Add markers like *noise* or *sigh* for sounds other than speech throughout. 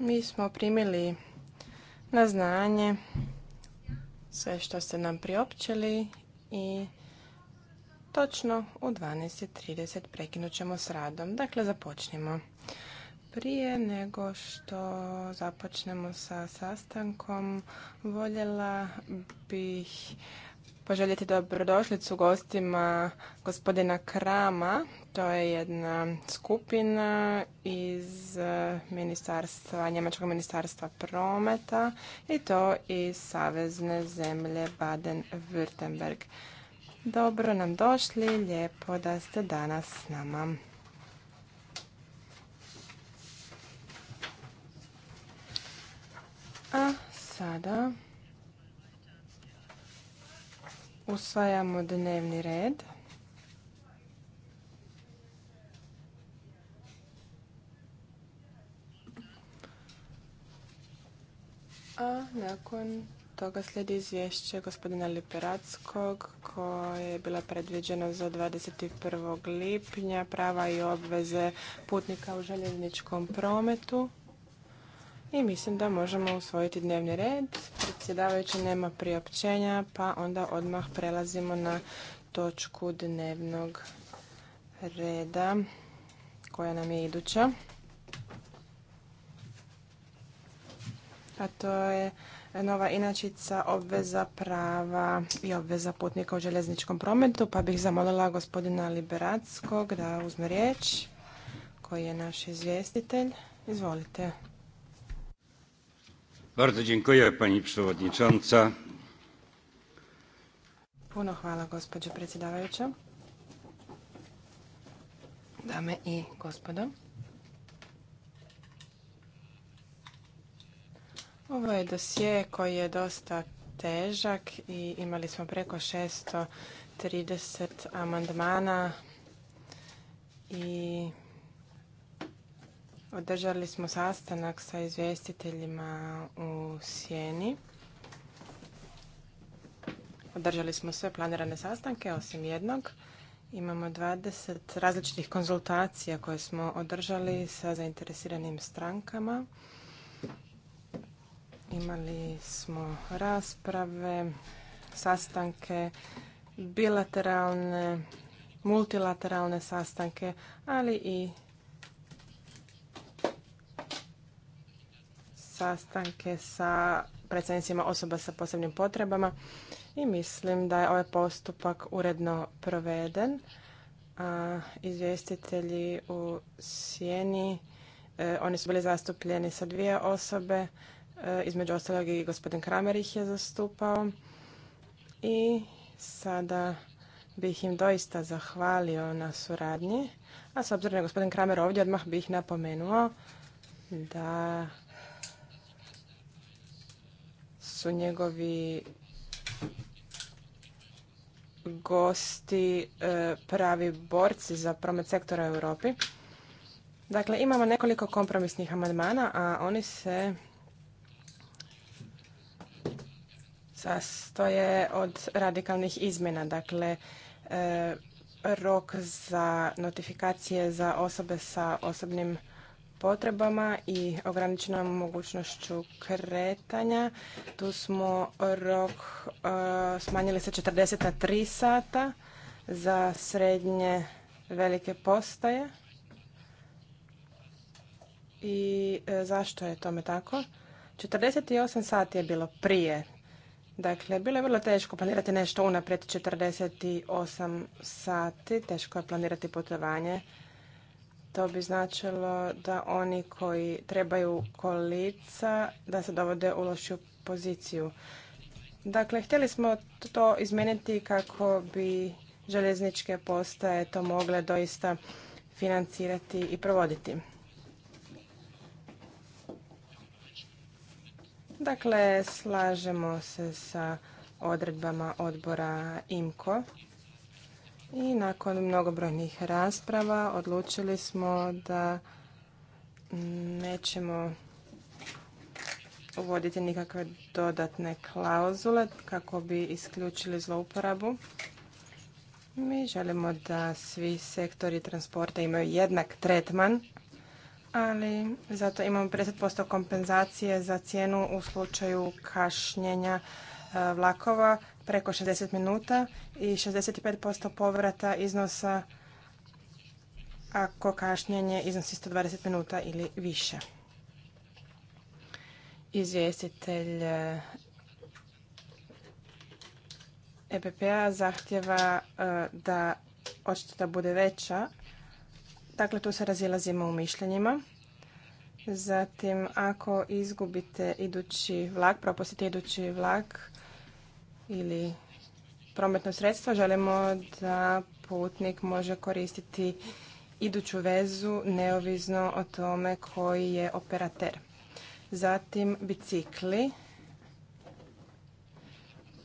Mi smo primili na znanje sve što ste nam priopćili i točno u 12.30 prekinut ćemo s radom. Dakle, započnimo. Prije nego što započnemo sa sastankom, voljela bih poželjeti dobrodošlicu gostima gospodina Krama. To je jedna skupina iz eh, ministarstva, Njemačkog ministarstva prometa i to iz savezne zemlje Baden-Württemberg. Dobro nam došli, lijepo da ste danas s nama. A sada Usvajamo dnevni red. A nakon toga slijedi izvješće gospodina Liperackog koje je bila predviđena za 21. lipnja prava i obveze putnika u željezničkom prometu. I mislim da možemo usvojiti dnevni red. Predsjedavajući nema priopćenja, pa onda odmah prelazimo na točku dnevnog reda koja nam je iduća. A to je nova inačica obveza prava i obveza putnika u željezničkom prometu, pa bih zamolila gospodina Liberackog da uzme riječ, koji je naš izvjestitelj. Izvolite. Puno hvala gospođo predsjedavajuća. Dame i gospodo. Ovo je dosje koji je dosta težak i imali smo preko šesto trideset amandmana i Održali smo sastanak sa izvjestiteljima u Sjeni. Održali smo sve planirane sastanke, osim jednog. Imamo 20 različitih konzultacija koje smo održali sa zainteresiranim strankama. Imali smo rasprave, sastanke, bilateralne, multilateralne sastanke, ali i sastanke sa predstavnicima osoba sa posebnim potrebama i mislim da je ovaj postupak uredno proveden. A izvjestitelji u Sjeni, e, oni su bili zastupljeni sa dvije osobe, e, između ostalog i gospodin Kramer ih je zastupao. I sada bih im doista zahvalio na suradnji. A s obzirom na je gospodin Kramer ovdje, odmah bih napomenuo da su njegovi gosti e, pravi borci za promet sektora u Europi. Dakle, imamo nekoliko kompromisnih amandmana, a oni se sastoje od radikalnih izmjena. Dakle, e, rok za notifikacije za osobe sa osobnim potrebama i ograničenom mogućnošću kretanja. Tu smo rok e, smanjili sa 43 sata za srednje velike postaje. I e, zašto je tome tako? 48 sati je bilo prije. Dakle, bilo je vrlo teško planirati nešto unaprijed 48 sati, teško je planirati putovanje to bi značilo da oni koji trebaju kolica da se dovode u lošiju poziciju. Dakle, htjeli smo to izmijeniti kako bi željezničke postaje to mogle doista financirati i provoditi. Dakle, slažemo se sa odredbama odbora IMCO i nakon mnogobrojnih rasprava odlučili smo da nećemo uvoditi nikakve dodatne klauzule kako bi isključili zlouporabu. Mi želimo da svi sektori transporta imaju jednak tretman, ali zato imamo 50% kompenzacije za cijenu u slučaju kašnjenja E, vlakova preko 60 minuta i 65% povrata iznosa ako kašnjenje iznosi 120 minuta ili više. Izvjestitelj EPP-a e zahtjeva e, da odšteta bude veća. Dakle, tu se razilazimo u mišljenjima. Zatim, ako izgubite idući vlak, propustite idući vlak, ili prometno sredstvo želimo da putnik može koristiti iduću vezu neovisno o tome koji je operater. Zatim bicikli.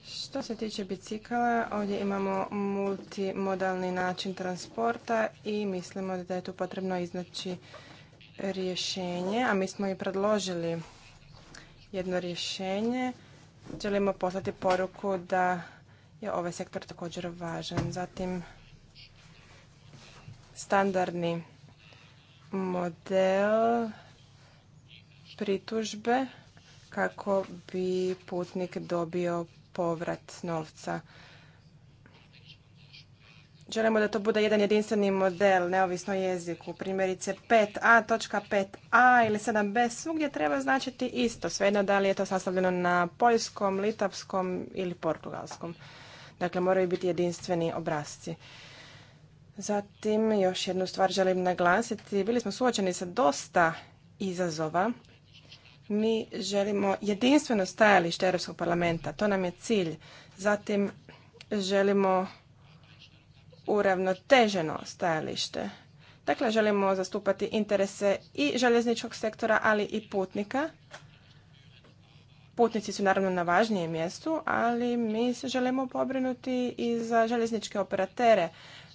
Što se tiče bicikala, ovdje imamo multimodalni način transporta i mislimo da je tu potrebno iznaći rješenje, a mi smo i predložili jedno rješenje želimo poslati poruku da je ovaj sektor također važan. Zatim, standardni model pritužbe kako bi putnik dobio povrat novca Želimo da to bude jedan jedinstveni model, neovisno jeziku. Primjerice 5a, a ili 7b, svugdje treba značiti isto, svejedno da li je to sastavljeno na poljskom, litavskom ili portugalskom. Dakle, moraju biti jedinstveni obrazci. Zatim, još jednu stvar želim naglasiti. Bili smo suočeni sa dosta izazova. Mi želimo jedinstveno stajalište Europskog parlamenta. To nam je cilj. Zatim, želimo uravnoteženo stajalište. Dakle, želimo zastupati interese i željezničkog sektora, ali i putnika. Putnici su naravno na važnijem mjestu, ali mi se želimo pobrinuti i za željezničke operatere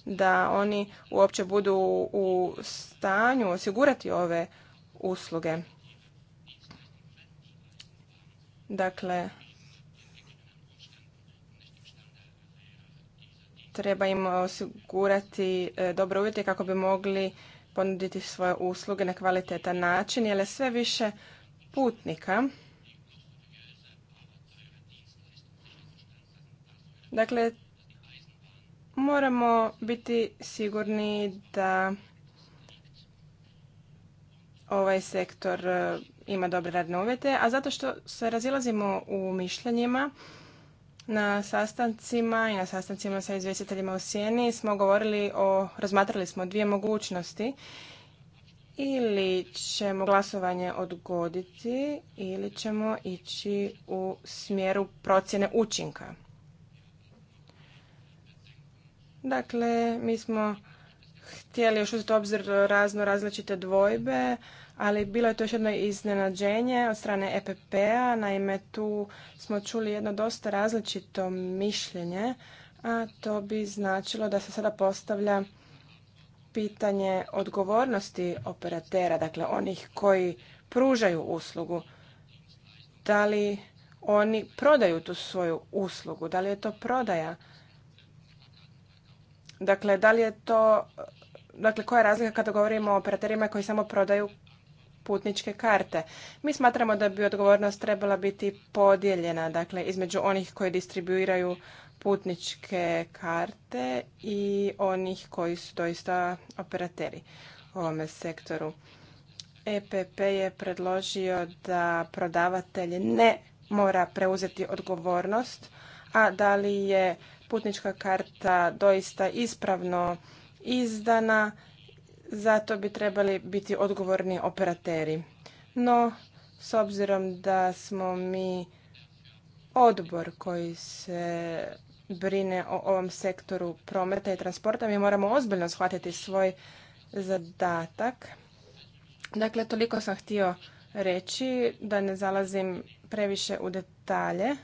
da oni uopće budu u stanju osigurati ove usluge. Dakle, treba im osigurati e, dobre uvjete kako bi mogli ponuditi svoje usluge na kvalitetan način, jer je sve više putnika. Dakle, moramo biti sigurni da ovaj sektor e, ima dobre radne uvjete, a zato što se razilazimo u mišljenjima, na sastancima i na sastancima sa izvjestiteljima u Sjeni smo govorili o, razmatrali smo dvije mogućnosti. Ili ćemo glasovanje odgoditi ili ćemo ići u smjeru procjene učinka. Dakle, mi smo htjeli još uzeti obzir razno različite dvojbe, ali bilo je to još jedno iznenađenje od strane EPP-a. Naime, tu smo čuli jedno dosta različito mišljenje, a to bi značilo da se sada postavlja pitanje odgovornosti operatera, dakle onih koji pružaju uslugu. Da li oni prodaju tu svoju uslugu? Da li je to prodaja? Dakle, da li je to dakle koja je razlika kada govorimo o operaterima koji samo prodaju putničke karte. Mi smatramo da bi odgovornost trebala biti podijeljena, dakle između onih koji distribuiraju putničke karte i onih koji su doista operateri u ovome sektoru. EPP je predložio da prodavatelj ne mora preuzeti odgovornost, a da li je putnička karta doista ispravno izdana zato bi trebali biti odgovorni operateri. No, s obzirom da smo mi odbor koji se brine o ovom sektoru prometa i transporta, mi moramo ozbiljno shvatiti svoj zadatak. Dakle, toliko sam htio reći da ne zalazim previše u detalje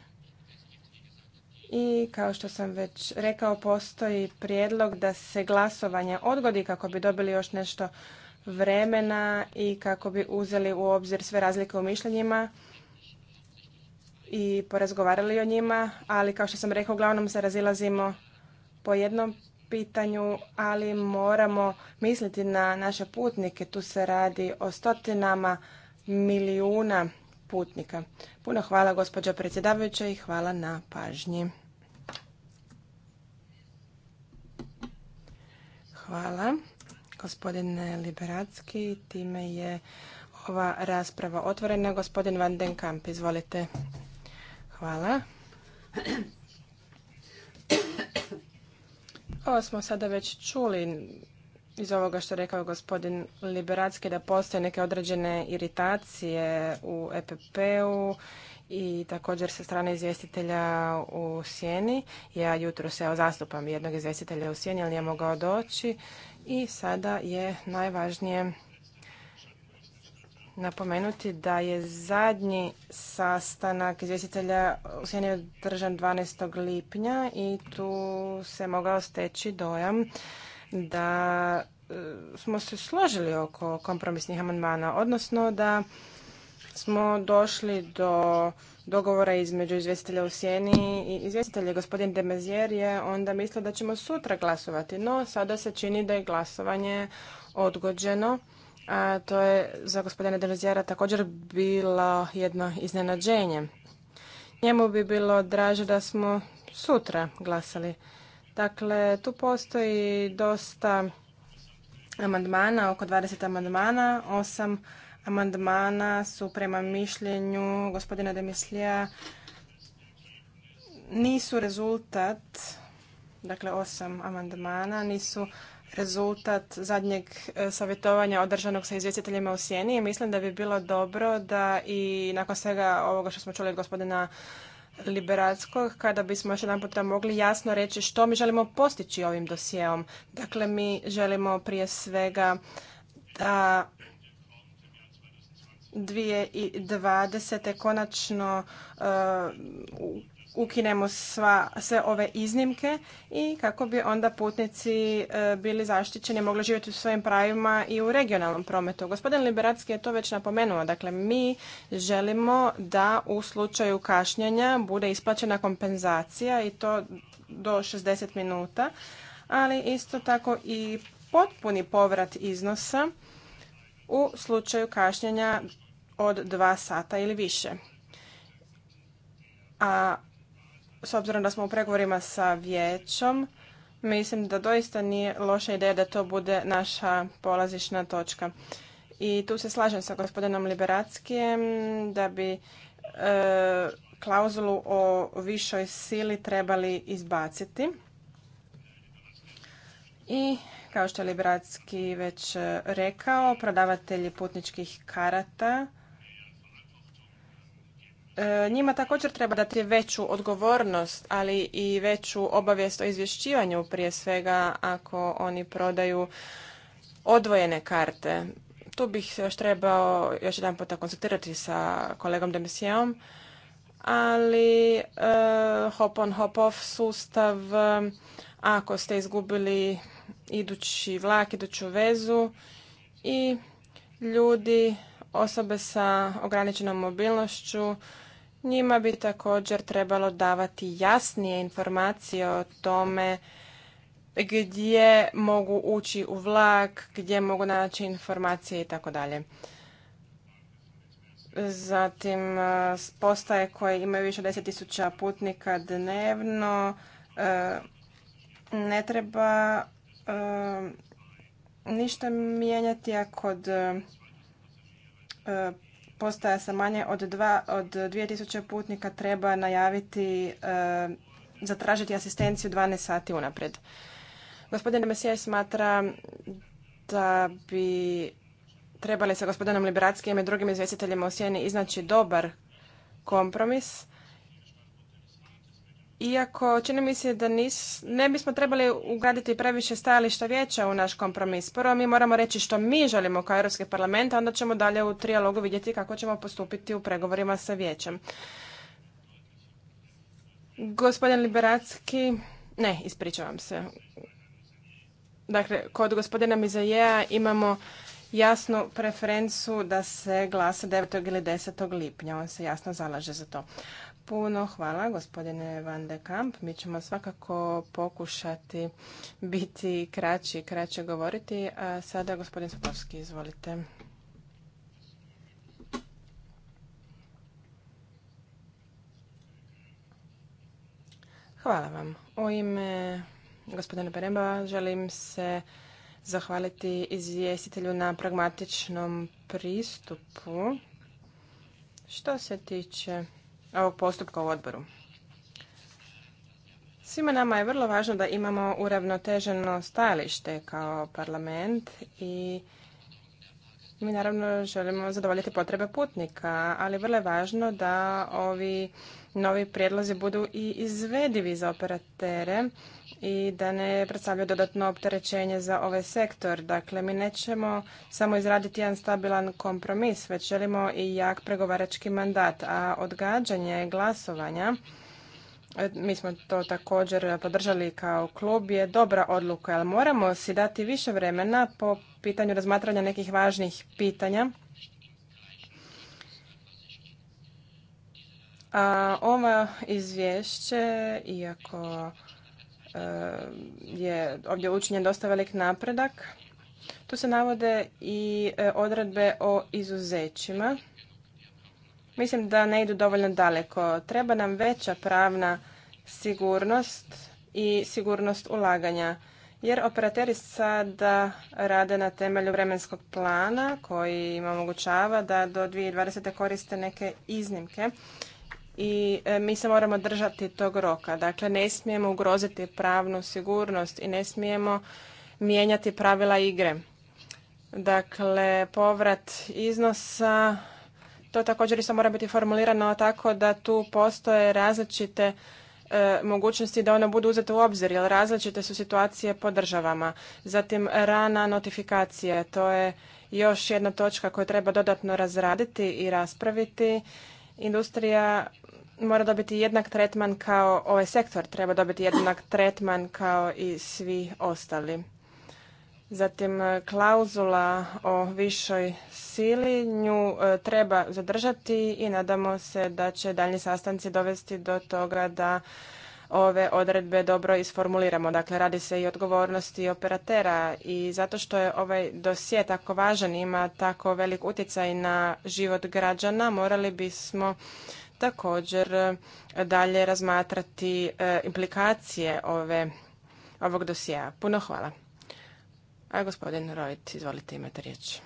i kao što sam već rekao postoji prijedlog da se glasovanje odgodi kako bi dobili još nešto vremena i kako bi uzeli u obzir sve razlike u mišljenjima i porazgovarali o njima, ali kao što sam rekao, uglavnom se razilazimo po jednom pitanju, ali moramo misliti na naše putnike. Tu se radi o stotinama milijuna putnika. Puno hvala gospođo predsjedavajuća i hvala na pažnji. Hvala, gospodine Liberacki. Time je ova rasprava otvorena. Gospodin Van Den Kamp, izvolite. Hvala. Ovo smo sada već čuli iz ovoga što rekao gospodin Liberacki da postoje neke određene iritacije u EPP-u i također sa strane izvjestitelja u Sjeni. Ja jutro se zastupam jednog izvjestitelja u Sjeni, ali nije mogao doći. I sada je najvažnije napomenuti da je zadnji sastanak izvjestitelja u Sjeni održan 12. lipnja i tu se mogao steći dojam da e, smo se složili oko kompromisnih amandmana, odnosno da smo došli do dogovora između izvjestitelja u Sjeni i izvjestitelja. Gospodin Demezier je onda mislio da ćemo sutra glasovati, no sada se čini da je glasovanje odgođeno. A to je za gospodina Demezijera također bilo jedno iznenađenje. Njemu bi bilo draže da smo sutra glasali. Dakle, tu postoji dosta amandmana, oko 20 amandmana, Osam amandmana su prema mišljenju gospodina Demislija nisu rezultat, dakle osam amandmana, nisu rezultat zadnjeg e, savjetovanja održanog sa izvjestiteljima u Sjeni i mislim da bi bilo dobro da i nakon svega ovoga što smo čuli od gospodina Liberalskog kada bismo još jedan puta mogli jasno reći što mi želimo postići ovim dosijeom. Dakle, mi želimo prije svega da 2020. konačno uh, ukinemo sva, sve ove iznimke i kako bi onda putnici e, bili zaštićeni, mogli živjeti u svojim pravima i u regionalnom prometu. Gospodin Liberatski je to već napomenuo. Dakle, mi želimo da u slučaju kašnjenja bude isplaćena kompenzacija i to do 60 minuta, ali isto tako i potpuni povrat iznosa u slučaju kašnjenja od dva sata ili više. A s obzirom da smo u pregovorima sa vijećom, mislim da doista nije loša ideja da to bude naša polazišna točka. I tu se slažem sa gospodinom Liberackijem da bi e, klauzulu o višoj sili trebali izbaciti. I kao što je Liberacki već e, rekao, prodavatelji putničkih karata E, njima također treba dati veću odgovornost, ali i veću obavijest o izvješćivanju prije svega ako oni prodaju odvojene karte. Tu bih se još trebao još jedan puta koncentrirati sa kolegom Demisijevom, ali e, hop on hop off sustav, ako ste izgubili idući vlak, iduću vezu i ljudi, osobe sa ograničenom mobilnošću, njima bi također trebalo davati jasnije informacije o tome gdje mogu ući u vlak, gdje mogu naći informacije i tako dalje. Zatim e, postaje koje imaju više od 10.000 putnika dnevno e, ne treba e, ništa mijenjati, a kod postaja sa manje od, dva, od 2000 putnika treba najaviti, e, zatražiti asistenciju 12 sati unaprijed. Gospodin Mesija smatra da bi trebali sa gospodinom Liberatskim i drugim izvjestiteljima u Sjeni iznaći dobar kompromis iako čini mi se da ne bismo trebali ugraditi previše stajališta vijeća u naš kompromis. Prvo mi moramo reći što mi želimo kao Europski parlament, a onda ćemo dalje u trijalogu vidjeti kako ćemo postupiti u pregovorima sa vijećem. Gospodin Liberacki, ne, ispričavam se. Dakle, kod gospodina Mizajeja imamo jasnu preferencu da se glasa 9. ili 10. lipnja. On se jasno zalaže za to puno hvala gospodine Van de Kamp. Mi ćemo svakako pokušati biti kraći i kraće govoriti. A sada gospodin Sotovski, izvolite. Hvala vam. U ime gospodina Peremba želim se zahvaliti izvjestitelju na pragmatičnom pristupu. Što se tiče ovog postupka u odboru. Svima nama je vrlo važno da imamo uravnoteženo stajalište kao parlament i mi naravno želimo zadovoljiti potrebe putnika, ali vrlo je važno da ovi novi prijedlozi budu i izvedivi za operatere i da ne predstavlja dodatno opterećenje za ovaj sektor. Dakle, mi nećemo samo izraditi jedan stabilan kompromis, već želimo i jak pregovarački mandat, a odgađanje glasovanja mi smo to također podržali kao klub, je dobra odluka, ali moramo si dati više vremena po pitanju razmatranja nekih važnih pitanja. A ovo izvješće, iako je ovdje učinjen dosta velik napredak. Tu se navode i e, odredbe o izuzećima. Mislim da ne idu dovoljno daleko. Treba nam veća pravna sigurnost i sigurnost ulaganja. Jer operateri sada rade na temelju vremenskog plana koji im omogućava da do 2020. koriste neke iznimke i e, mi se moramo držati tog roka. Dakle, ne smijemo ugroziti pravnu sigurnost i ne smijemo mijenjati pravila igre. Dakle, povrat iznosa, to također isto mora biti formulirano tako da tu postoje različite e, mogućnosti da one budu uzete u obzir, jer različite su situacije po državama. Zatim, rana notifikacije, to je još jedna točka koju treba dodatno razraditi i raspraviti industrija mora dobiti jednak tretman kao ovaj sektor, treba dobiti jednak tretman kao i svi ostali. Zatim e, klauzula o višoj sili nju e, treba zadržati i nadamo se da će daljnji sastanci dovesti do toga da ove odredbe dobro isformuliramo. Dakle, radi se i odgovornosti operatera i zato što je ovaj dosje tako važan, ima tako velik utjecaj na život građana, morali bismo također e, dalje razmatrati e, implikacije ove, ovog dosjea. Puno hvala. A gospodin Rojt, izvolite, imate riječ.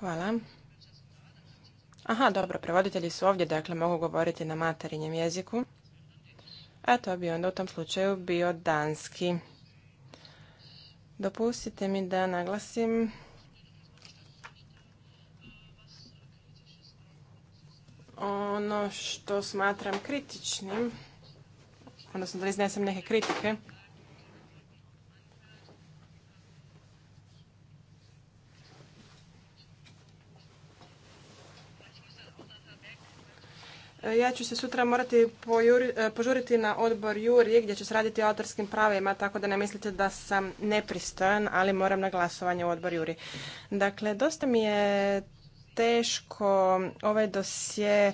Hvala. Aha, dobro, prevoditelji su ovdje, dakle mogu govoriti na materinjem jeziku. A to bi onda u tom slučaju bio danski. Dopustite mi da naglasim ono što smatram kritičnim, odnosno da iznesem neke kritike. Ja ću se sutra morati e, požuriti na odbor Juri gdje će se raditi o autorskim pravima, tako da ne mislite da sam nepristojan, ali moram na glasovanje u odbor Juri. Dakle, dosta mi je teško ovaj dosje e,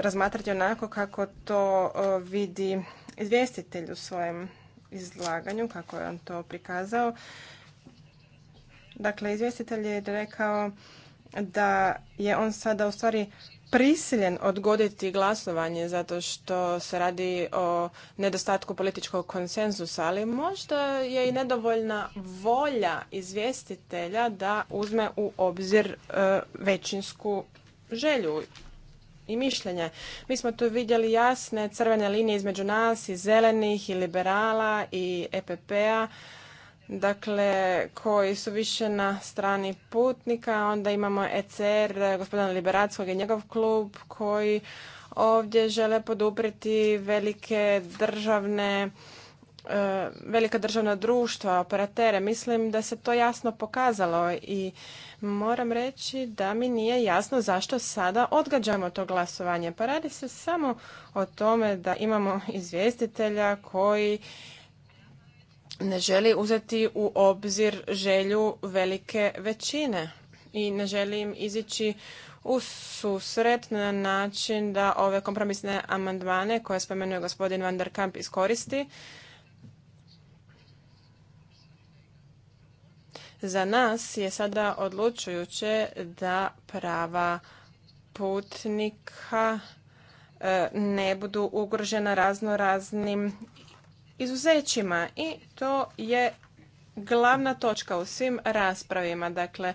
razmatrati onako kako to e, vidi izvjestitelj u svojem izlaganju, kako je on to prikazao. Dakle, izvjestitelj je rekao da je on sada u stvari prisiljen odgoditi glasovanje zato što se radi o nedostatku političkog konsenzusa, ali možda je i nedovoljna volja izvjestitelja da uzme u obzir e, većinsku želju i mišljenje. Mi smo tu vidjeli jasne crvene linije između nas i zelenih i liberala i EPP-a dakle koji su više na strani putnika. Onda imamo ECR, gospodina Liberackog i njegov klub koji ovdje žele podupriti velike državne e, velika državna društva, operatere. Mislim da se to jasno pokazalo i moram reći da mi nije jasno zašto sada odgađamo to glasovanje. Pa radi se samo o tome da imamo izvjestitelja koji ne želi uzeti u obzir želju velike većine i ne želi im izići u susret na način da ove kompromisne amandmane koje spomenuje gospodin Van der Kamp iskoristi. Za nas je sada odlučujuće da prava putnika e, ne budu ugrožena razno raznim izuzećima i to je glavna točka u svim raspravima. Dakle,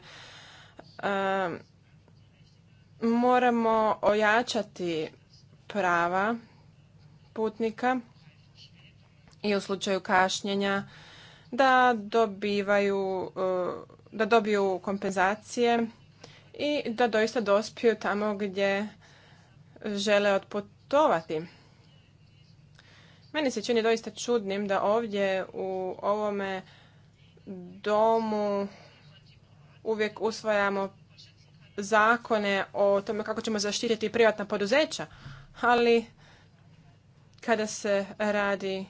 um, moramo ojačati prava putnika i u slučaju kašnjenja da dobivaju uh, da dobiju kompenzacije i da doista dospiju tamo gdje žele otputovati. Meni se čini doista čudnim da ovdje u ovome domu uvijek usvajamo zakone o tome kako ćemo zaštititi privatna poduzeća, ali kada se radi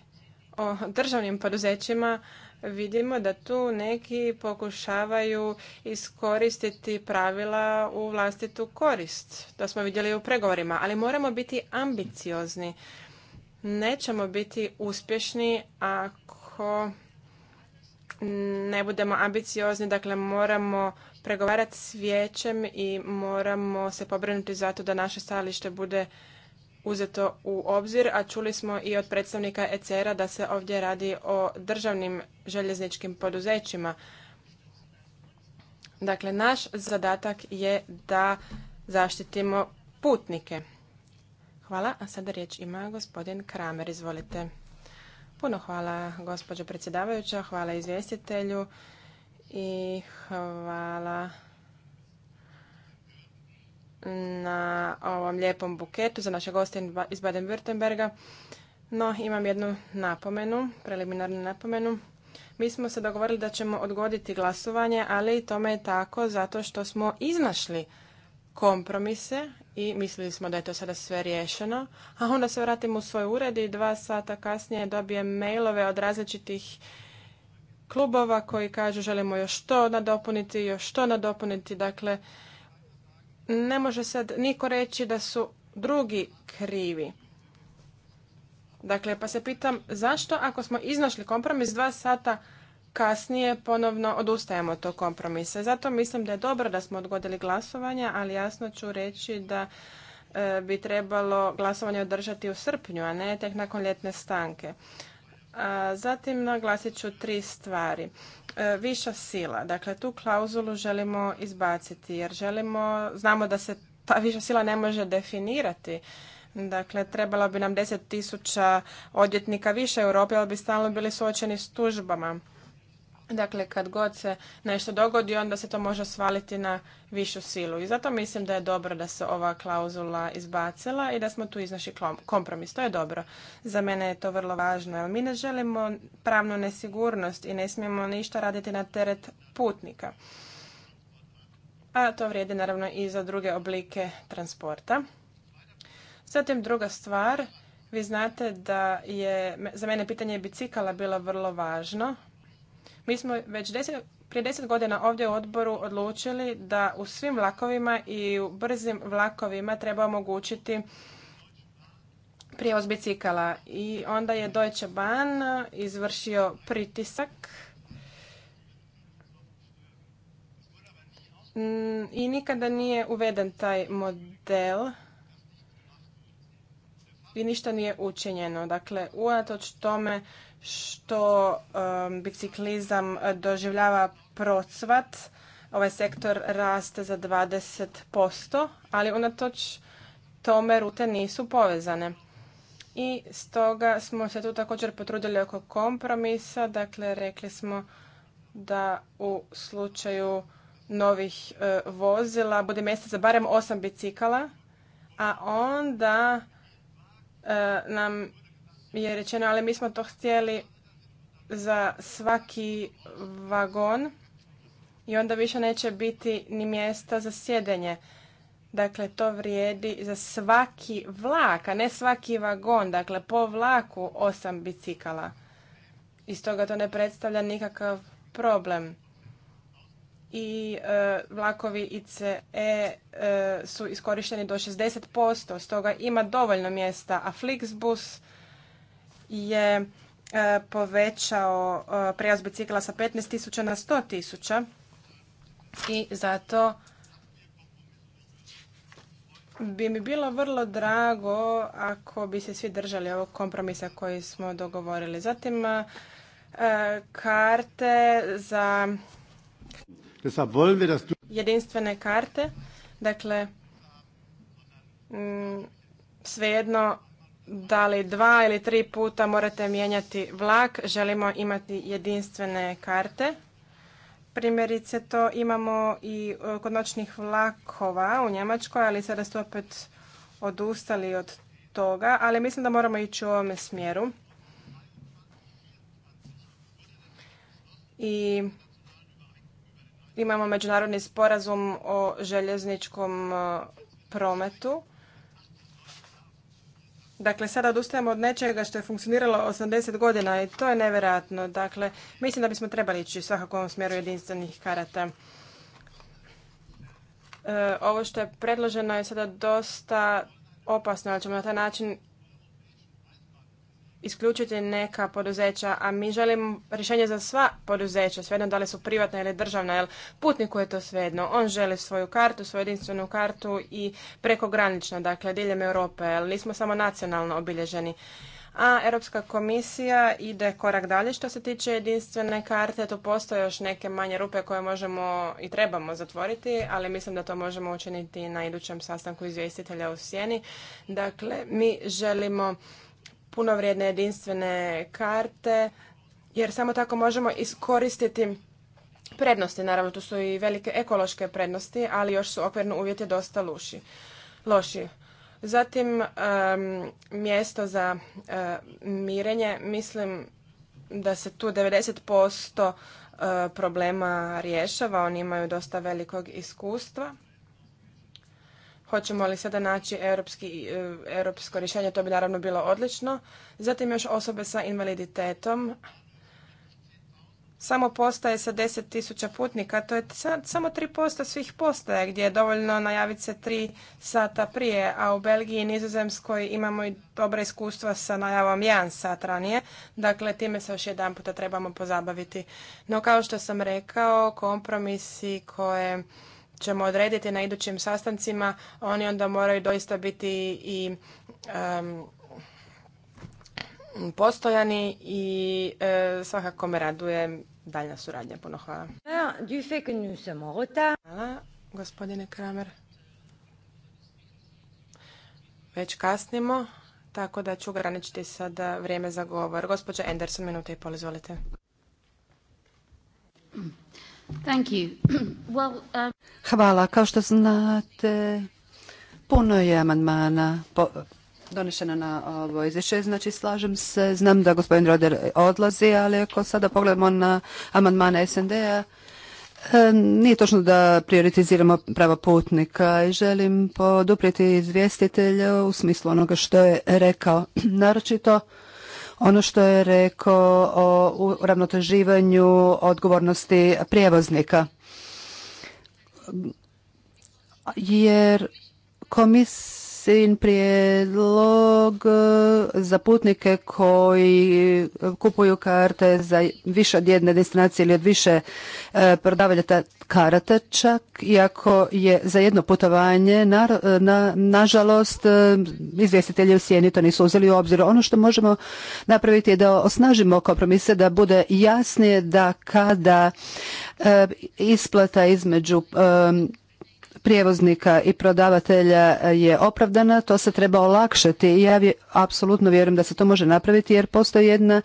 o državnim poduzećima vidimo da tu neki pokušavaju iskoristiti pravila u vlastitu korist. To smo vidjeli u pregovorima, ali moramo biti ambiciozni nećemo biti uspješni ako ne budemo ambiciozni, dakle moramo pregovarati s vijećem i moramo se pobrinuti za to da naše stajalište bude uzeto u obzir, a čuli smo i od predstavnika ECR-a da se ovdje radi o državnim željezničkim poduzećima. Dakle, naš zadatak je da zaštitimo putnike. Hvala, a sada riječ ima gospodin Kramer, izvolite. Puno hvala gospođo predsjedavajuća, hvala izvjestitelju i hvala na ovom lijepom buketu za naše goste iz Baden-Württemberga. No, imam jednu napomenu, preliminarnu napomenu. Mi smo se dogovorili da ćemo odgoditi glasovanje, ali tome je tako zato što smo iznašli kompromise i mislili smo da je to sada sve riješeno. A onda se vratim u svoj ured i dva sata kasnije dobijem mailove od različitih klubova koji kažu želimo još to nadopuniti, još to nadopuniti. Dakle, ne može sad niko reći da su drugi krivi. Dakle, pa se pitam zašto ako smo iznašli kompromis dva sata kasnije ponovno odustajemo od tog kompromisa. Zato mislim da je dobro da smo odgodili glasovanje, ali jasno ću reći da e, bi trebalo glasovanje održati u srpnju, a ne tek nakon ljetne stanke. Zatim naglasit ću tri stvari. E, viša sila. Dakle, tu klauzulu želimo izbaciti jer želimo, znamo da se ta viša sila ne može definirati. Dakle, trebalo bi nam 10.000 odjetnika više u Europi, ali bi stalno bili suočeni s tužbama. Dakle, kad god se nešto dogodi, onda se to može svaliti na višu silu. I zato mislim da je dobro da se ova klauzula izbacila i da smo tu iznašli kompromis. To je dobro. Za mene je to vrlo važno. Jer mi ne želimo pravnu nesigurnost i ne smijemo ništa raditi na teret putnika. A to vrijedi naravno i za druge oblike transporta. Zatim druga stvar, vi znate da je za mene pitanje bicikala bilo vrlo važno mi smo već prije deset godina ovdje u odboru odlučili da u svim vlakovima i u brzim vlakovima treba omogućiti prijevoz bicikala. I onda je Deutsche Bahn izvršio pritisak mm, i nikada nije uveden taj model i ništa nije učinjeno. Dakle, unatoč tome što biciklizam doživljava procvat. Ovaj sektor raste za 20%, ali unatoč tome rute nisu povezane. I stoga smo se tu također potrudili oko kompromisa, dakle rekli smo da u slučaju novih e, vozila bude mjesta za barem osam bicikala, a onda e, nam je rečeno, ali mi smo to htjeli za svaki vagon i onda više neće biti ni mjesta za sjedenje. Dakle, to vrijedi za svaki vlak, a ne svaki vagon. Dakle, po vlaku osam bicikala. I stoga to ne predstavlja nikakav problem. I e, vlakovi ICE e, su iskorišteni do 60%, stoga ima dovoljno mjesta, a Flixbus je e, povećao e, prijaz bicikla sa 15.000 na 100.000 i zato bi mi bilo vrlo drago ako bi se svi držali ovog kompromisa koji smo dogovorili. Zatim e, karte za jedinstvene karte. Dakle, mm, svejedno da li dva ili tri puta morate mijenjati vlak, želimo imati jedinstvene karte. Primjerice to imamo i e, kod noćnih vlakova u Njemačkoj, ali sada ste opet odustali od toga, ali mislim da moramo ići u ovome smjeru. I imamo međunarodni sporazum o željezničkom e, prometu Dakle, sada odustajemo od nečega što je funkcioniralo 80 godina i to je nevjerojatno. Dakle, mislim da bismo trebali ići svakako u ovom smjeru jedinstvenih karata. E, ovo što je predloženo je sada dosta opasno, ali ćemo na taj način isključiti neka poduzeća, a mi želimo rješenje za sva poduzeća, svejedno da li su privatna ili državna, jer putniku je to svejedno. On želi svoju kartu, svoju jedinstvenu kartu i prekogranično, dakle, diljem Europe, jer nismo samo nacionalno obilježeni. A Europska komisija ide korak dalje što se tiče jedinstvene karte. Tu postoje još neke manje rupe koje možemo i trebamo zatvoriti, ali mislim da to možemo učiniti na idućem sastanku izvjestitelja u Sjeni. Dakle, mi želimo punovrijedne jedinstvene karte, jer samo tako možemo iskoristiti prednosti. Naravno, tu su i velike ekološke prednosti, ali još su okvirno uvjeti dosta luši, loši. Zatim, mjesto za mirenje. Mislim da se tu 90% problema rješava. Oni imaju dosta velikog iskustva. Hoćemo li sada naći europski, e, europsko rješenje, to bi naravno bilo odlično. Zatim još osobe sa invaliditetom. Samo postaje sa 10.000 putnika, to je samo 3% svih postaja gdje je dovoljno najaviti se 3 sata prije, a u Belgiji i Nizozemskoj imamo i dobra iskustva sa najavom 1 sat ranije. Dakle, time se još jedan puta trebamo pozabaviti. No, kao što sam rekao, kompromisi koje ćemo odrediti na idućim sastancima, oni onda moraju doista biti i um, postojani i e, svakako me raduje daljna suradnja. Puno hvala. Hvala, gospodine Kramer. Već kasnimo, tako da ću ograničiti sada vrijeme za govor. Gospođa Anderson, minuta i pol, izvolite. *clears throat* Um, Hvala. Kao što znate, puno je amandmana donešeno na ovo izvješće. Znači, slažem se, znam da gospodin Roder odlazi, ali ako sada pogledamo na amandmane SND-a, nije točno da prioritiziramo prava putnika i želim poduprijeti izvjestitelja u smislu onoga što je rekao. *clears throat* Naročito ono što je rekao o uravnoteživanju odgovornosti prijevoznika. Jer komis Sin prijedlog e, za putnike koji e, kupuju karte za više od jedne destinacije ili od više e, prodavatelja karata čak, iako je za jedno putovanje, na, nažalost, izvjestitelji u Sjeni to nisu uzeli u obzir. Ono što možemo napraviti je da osnažimo kompromise, da bude jasnije da kada isplata između prijevoznika i prodavatelja je opravdana, to se treba olakšati i ja apsolutno vjerujem da se to može napraviti jer postoji jedna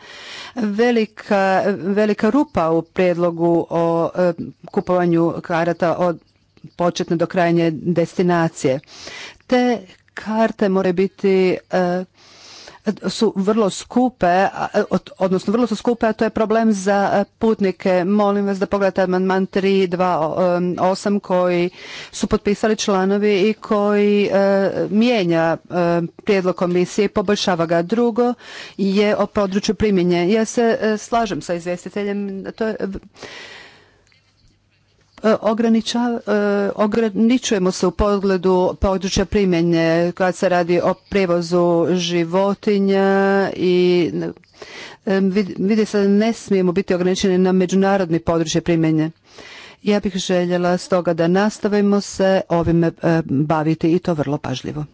velika, velika rupa u prijedlogu o e, kupovanju karata od početne do krajnje destinacije. Te karte moraju biti e, su vrlo skupe, e, odnosno vrlo su skupe, a to je problem za e, putnike. Molim vas da pogledate amandman 328 koji su potpisali članovi i koji e, mijenja prijedlog komisije i poboljšava ga. Drugo je o području primjenje. Ja se slažem sa izvjestiteljem, to je E, e, ograničujemo se u pogledu područja primjenje kad se radi o prevozu životinja i e, vidi se da ne smijemo biti ograničeni na međunarodni područje primjenje. Ja bih željela stoga da nastavimo se ovime baviti i to vrlo pažljivo.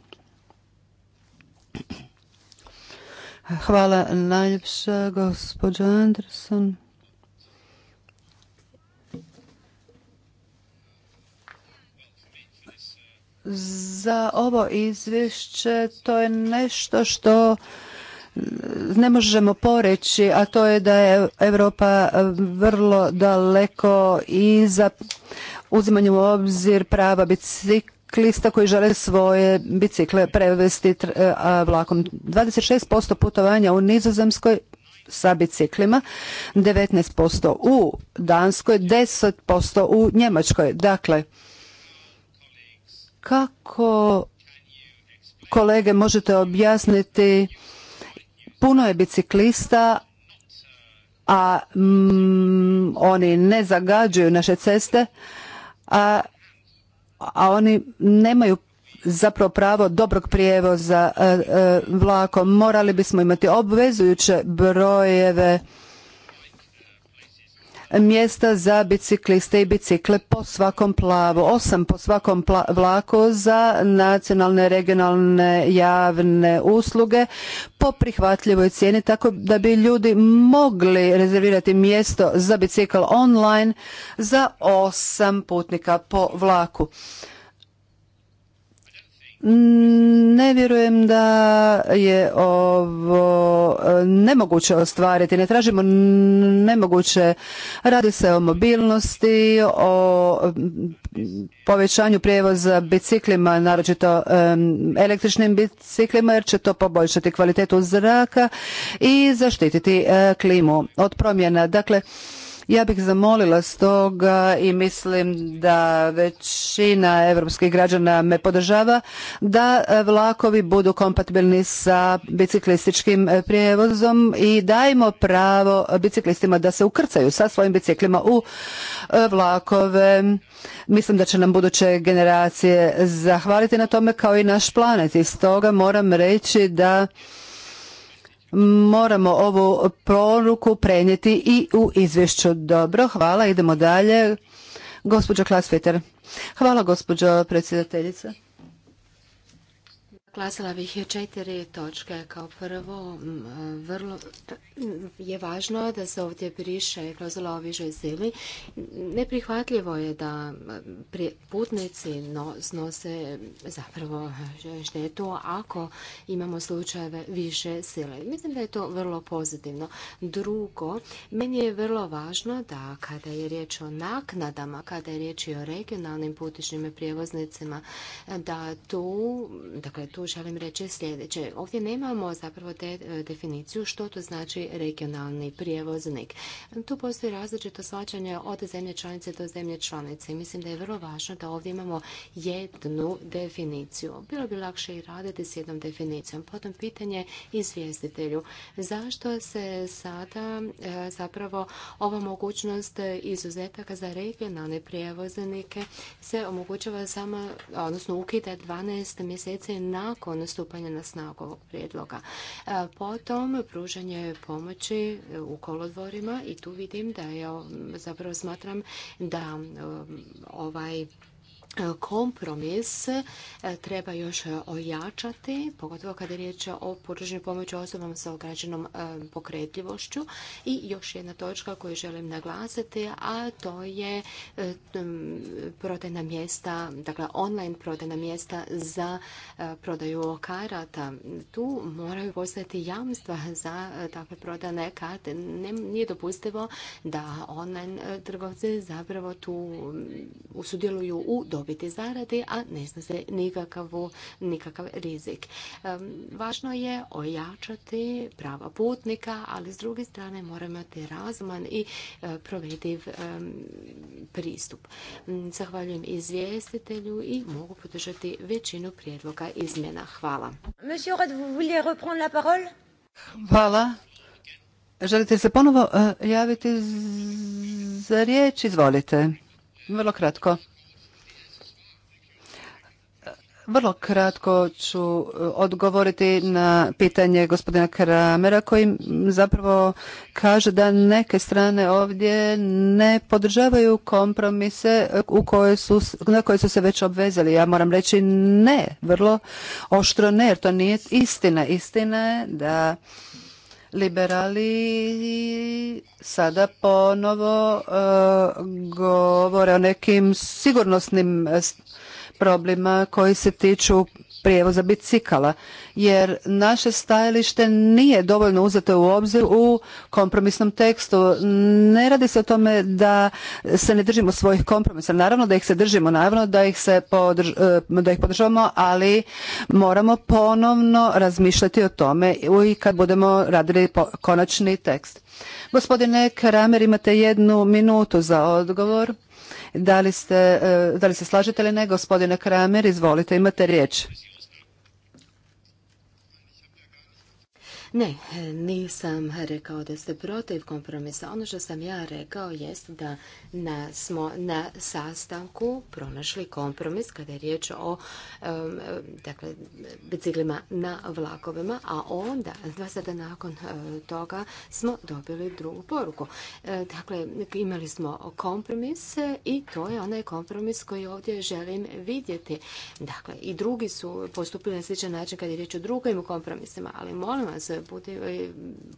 Hvala najljepša gospođa Anderson. za ovo izvješće to je nešto što ne možemo poreći, a to je da je Europa e, vrlo daleko i za uzimanje u obzir prava biciklista koji žele svoje bicikle prevesti e, vlakom. 26% putovanja u Nizozemskoj sa biciklima, 19% u Danskoj, 10% u Njemačkoj. Dakle, kako kolege možete objasniti puno je biciklista a mm, oni ne zagađuju naše ceste a, oni nemaju zapravo pravo dobrog prijevoza e, e, vlakom morali bismo imati obvezujuće brojeve mjesta za bicikliste i bicikle po svakom plavu, osam po svakom vlaku za nacionalne, regionalne, javne usluge po prihvatljivoj cijeni tako da bi ljudi mogli rezervirati mjesto za bicikl online za osam putnika po vlaku. Ne vjerujem da je ovo e, nemoguće ostvariti. Ne tražimo nemoguće. Radi se o mobilnosti, o povećanju prijevoza biciklima, naročito električnim biciklima, jer će to poboljšati kvalitetu zraka i zaštititi e, klimu od promjena. Dakle, ja bih zamolila stoga i mislim da većina evropskih građana me podržava da vlakovi budu kompatibilni sa biciklističkim prijevozom i dajmo pravo biciklistima da se ukrcaju sa svojim biciklima u vlakove. Mislim da će nam buduće generacije zahvaliti na tome kao i naš planet. I stoga moram reći da moramo ovu poruku prenijeti i u izvješću. Dobro, hvala, idemo dalje. Gospođo Klasveter. Hvala, gospođo predsjedateljice. Klasila bih četiri točke. Kao prvo, vrlo je važno da se ovdje briše kroz o vižoj sili. Neprihvatljivo je da putnici snose zapravo štetu ako imamo slučajeve više sile. Mislim da je to vrlo pozitivno. Drugo, meni je vrlo važno da kada je riječ o naknadama, kada je riječ i o regionalnim putičnim prijevoznicima, da tu, dakle tu želim reći sljedeće. Ovdje nemamo zapravo te e, definiciju što to znači regionalni prijevoznik. Tu postoji različito svačanje od zemlje članice do zemlje članice. Mislim da je vrlo važno da ovdje imamo jednu definiciju. Bilo bi lakše i raditi s jednom definicijom. Potom pitanje izvjestitelju. Zašto se sada e, zapravo ova mogućnost izuzetaka za regionalne prijevoznike se omogućava samo, odnosno ukida 12 mjeseci na nakon stupanja na snagu ovog prijedloga. E, potom pružanje pomoći u kolodvorima i tu vidim da je, zapravo smatram da ovaj kompromis e, treba još ojačati, pogotovo kada je riječ o podružnju pomoći osobama sa ograđenom e, pokretljivošću. I još jedna točka koju želim naglasiti, a to je e, prodajna mjesta, dakle online prodajna mjesta za prodaju karata. Tu moraju postati jamstva za takve prodane karte. Nije dopustivo da online trgovci zapravo tu usudjeluju u do biti zaradi, a ne zna se nikakav rizik. Važno je ojačati prava putnika, ali s druge strane moramo imati razuman i e, provediv pristup. Mm, zahvaljujem izvjestitelju i mogu podržati većinu prijedloga izmjena. Hvala. Monsieur vous Hvala. Želite se ponovo e, javiti za riječ? Izvolite. Vrlo kratko. Vrlo kratko ću e, odgovoriti na pitanje gospodina Kramera koji zapravo kaže da neke strane ovdje ne podržavaju kompromise u koje su, na koje su se već obvezali. Ja moram reći ne, vrlo oštro ne, jer to nije istina. Istina je da liberali sada ponovo e, govore o nekim sigurnosnim problema koji se tiču prijevoza bicikala jer naše stajalište nije dovoljno uzeto u obzir u kompromisnom tekstu. Ne radi se o tome da se ne držimo svojih kompromisa. Naravno da ih se držimo, naravno da ih, se e, da ih podržavamo, ali moramo ponovno razmišljati o tome i kad budemo radili konačni tekst. Gospodine Kramer, imate jednu minutu za odgovor. E, da li, se slažete ili ne, gospodine Kramer, izvolite, imate riječ. Ne, nisam rekao da ste protiv kompromisa. Ono što sam ja rekao jest da na, smo na sastanku pronašli kompromis kada je riječ o dakle, biciklima na vlakovima, a onda, dva sada nakon e, toga, smo dobili drugu poruku. E, dakle, imali smo kompromis i to je onaj kompromis koji ovdje želim vidjeti. Dakle, i drugi su postupili na sličan način kada je riječ o drugim kompromisima, ali molim vas,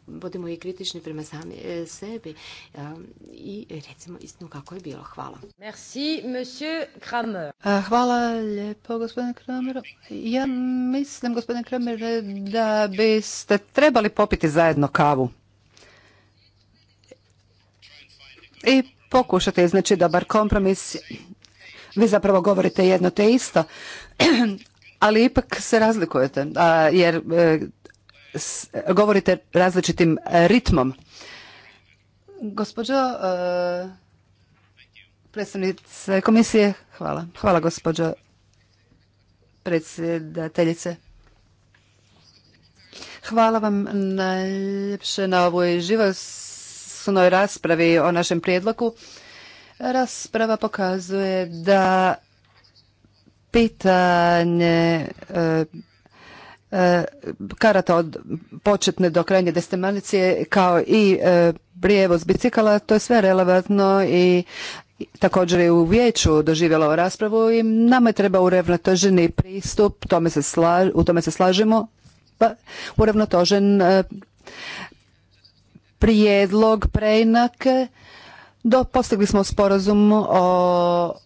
budimo i kritični prema sami e, sebi i recimo isto kako je bilo. Hvala. Merci, monsieur Kramer. Hvala lijepo, gospodine Kramer. Ja mislim, gospodine Kramer, da biste trebali popiti zajedno kavu. I pokušate iznaći dobar kompromis. Vi zapravo govorite jedno te isto, *clears throat* ali ipak se razlikujete, jer e, govorite različitim ritmom. Gospođo e, Predstavnice komisije, hvala. Hvala gospođo predsjedateljice. Hvala vam najljepše na ovoj živosnoj raspravi o našem prijedlogu. Rasprava pokazuje da pitanje e, e, karata od početne do krajnje destemalicije, kao i e, prijevoz bicikala, to je sve relevantno i također je u vijeću doživjela raspravu i nama je treba uravnoteženi pristup, u tome se slažemo, pa e, prijedlog preinake do, postigli smo sporazum o,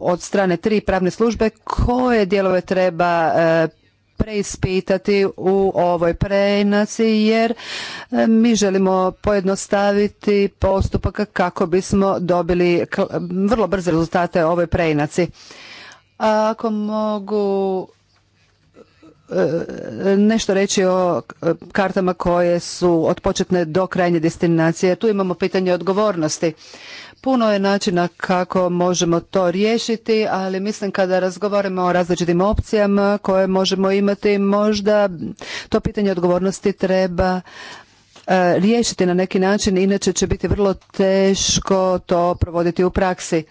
od strane tri pravne službe koje dijelove treba e, preispitati u ovoj preinaci jer e, mi želimo pojednostaviti postupak kako bismo dobili vrlo brze rezultate ovoj preinaci. Ako mogu E, nešto reći o e, kartama koje su od početne do krajnje destinacije. Tu imamo pitanje odgovornosti. Puno je načina kako možemo to riješiti, ali mislim kada razgovaramo o različitim opcijama koje možemo imati, možda to pitanje odgovornosti treba e, riješiti na neki način, inače će biti vrlo teško to provoditi u praksi.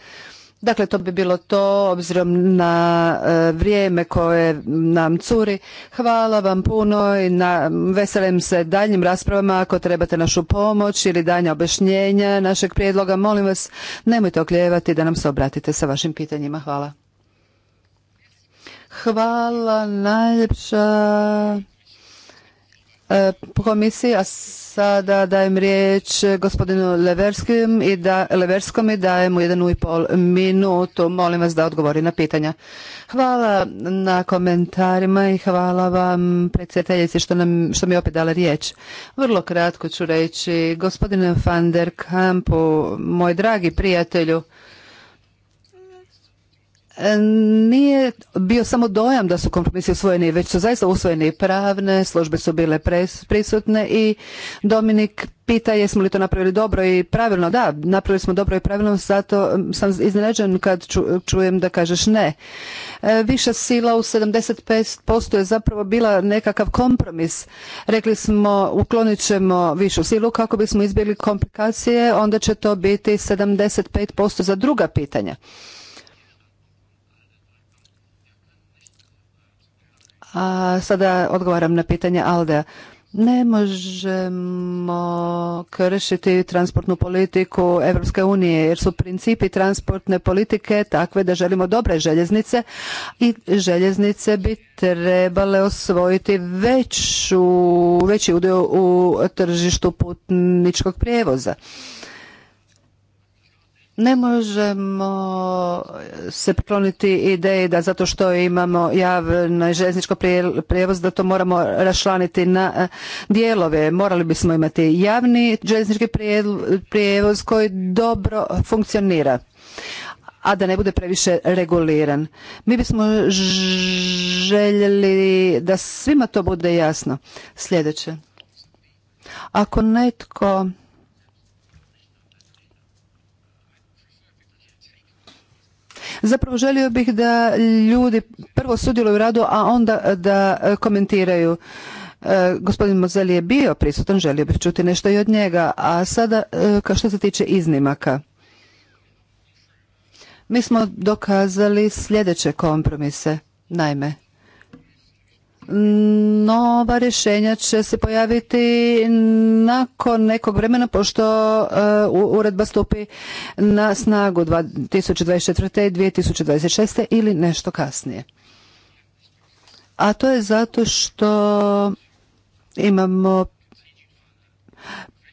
Dakle, to bi bilo to obzirom na e, vrijeme koje nam curi. Hvala vam puno i na, veselim se daljnjim raspravama ako trebate našu pomoć ili danja objašnjenja našeg prijedloga. Molim vas, nemojte okljevati da nam se obratite sa vašim pitanjima. Hvala. Hvala najljepša. E, komisiji, a sada dajem riječ gospodinu Leverskim i da, Leverskom i dajem mu jednu i pol minutu. Molim vas da odgovori na pitanja. Hvala na komentarima i hvala vam predsjedateljici što, nam, što mi je opet dala riječ. Vrlo kratko ću reći gospodinu Van der Kampu, moj dragi prijatelju, nije bio samo dojam da su kompromisi usvojeni, već su zaista usvojeni pravne, službe su bile prisutne i Dominik pita jesmo li to napravili dobro i pravilno. Da, napravili smo dobro i pravilno, zato sam iznenađen kad čujem da kažeš ne. E, viša sila u 75% je zapravo bila nekakav kompromis. Rekli smo uklonit ćemo višu silu kako bismo izbjegli komplikacije, onda će to biti 75% za druga pitanja. A sada odgovaram na pitanje Aldea. Ne možemo kršiti transportnu politiku Evropske unije jer su principi transportne politike takve da želimo dobre željeznice i željeznice bi trebale osvojiti veću, veći udio u tržištu putničkog prijevoza. Ne možemo se prikloniti ideji da zato što imamo javno željeznički željezničko prijevoz da to moramo rašlaniti na e, dijelove. Morali bismo imati javni željeznički prijevoz koji dobro funkcionira a da ne bude previše reguliran. Mi bismo željeli da svima to bude jasno. Sljedeće. Ako netko Zapravo želio bih da ljudi prvo sudjeluju u radu, a onda da e, komentiraju. E, gospodin Mozeli je bio prisutan, želio bih čuti nešto i od njega, a sada e, kao što se tiče iznimaka. Mi smo dokazali sljedeće kompromise, naime, nova rješenja će se pojaviti nakon nekog vremena pošto e, uredba stupi na snagu 2024. i 2026. ili nešto kasnije. A to je zato što imamo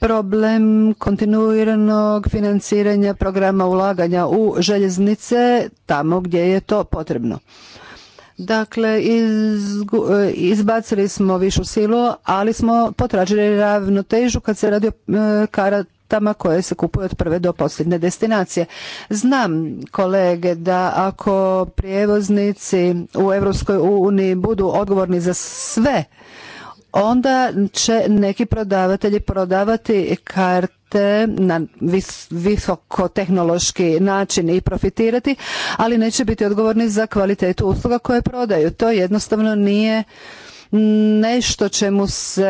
problem kontinuiranog financiranja programa ulaganja u željeznice tamo gdje je to potrebno. Dakle, e, izbacili smo višu silu, ali smo potražili ravnotežu kad se radi o e, karatama koje se kupuju od prve do posljedne destinacije. Znam, kolege, da ako prijevoznici u Europskoj uniji budu odgovorni za sve, onda će neki prodavatelji prodavati karte se na visoko visokotehnološki način i profitirati, ali neće biti odgovorni za kvalitetu usluga koje prodaju. To jednostavno nije nešto čemu se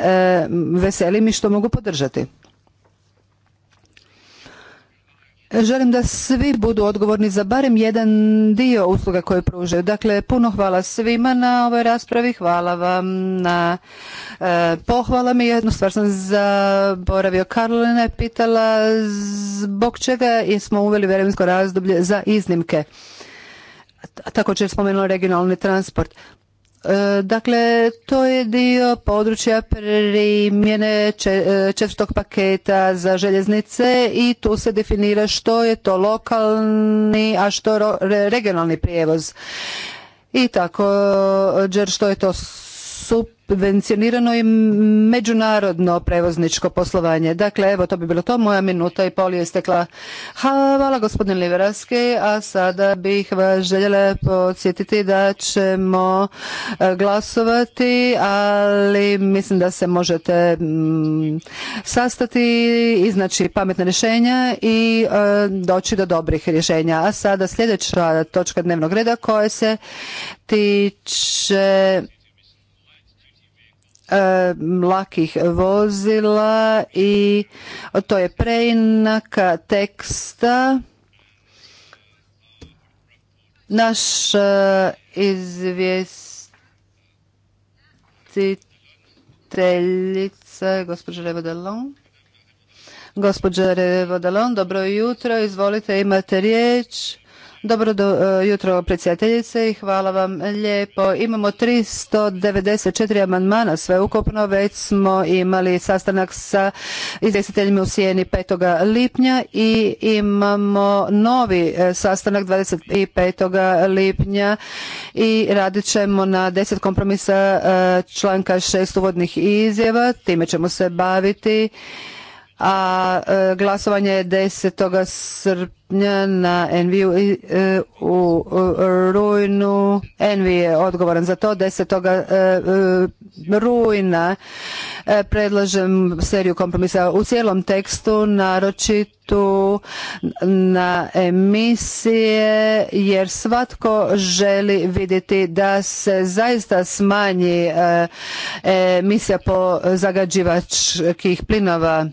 e, veselim i što mogu podržati. Želim da svi budu odgovorni za barem jedan dio usluga koje pružaju. Dakle, puno hvala svima na ovoj raspravi, hvala vam na e, mi. Jednu stvar sam zaboravio. Karolina je pitala zbog čega smo uveli vremensko razdoblje za iznimke. Također spomenula regionalni transport. E, dakle, to je dio područja primjene e, četvrtog paketa za željeznice i tu se definira što je to lokalni, a što regionalni prijevoz. I također što je to subvencionirano i međunarodno prevozničko poslovanje. Dakle, evo to bi bilo to. Moja minuta i pol je istekla. Hvala gospodin Liveraski, a sada bih vas željela podsjetiti da ćemo e, glasovati, ali mislim da se možete mm, sastati, iznaći pametne rješenja i e, doći do dobrih rješenja. A sada sljedeća točka dnevnog reda koja se tiče mlakih vozila i to je preinaka teksta. Naš e, izvjestiteljica, gospođa Revodelon. Gospođa Revodelon, dobro jutro, izvolite, imate riječ. Dobro do, e, jutro predsjedateljice i hvala vam lijepo. Imamo 394 amandmana sve Već smo imali sastanak sa izvjestiteljima u Sijeni 5. lipnja i imamo novi e, sastanak 25. lipnja i radit ćemo na 10 kompromisa e, članka šest uvodnih izjava. Time ćemo se baviti a e, glasovanje je 10. srpnja na Enviju u rujnu. Envi je odgovoran za to. 10. E, e, rujna predlažem seriju kompromisa u cijelom tekstu, naročitu na emisije, jer svatko želi vidjeti da se zaista smanji emisija po zagađivačkih plinova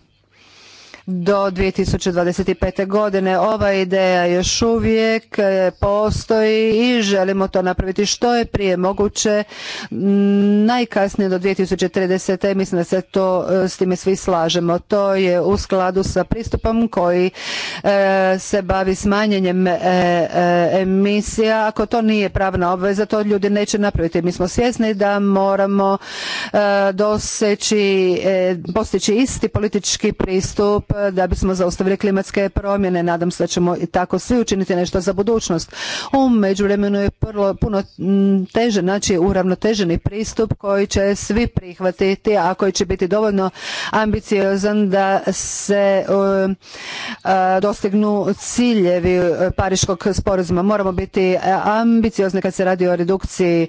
do 2025. godine. Ova ideja još uvijek e, postoji i želimo to napraviti što je prije moguće mm, najkasnije do 2030. Mislim da se to e, s time svi slažemo. To je u skladu sa pristupom koji e, se bavi smanjenjem emisija. Ako to nije pravna obveza, to ljudi neće napraviti. Mi smo svjesni da moramo doseći, postići isti politički pristup da bismo zaustavili klimatske promjene. Nadam se da ćemo i tako svi učiniti nešto za budućnost. U međuvremenu je prlo, puno teže naći uravnoteženi pristup koji će svi prihvatiti, a koji će biti dovoljno ambiciozan da se um, dostignu ciljevi e, Pariškog sporazuma. Moramo biti e, ambiciozni kad se radi o redukciji e,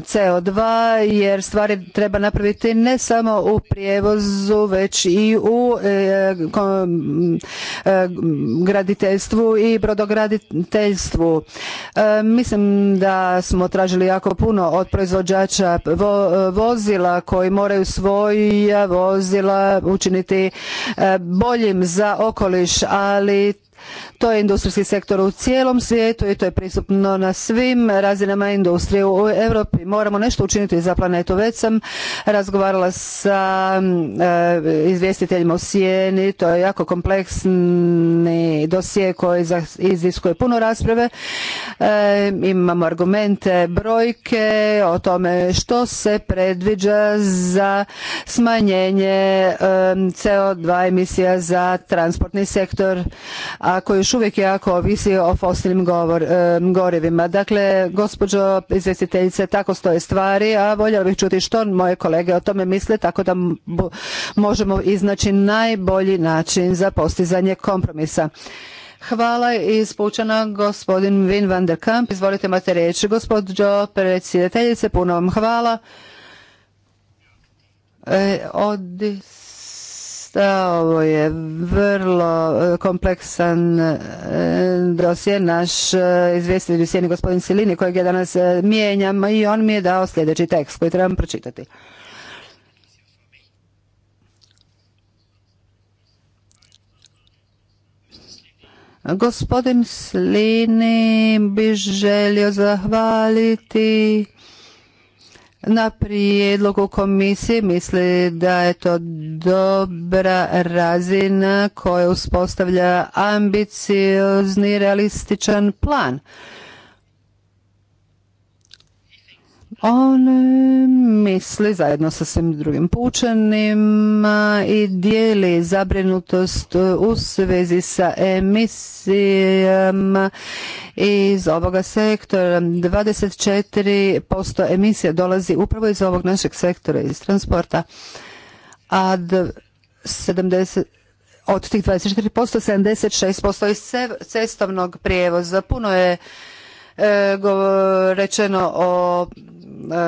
CO2 jer stvari treba napraviti ne samo u prijevozu već i u E, e, graditeljstvu i brodograditeljstvu. E, mislim da smo tražili jako puno od proizvođača vozila koji moraju svoja vozila učiniti boljim za okoliš, ali to je industrijski sektor u cijelom svijetu i to je prisutno na svim razinama industrije u Europi. Moramo nešto učiniti za planetu. Već sam razgovarala sa mm, e, izvjestiteljima u Sijeni. To je jako kompleksni dosije koji iziskuje puno rasprave. E, imamo argumente, brojke o tome što se predviđa za smanjenje e, CO2 emisija za transportni sektor a koji još uvijek jako ovisi o fosilnim govor, gorivima. Dakle, gospođo izvjestiteljice, tako stoje stvari, a voljela bih čuti što moje kolege o tome misle, tako da možemo iznaći najbolji način za postizanje kompromisa. Hvala ispučena gospodin Vin van der Kamp. Izvolite imate riječ. gospođo predsjedateljice, puno vam hvala. E, od. odis ovo je vrlo e, kompleksan e, dosje. Naš e, izvjestitelj u sjeni gospodin Silini kojeg ja danas mijenjam i on mi je dao sljedeći tekst koji trebam pročitati. Gospodin Slini bi želio zahvaliti na prijedlogu komisije misli da je to dobra razina koja uspostavlja ambiciozni realističan plan On misli zajedno sa svim drugim pučanima i dijeli zabrinutost e, u svezi sa emisijama iz ovoga sektora. 24% emisija dolazi upravo iz ovog našeg sektora, iz transporta, a 70 od tih 24%, 76% iz cestovnog prijevoza. Puno je e, rečeno o E,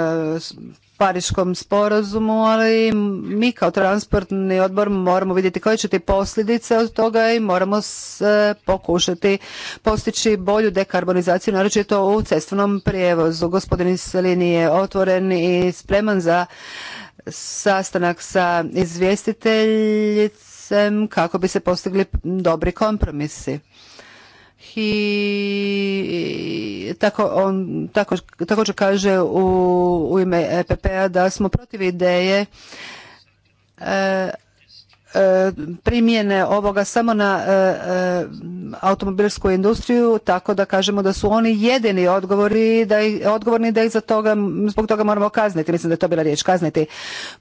Pariškom sporazumu, ali mi kao transportni odbor moramo vidjeti koje će ti posljedice od toga i moramo se pokušati postići bolju dekarbonizaciju, naročito u cestovnom prijevozu. Gospodin Selin je otvoren i spreman za sastanak sa izvjestiteljicom kako bi se postigli dobri kompromisi i tako on također kaže u, u ime EPP-a da smo protiv ideje e, e primjene ovoga samo na e, e, automobilsku industriju tako da kažemo da su oni jedini odgovori da i odgovorni da ih za toga zbog toga moramo kazniti mislim da je to bila riječ kazniti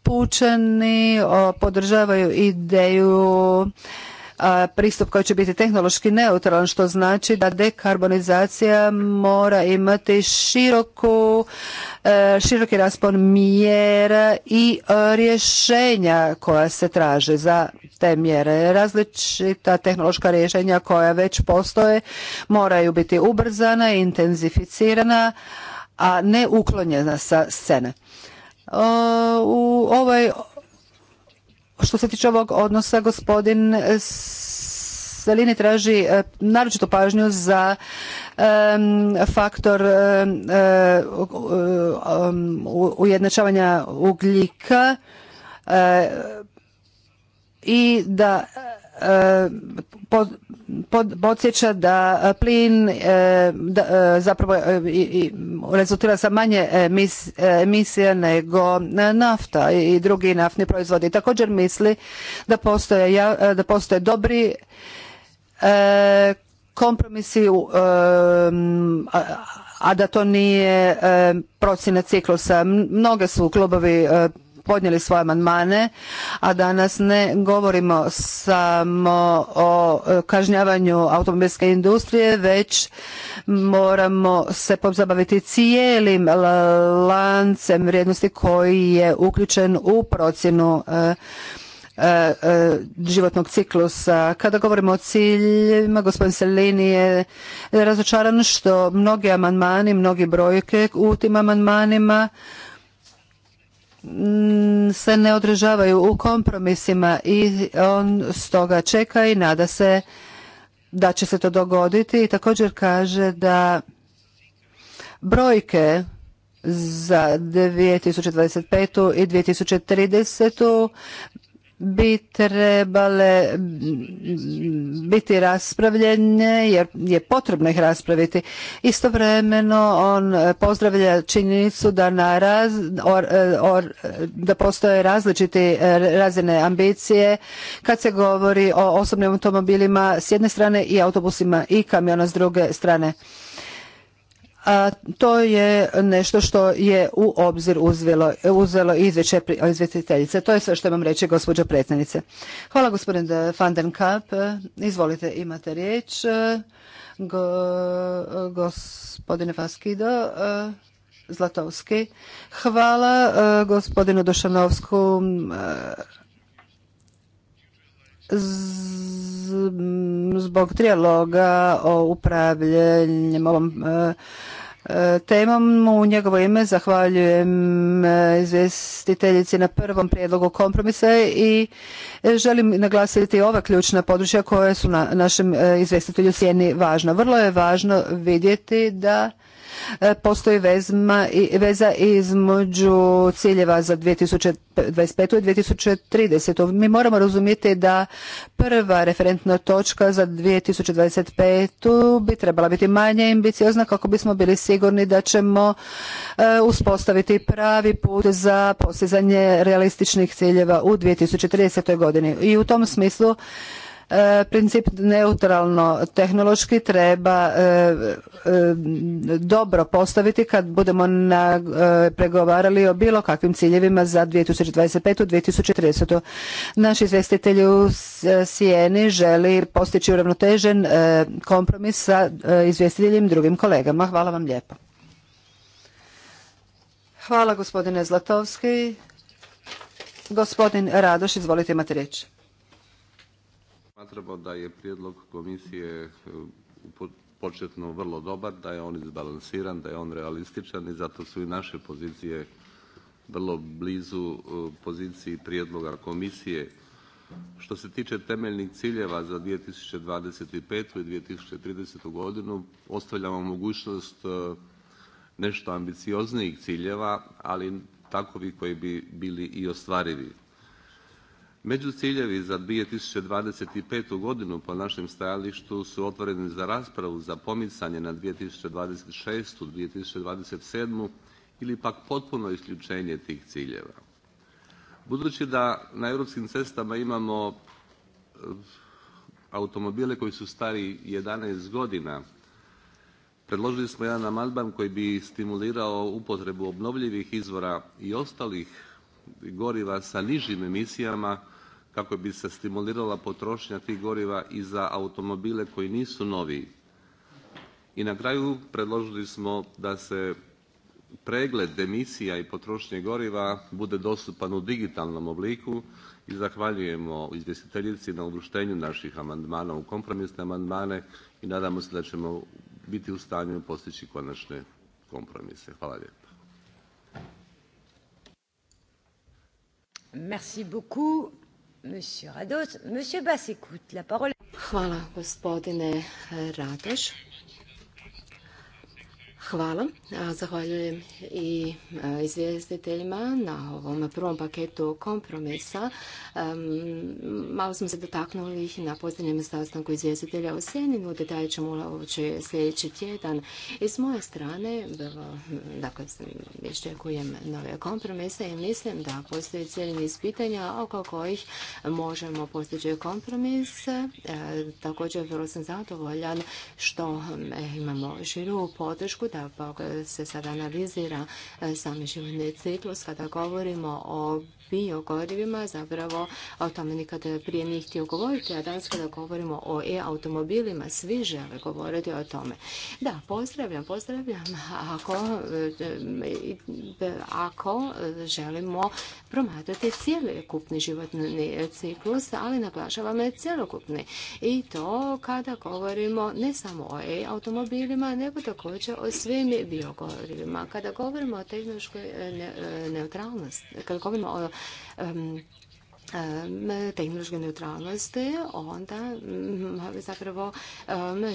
pučani podržavaju ideju pristup koji će biti tehnološki neutralan, što znači da dekarbonizacija mora imati široku, e, široki raspon mjera i e, rješenja koja se traže za te mjere. Različita tehnološka rješenja koja već postoje moraju biti ubrzana, intenzificirana, a ne uklonjena sa scene. U ovoj što se tiče ovog odnosa, gospodin eh, Selini traži eh, naročito pažnju za faktor eh, um, ujednačavanja ugljika i da podsjeća da e, plin e, e, zapravo i, rezultira sa manje emisija nego nafta i drugi naftni proizvodi. Također misli da postoje, dobri kompromisi a da to nije procjena ciklusa. Mnoge su klubovi podnijeli svoje amandmane, a danas ne govorimo samo o e, kažnjavanju automobilske industrije, već moramo se pozabaviti cijelim lancem vrijednosti koji je uključen u procjenu e, e, životnog ciklusa. Kada govorimo o ciljima, gospodin Selini je razočaran što mnogi amandmani, mnogi brojke u tim amandmanima Mm, se ne održavaju u kompromisima i on stoga čeka i nada se da će se to dogoditi i također kaže da brojke za 2025. i 2030 bi trebale biti raspravljene jer je potrebno ih raspraviti. Istovremeno on pozdravlja činjenicu da, na da postoje različite razine ambicije kad se govori o osobnim automobilima s jedne strane i autobusima i kamiona s druge strane a to je nešto što je u obzir uzelo izvješće izvjestiteljice. To je sve što imam reći, gospođo predsjednice. Hvala gospodin van den Kamp. Izvolite, imate riječ. E, gospodine Vaskido, e, Zlatovski. Hvala e, gospodinu Dušanovsku zbog trijaloga o upravljanjem ovom temom. U njegovo ime zahvaljujem e, izvjestiteljici na prvom prijedlogu kompromisa i e, želim naglasiti ova ključna područja koja su na našem e, izvjestitelju sjeni važna. Vrlo je važno vidjeti da E, postoji vezma, veza između ciljeva za 2025. i 2030. Mi moramo razumjeti da prva referentna točka za 2025. bi trebala biti manje ambiciozna kako bismo bili sigurni da ćemo e, uspostaviti pravi put za postizanje realističnih ciljeva u 2030. godini. I u tom smislu E, princip neutralno tehnološki treba e, e, dobro postaviti kad budemo pregovarali o bilo kakvim ciljevima za 2025. 2030. Naš izvjestitelj u Sijeni želi postići uravnotežen kompromis sa izvjestiteljem drugim kolegama. Hvala vam lijepo. Hvala gospodine Zlatovski. Gospodin Radoš, izvolite imate riječ. Smatramo da je prijedlog komisije eh, početno vrlo dobar, da je on izbalansiran, da je on realističan i zato su i naše pozicije vrlo blizu eh, poziciji prijedloga komisije. Što se tiče temeljnih ciljeva za 2025. i 2030. godinu, ostavljamo mogućnost eh, nešto ambicioznijih ciljeva, ali takovi koji bi bili i ostvarivi. Među ciljevi za 2025. godinu po našem stajalištu su otvoreni za raspravu za pomicanje na 2026. 2027. ili pak potpuno isključenje tih ciljeva. Budući da na europskim cestama imamo e, automobile koji su stari 11 godina, predložili smo jedan amandman koji bi stimulirao upotrebu obnovljivih izvora i ostalih goriva sa nižim emisijama kako bi se stimulirala potrošnja tih goriva i za automobile koji nisu novi. I na kraju predložili smo da se pregled emisija i potrošnje goriva bude dostupan u digitalnom obliku i zahvaljujemo izvjestiteljici na uvrštenju naših amandmana u kompromisne amandmane i nadamo se da ćemo biti u stanju postići konačne kompromise. Hvala lijepo. Merci beaucoup, monsieur Rados. Monsieur Bass, écoute, la parole. Hvala, gospodine Radoš. Hvala. Zahvaljujem i izvjestiteljima na ovom prvom paketu kompromisa. Malo smo se dotaknuli na posljednjem sastanku izvjestitelja u Seninu. Detalje ćemo ući sljedeći tjedan. I s moje strane, dakle, iščekujem nove kompromise i mislim da postoji cijeli niz pitanja oko kojih možemo postići kompromis. E, također, vrlo sam zadovoljan što e, imamo širu podršku da se sad analizira e, sami životni ciklus, kada govorimo o gorivima zapravo o tome nikad prije nije htio govoriti, a danas kada govorimo o e-automobilima, svi žele govoriti o tome. Da, pozdravljam, pozdravljam. Ako, ako želimo promatrati kupni životni ciklus, ali naglašavam je cijelokupni. I to kada govorimo ne samo o e-automobilima, nego također o svim biogorivima. Kada govorimo o tehnološkoj neutralnosti, kada govorimo o um, tehnološke neutralnosti, onda mm, zapravo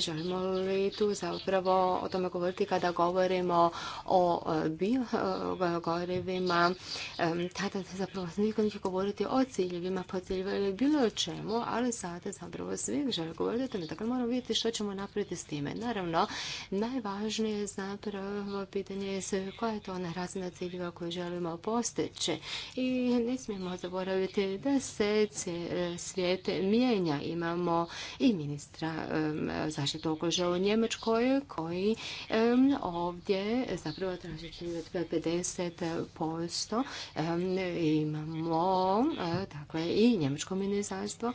želimo li tu zapravo o tome govoriti kada govorimo o e, biogorivima, tada zapravo niko neće govoriti o ciljevima, po ciljevima ili bilo čemu, ali sada zapravo svi žele govoriti o tome. Dakle, moramo vidjeti što ćemo napraviti s time. Naravno, najvažnije je zapravo pitanje je koja je to ona razina ciljeva koju želimo postići i ne smijemo zaboraviti da se e, svijet mijenja. Imamo i ministra e, zaštite okoliša u Njemačkoj koji e, ovdje zapravo traži 50%. Imamo dakle, i Njemačko ministarstvo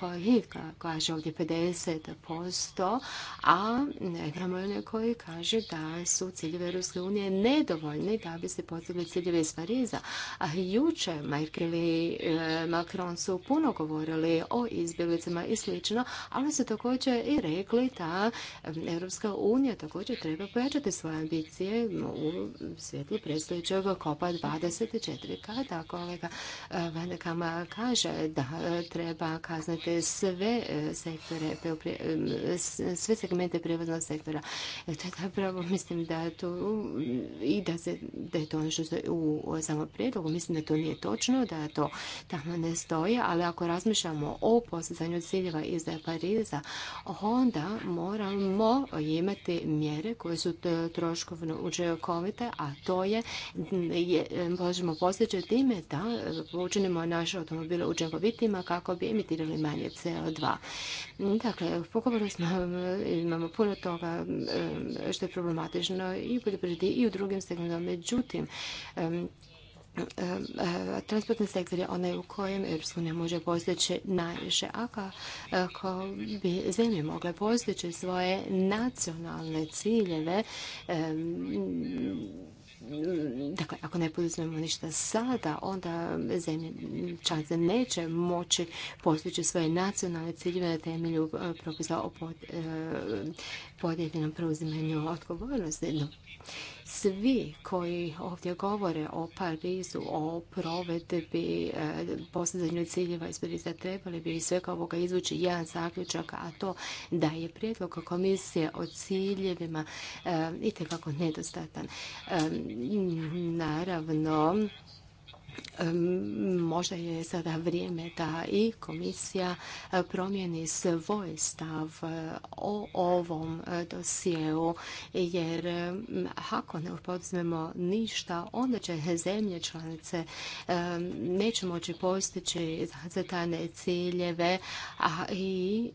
koji kaže ovdje 50%, a Evromojne koji kaže da su ciljeve Ruske unije nedovoljni da bi se postigli ciljeve iz Pariza. A jučer Majkeli Macron su puno govorili o izbjeglicama i slično, ali su također i rekli da Europska unija također treba pojačati svoje ambicije u svijetlu predstojećeg kopa 24. Kada kolega e, Vandekama kaže da treba kazniti sve e, sektore, e, sve segmente prijevoznog sektora, to je zapravo, mislim da to i da, se, da je to ono što u samom prijedlogu, mislim da to nije točno, da to ne stoje, ali ako razmišljamo o postizanju ciljeva iz Pariza, onda moramo imati mjere koje su troškovno učinkovite, a to je, možemo postići time da učinimo naše automobile učinkovitima kako bi emitirali manje CO2. Dakle, pogovorili smo, imamo puno toga što je problematično i u poljoprivredi i u drugim segmentima. Međutim, E, transportni sektor je onaj u kojem Europska ne može postići najviše. Ako e, bi zemlje mogle postići svoje nacionalne ciljeve, dakle, ako ne poduzmemo ništa sada, onda zemlje članice neće moći postići svoje nacionalne ciljeve na temelju e, propisa o pod, podijeljenom preuzimanju odgovornosti. Svi koji ovdje govore o Parizu, o provedbi e, posljednjoj ciljeva iz Pariza, trebali bi iz svega ovoga izvući jedan zaključak, a to da je prijedlog komisije o ciljevima e, itekako nedostatan. E, naravno, možda je sada vrijeme da i komisija e, promijeni svoj stav e, o ovom e, dosjeu, jer ako ne upoznemo ništa, onda će zemlje članice neće moći postići tajne ciljeve, a i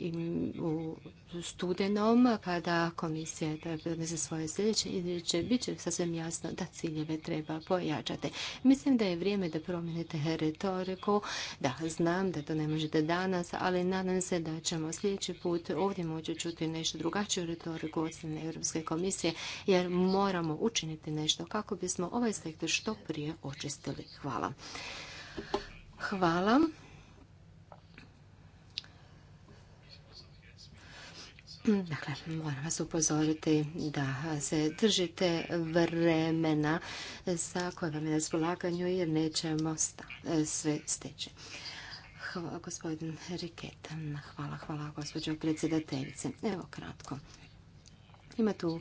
u studenom, kada komisija za svoje sljedeće izvješće, bit će sasvim jasno da ciljeve treba pojačati. Mislim da je vrijeme vrijeme da promijenite retoriku. Da, znam da to ne možete danas, ali nadam se da ćemo sljedeći put ovdje moći čuti nešto drugačiju retoriku od strane Europske komisije, jer moramo učiniti nešto kako bismo ovaj sektor što prije očistili. Hvala. Hvala. Dakle, moram vas upozoriti da se držite vremena sa koje vam je na raspolaganju jer nećemo sve steći. Hvala, gospodin Riketa. Hvala, hvala, gospođo predsjedateljice. Evo kratko. Ima tu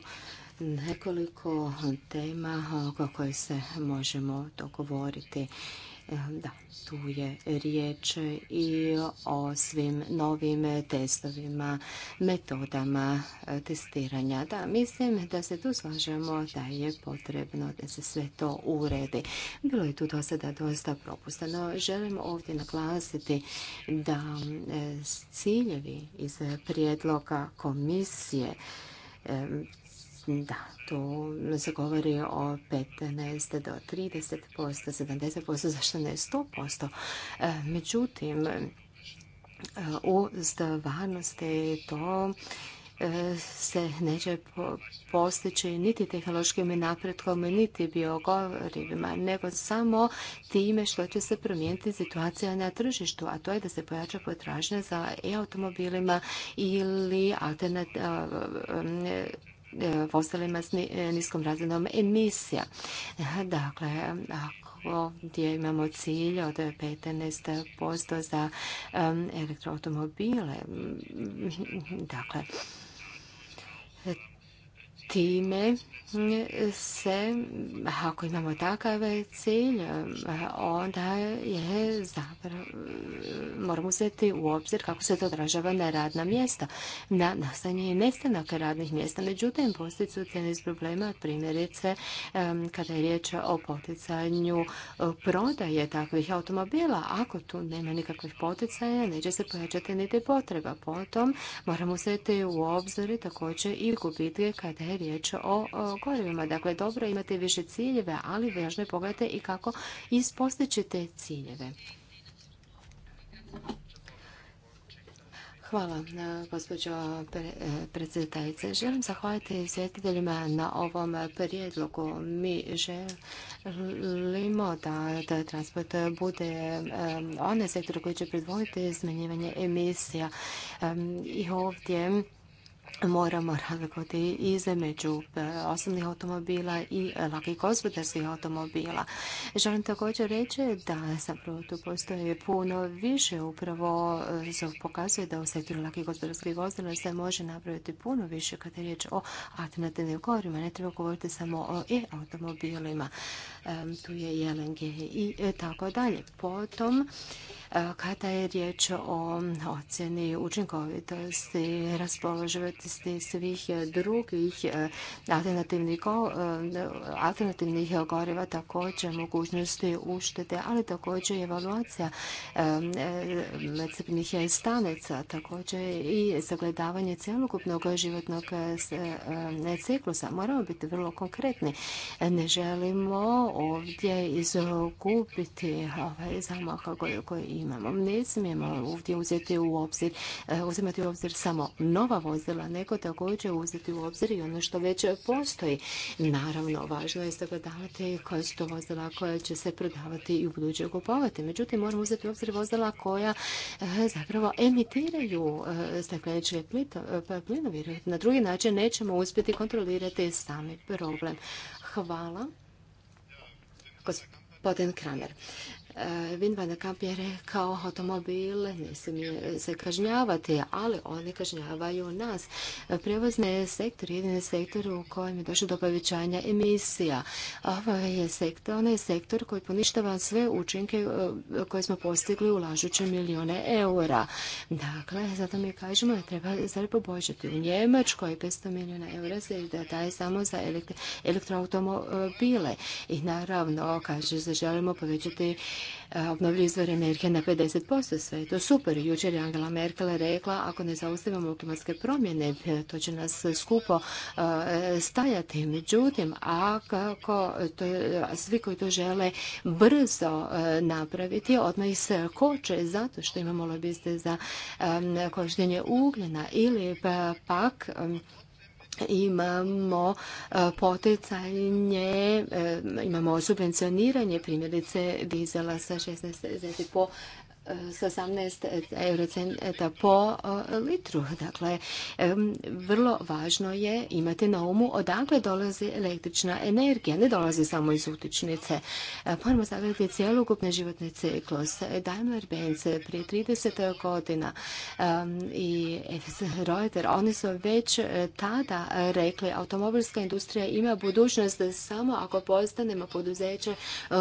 nekoliko tema oko koje se možemo dogovoriti. Da, tu je riječ i o svim novim testovima, metodama e, testiranja. Da, mislim da se tu slažemo da je potrebno da se sve to uredi. Bilo je tu do sada dosta no Želim ovdje naglasiti da e, ciljevi iz prijedloga komisije e, da, tu se govori o 15 do 30%, 70%, zašto ne 100%. E, međutim, e, u stvarnosti to e, se neće postići niti tehnološkim napretkom, niti biogorivima, nego samo time što će se promijeniti situacija na tržištu, a to je da se pojača potražnja za e-automobilima ili alternat vozilima s e, niskom razinom emisija. Dakle, ako gdje imamo cilj od 15% za elektroautomobile, dakle, time se, ako imamo takav cilj, onda je zapravo, moramo uzeti u obzir kako se to odražava na radna mjesta, na nastanje i nestanak radnih mjesta. Međutim, postoji te niz problema, primjerice kada je riječ o poticanju prodaje takvih automobila. Ako tu nema nikakvih poticaja, neće se pojačati niti potreba. Potom moramo uzeti u obzir također i gubitke kada je riječ o gorivima. Dakle, dobro imate više ciljeve, ali važno je pogledajte i kako ispostići te ciljeve. Hvala, e, gospođo e, predsjedateljice. Želim zahvaliti svjetiteljima na ovom prijedlogu. Mi želimo da, transport bude e, onaj sektor koji će predvoditi smanjivanje emisija. I ovdje moramo razlikovati između e, osobnih automobila i e, lakih gospodarskih automobila. Želim također reći da zapravo tu postoji puno više upravo se pokazuje da u sektoru lakih gospodarskih vozila se može napraviti puno više kada je riječ o alternativnim gorima. Ne treba govoriti samo o e-automobilima. E, tu je i LNG i tako dalje. Potom E, kada je riječ o ocjeni učinkovitosti, raspoloživosti svih drugih e, alternativnih, e, alternativnih goriva, također mogućnosti uštede, ali također evaluacija crpnih stanica, također i zagledavanje cjelokupnog životnog ciklusa. Moramo biti vrlo konkretni. Ne želimo ovdje izgubiti ovaj zamah koji imamo. Ne smijemo ovdje uzeti u obzir, e, uzimati u obzir samo nova vozila, nego također uzeti u obzir i ono što već postoji. Naravno, važno je sagledavati koja su to vozila koja će se prodavati i u buduće kupovati. Međutim, moramo uzeti u obzir vozila koja e, zapravo emitiraju e, stakleničke plinovi. Na drugi način nećemo uspjeti kontrolirati sami problem. Hvala. Gospodin Kramer. Vin eh, van Kamp je rekao automobil ne smije se kažnjavati, ali oni kažnjavaju nas. Prevozni je sektor jedini sektor u kojem je došlo do povećanja emisija. Ovo je sektor, onaj sektor koji poništava sve učinke eh, koje smo postigli ulažući milijone eura. Dakle, zato mi kažemo da treba zar poboljšati. U Njemačkoj 500 milijuna eura se da daje samo za elektroautomobile. I naravno, kaže se, želimo povećati Eh, obnovljive izvore energije na 50%. Sve je to super. Jučer je Angela Merkel rekla ako ne zaustavimo klimatske promjene, eh, to će nas skupo eh, stajati. Međutim, ako to, svi koji to žele brzo napraviti, odmah ih se koče zato što imamo lobiste za korištenje ugljena ili pa, pak imamo e, poticanje, e, imamo subvencioniranje primjerice dizela sa 16,5 s 18 eurocenta e, po e, litru. Dakle, e, vrlo važno je imati na umu odakle dolazi električna energija. Ne dolazi samo iz utičnice. Moramo zagledati cjelokupne životne ciklus. Daimler Benz prije 30 godina i Reuter, oni su već tada rekli automobilska industrija ima budućnost samo ako postanemo poduzeće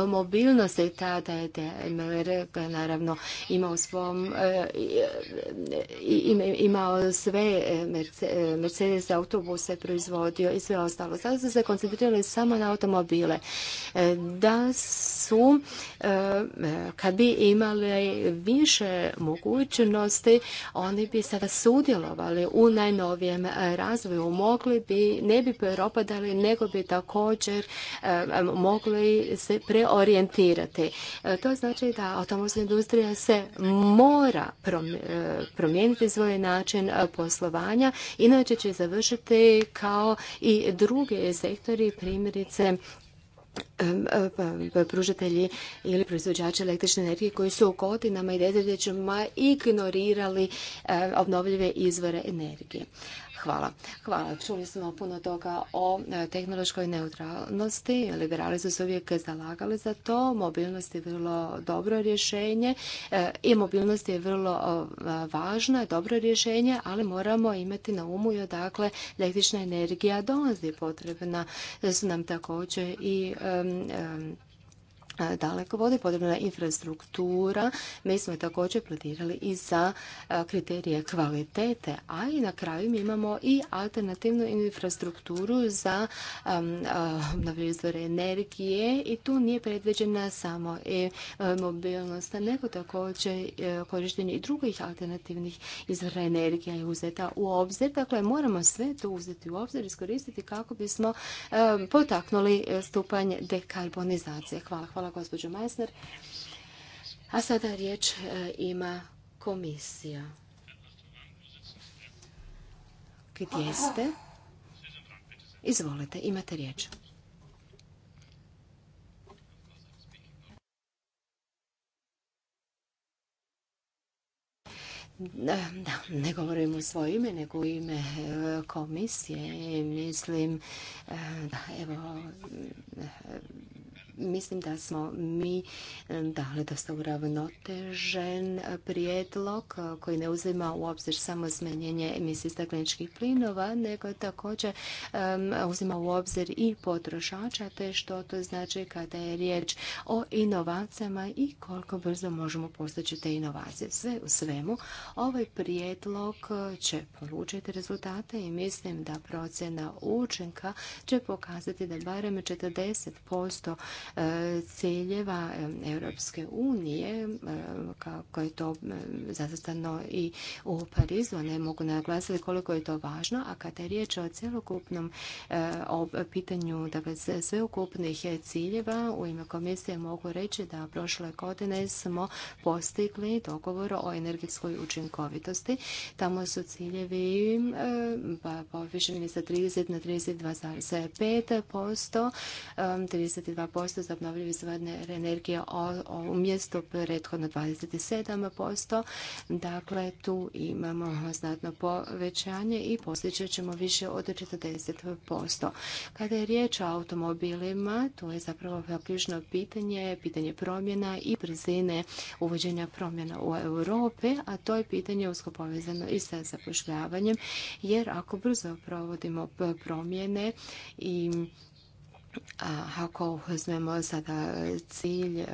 mobilnosti. Tada je Daimler naravno ima u svom e, imao sve e, e, Mercedes autobuse proizvodio i sve ostalo. Sada su se koncentrirali samo na automobile. Da su kad bi imali više mogućnosti oni bi sada sudjelovali u najnovijem razvoju. Mogli bi, ne bi propadali nego bi također mogli se preorijentirati. To znači da automobilska industrija se mora e, promijeniti svoj način e, poslovanja, inače će završiti kao i druge sektori, primjerice e, pružatelji ili proizvođači električne energije koji su u godinama i desetljećima ignorirali obnovljive izvore energije. Hvala. Hvala. Čuli smo puno toga o e, tehnološkoj neutralnosti. Liberali su se uvijek zalagali za to. Mobilnost je vrlo dobro rješenje e, i mobilnost je vrlo e, važna, dobro rješenje, ali moramo imati na umu i odakle električna energija dolazi potrebna. Su nam također i daleko vode, potrebna infrastruktura. Mi smo također planirali i za kriterije kvalitete, a i na kraju mi imamo i alternativnu infrastrukturu za obnovljive energije i tu nije predviđena samo i e, mobilnost, nego također e, korištenje i drugih alternativnih izvora energija je uzeta u obzir. Dakle, moramo sve to uzeti u obzir, iskoristiti kako bismo potaknuli e, stupanje dekarbonizacije. Hvala, hvala Hvala gospođo Meissner. A sada riječ e, ima komisija. Gdje ste? Izvolite, imate riječ. E, da, ne govorim u svoje ime, nego u ime e, komisije. Mislim da, evo, Mislim da smo mi dali dosta uravnotežen prijedlog koji ne uzima u obzir samo smanjenje emisije stakleničkih plinova, nego također uzima u obzir i potrošača, te što to znači kada je riječ o inovacijama i koliko brzo možemo postići te inovacije. Sve u svemu, ovaj prijedlog će polučiti rezultate i mislim da procjena učenka će pokazati da barem 40% ciljeva Europske unije, kako je to zacrtano i u Parizu, ne mogu naglasiti koliko je to važno, a kada je riječ o cjelokupnom e, pitanju dakle, sveukupnih ciljeva, u ime komisije mogu reći da prošle godine smo postigli dogovor o energetskoj učinkovitosti. Tamo su ciljevi pa povišeni sa 30 na 32,5%, 32% za obnovljive izvorne energije umjesto prethodno 27%. Dakle, tu imamo znatno povećanje i postići ćemo više od 40%. Kada je riječ o automobilima, to je zapravo ključno pitanje, pitanje promjena i brzine uvođenja promjena u Europi, a to je pitanje usko povezano i sa zapošljavanjem, jer ako brzo provodimo promjene i ako uzmemo sada cilj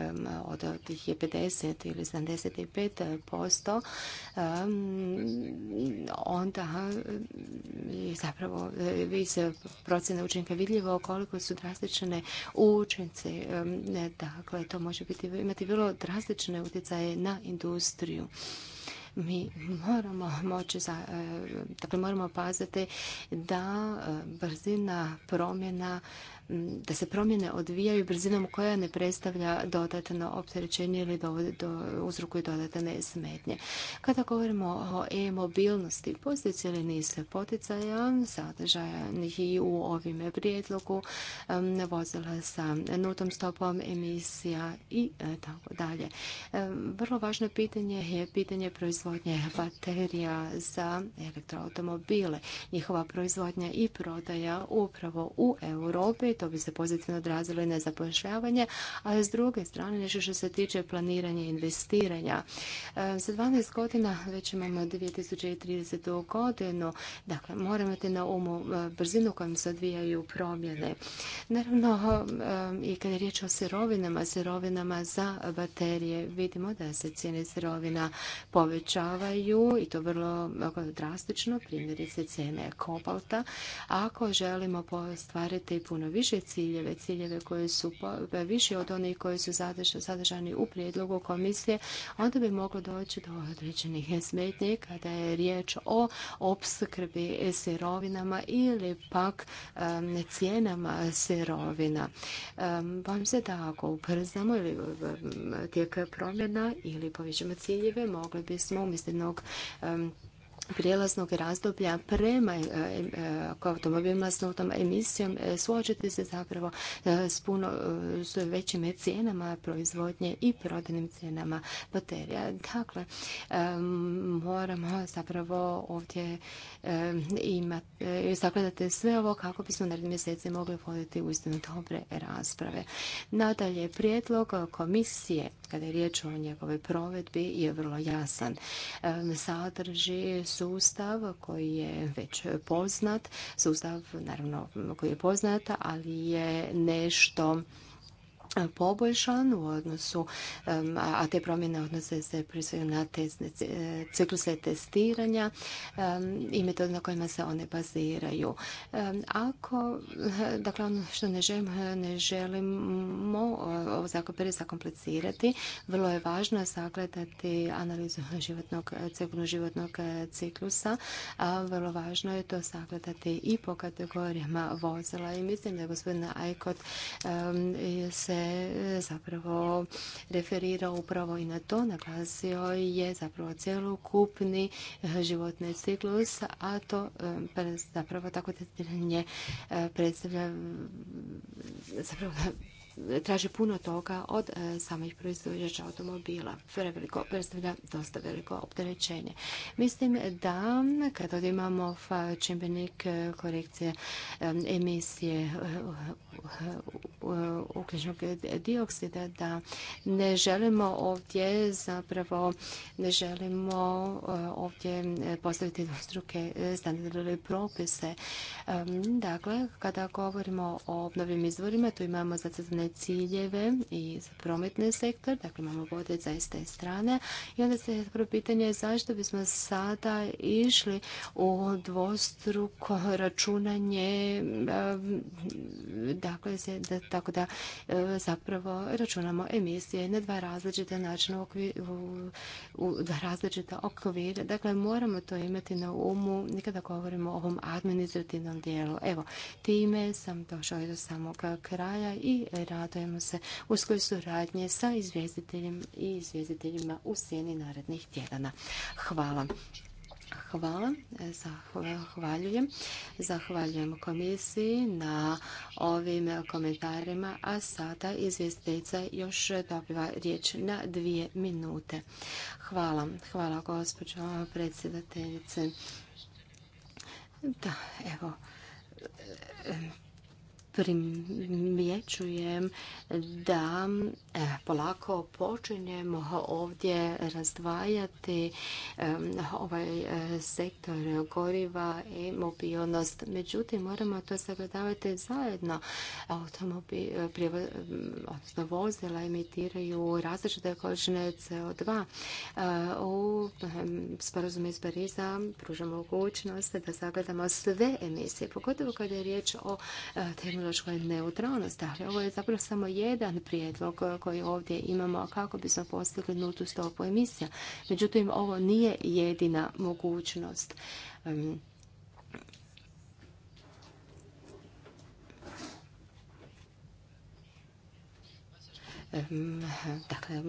od tih 50 ili 75%, onda je zapravo se eh, procjene učinka vidljivo koliko su drastične učinci. Dakle, to može biti, imati vrlo drastične utjecaje na industriju mi moramo moći dakle moramo paziti da brzina promjena da se promjene odvijaju brzinom koja ne predstavlja dodatno opterećenje ili dovodi dodatne smetnje. Kada govorimo o e-mobilnosti, postoji cijeli niz poticaja, sadržajanih i u ovim prijedlogu, vozila sa nutom stopom emisija i e, tako dalje. E, vrlo važno pitanje je pitanje proizvodnje baterija za elektroautomobile. Njihova proizvodnja i prodaja upravo u Europi to bi se pozitivno odrazilo i na zapošljavanje, a s druge strane nešto što se tiče planiranja i investiranja. E, za 12 godina već imamo 2030. godinu, dakle moramo imati na umu e, brzinu kojom se odvijaju promjene. Naravno, e, i kada je riječ o sirovinama, sirovinama za baterije, vidimo da se cijene sirovina povećavaju i to vrlo drastično, primjerice cijene kobalta. Ako želimo postvariti puno više više ciljeve, ciljeve koji su više od onih koji su sadržani u prijedlogu komisije, onda bi moglo doći do određenih smetnji kada je riječ o opskrbi sirovinama ili pak cijenama sirovina. bojim se da ako uprznamo ili tijek promjena ili povećamo ciljeve, mogli bismo umjesto jednog prijelaznog razdoblja prema e, e, automobilima s notom emisijom e, suočiti se zapravo s puno s većim cijenama proizvodnje i prodajnim cijenama baterija. Dakle, moramo zapravo ovdje imati, zagledati sve ovo kako bismo narednih mjeseci mogli voditi uistinu dobre rasprave. Nadalje, prijedlog komisije, kada je riječ o njegovoj provedbi, je vrlo jasan. Sadrži su sustav koji je već poznat, sustav naravno koji je poznat, ali je nešto poboljšan u odnosu, a te promjene odnose se na cikluse testiranja i metode na kojima se one baziraju. Ako, *laughs* dakle ono što ne želimo, ne želimo ovo zakon zakomplicirati, vrlo je važno sagledati analizu životnog, životnog e, ciklusa, a vrlo važno je to sagledati i po kategorijama vozila i mislim da je gospodina Ajkot se zapravo referirao upravo i na to, naglasio je zapravo cjelokupni eh, životni ciklus, a to eh, zapravo tako detaljnije eh, predstavlja zapravo traži puno toga od e, samih proizvođača automobila. Preveliko predstavlja dosta veliko opterećenje. Mislim da kad ovdje imamo čimbenik e, korekcije e, emisije ugljičnog dioksida, da ne želimo ovdje zapravo ne želimo ovdje postaviti dvostruke standardne propise. Dakle, kada govorimo o obnovim izvorima, tu imamo za ciljeve i za prometni sektor, dakle imamo vode za iste strane i onda se prvo pitanje zašto bismo sada išli u dvostruko računanje, eh, dakle se, da, tako da eh, zapravo računamo emisije na dva različita načina u, dva različita okvira. Dakle, moramo to imati na umu Nikada govorimo o ovom administrativnom dijelu. Evo, time sam došao do samog kraja i radujemo se uskoj suradnje sa izvjestiteljem i izvjestiteljima u sjeni narednih tjedana. Hvala. Hvala, zahvaljujem. Zahvaljujem komisiji na ovim komentarima, a sada izvjestiteljica još dobiva riječ na dvije minute. Hvala, hvala gospođo predsjedateljice. Da, evo, primjećujem da e, polako počinjemo ovdje razdvajati e, ovaj e, sektor goriva i mobilnost. Međutim, moramo to sagledavati zajedno. automobili odnosno vozila emitiraju različite količine CO2. U sporazumu iz Pariza pružamo mogućnost da sagledamo sve emisije, pogotovo kada je riječ o temu tehnološkoj neutralnosti, ali dakle, ovo je zapravo samo jedan prijedlog koji ovdje imamo kako bismo postigli nultu stopu emisija. Međutim, ovo nije jedina mogućnost. Dakle,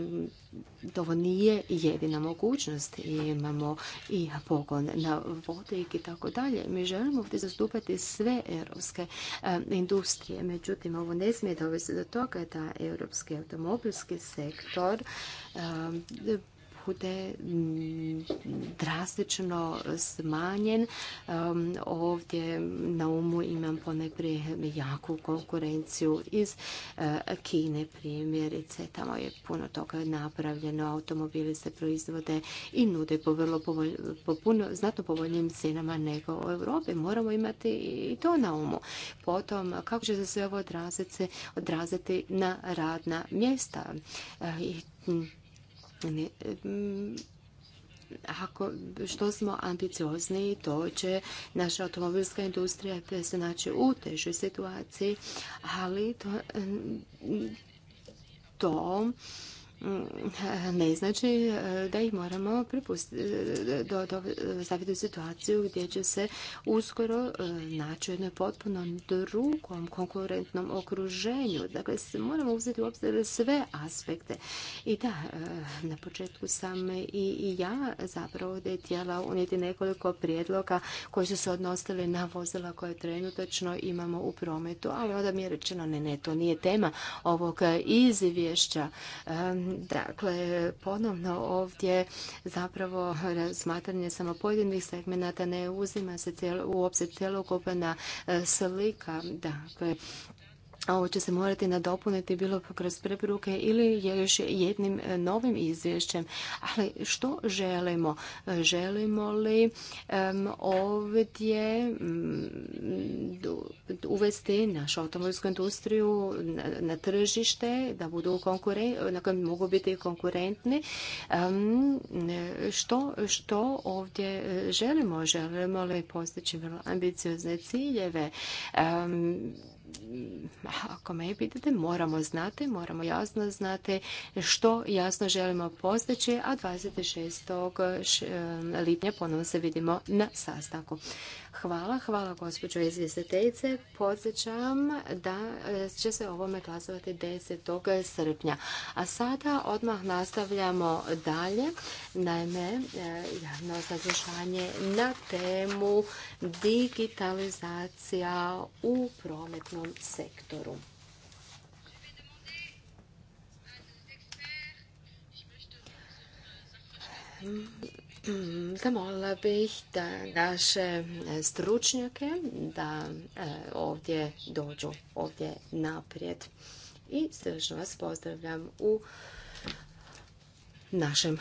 ovo nije jedina mogućnost. Imamo i pogon na vodik i tako dalje. Mi želimo ovdje zastupati sve europske e, industrije. Međutim, ovo ne smije dovesti do toga da europski automobilski sektor e, bude mm, drastično smanjen. Ovdje na umu imam ponajprije jaku konkurenciju iz e, Kine primjerice. Tamo je puno toga napravljeno. Automobili se proizvode i nude po vrlo znatno povoljnijim cijenama nego u Europi. Moramo imati i to na umu. Potom, kako će se sve ovo odraziti, odraziti na radna mjesta. E, I ako što smo ambiciozni to će naša automobilska industrija se naći u težoj situaciji, ali to, to Mm, ne znači eh, da ih moramo pripustiti eh, do, staviti u situaciju gdje će se uskoro eh, naći u jednoj potpuno drugom konkurentnom okruženju. Dakle, moramo uzeti u obzir sve aspekte. I da, na početku sam i ja zapravo da unijeti nekoliko prijedloga koji su se odnosili na vozila koje trenutačno imamo u prometu, ali onda mi je rečeno ne, ne, to nije tema ovog izvješća Dakle, ponovno ovdje zapravo razmatranje samo pojedinih segmenata ne uzima se u obzir cjelokupna e, slika. Dakle, ovo će se morati nadopuniti bilo kroz preporuke ili još jednim e, novim izvješćem. Ali što želimo? Želimo li ovdje mm, uvesti našu automobilsku industriju na tržište, da budu na kojem mogu biti konkurentni? Što, što ovdje e, želimo? Želimo li postići vrlo ambiciozne ciljeve? ako me pitate, moramo znati, moramo jasno znati što jasno želimo postići, a 26. E, lipnja ponovno se vidimo na sastanku. Hvala, hvala gospođo izvjestiteljice. Podsjećam da e, će se ovome glasovati 10. srpnja. A sada odmah nastavljamo dalje. Naime, e, javno saslušanje na temu digitalizacija u prometnom sektoru. Mm, zamolila bih da naše stručnjake da e, ovdje dođu, ovdje naprijed. I srčno vas pozdravljam u našem,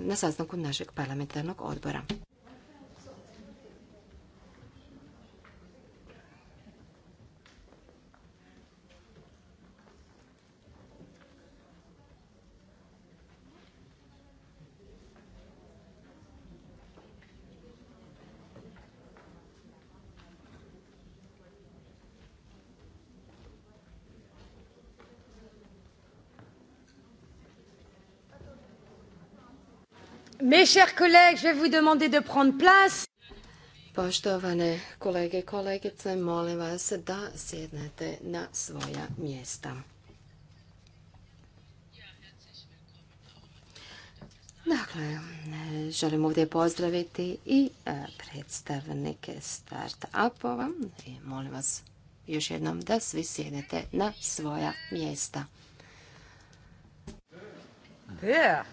na sastanku našeg parlamentarnog odbora. Mes chers collègues, je vais vous demander de prendre place. Poštovane kolege i kolegice, molim vas da sjednete na svoja mjesta. Dakle, želim ovdje pozdraviti i e, predstavnike start-upova. E, molim vas još jednom da svi sjednete na svoja mjesta. Yeah.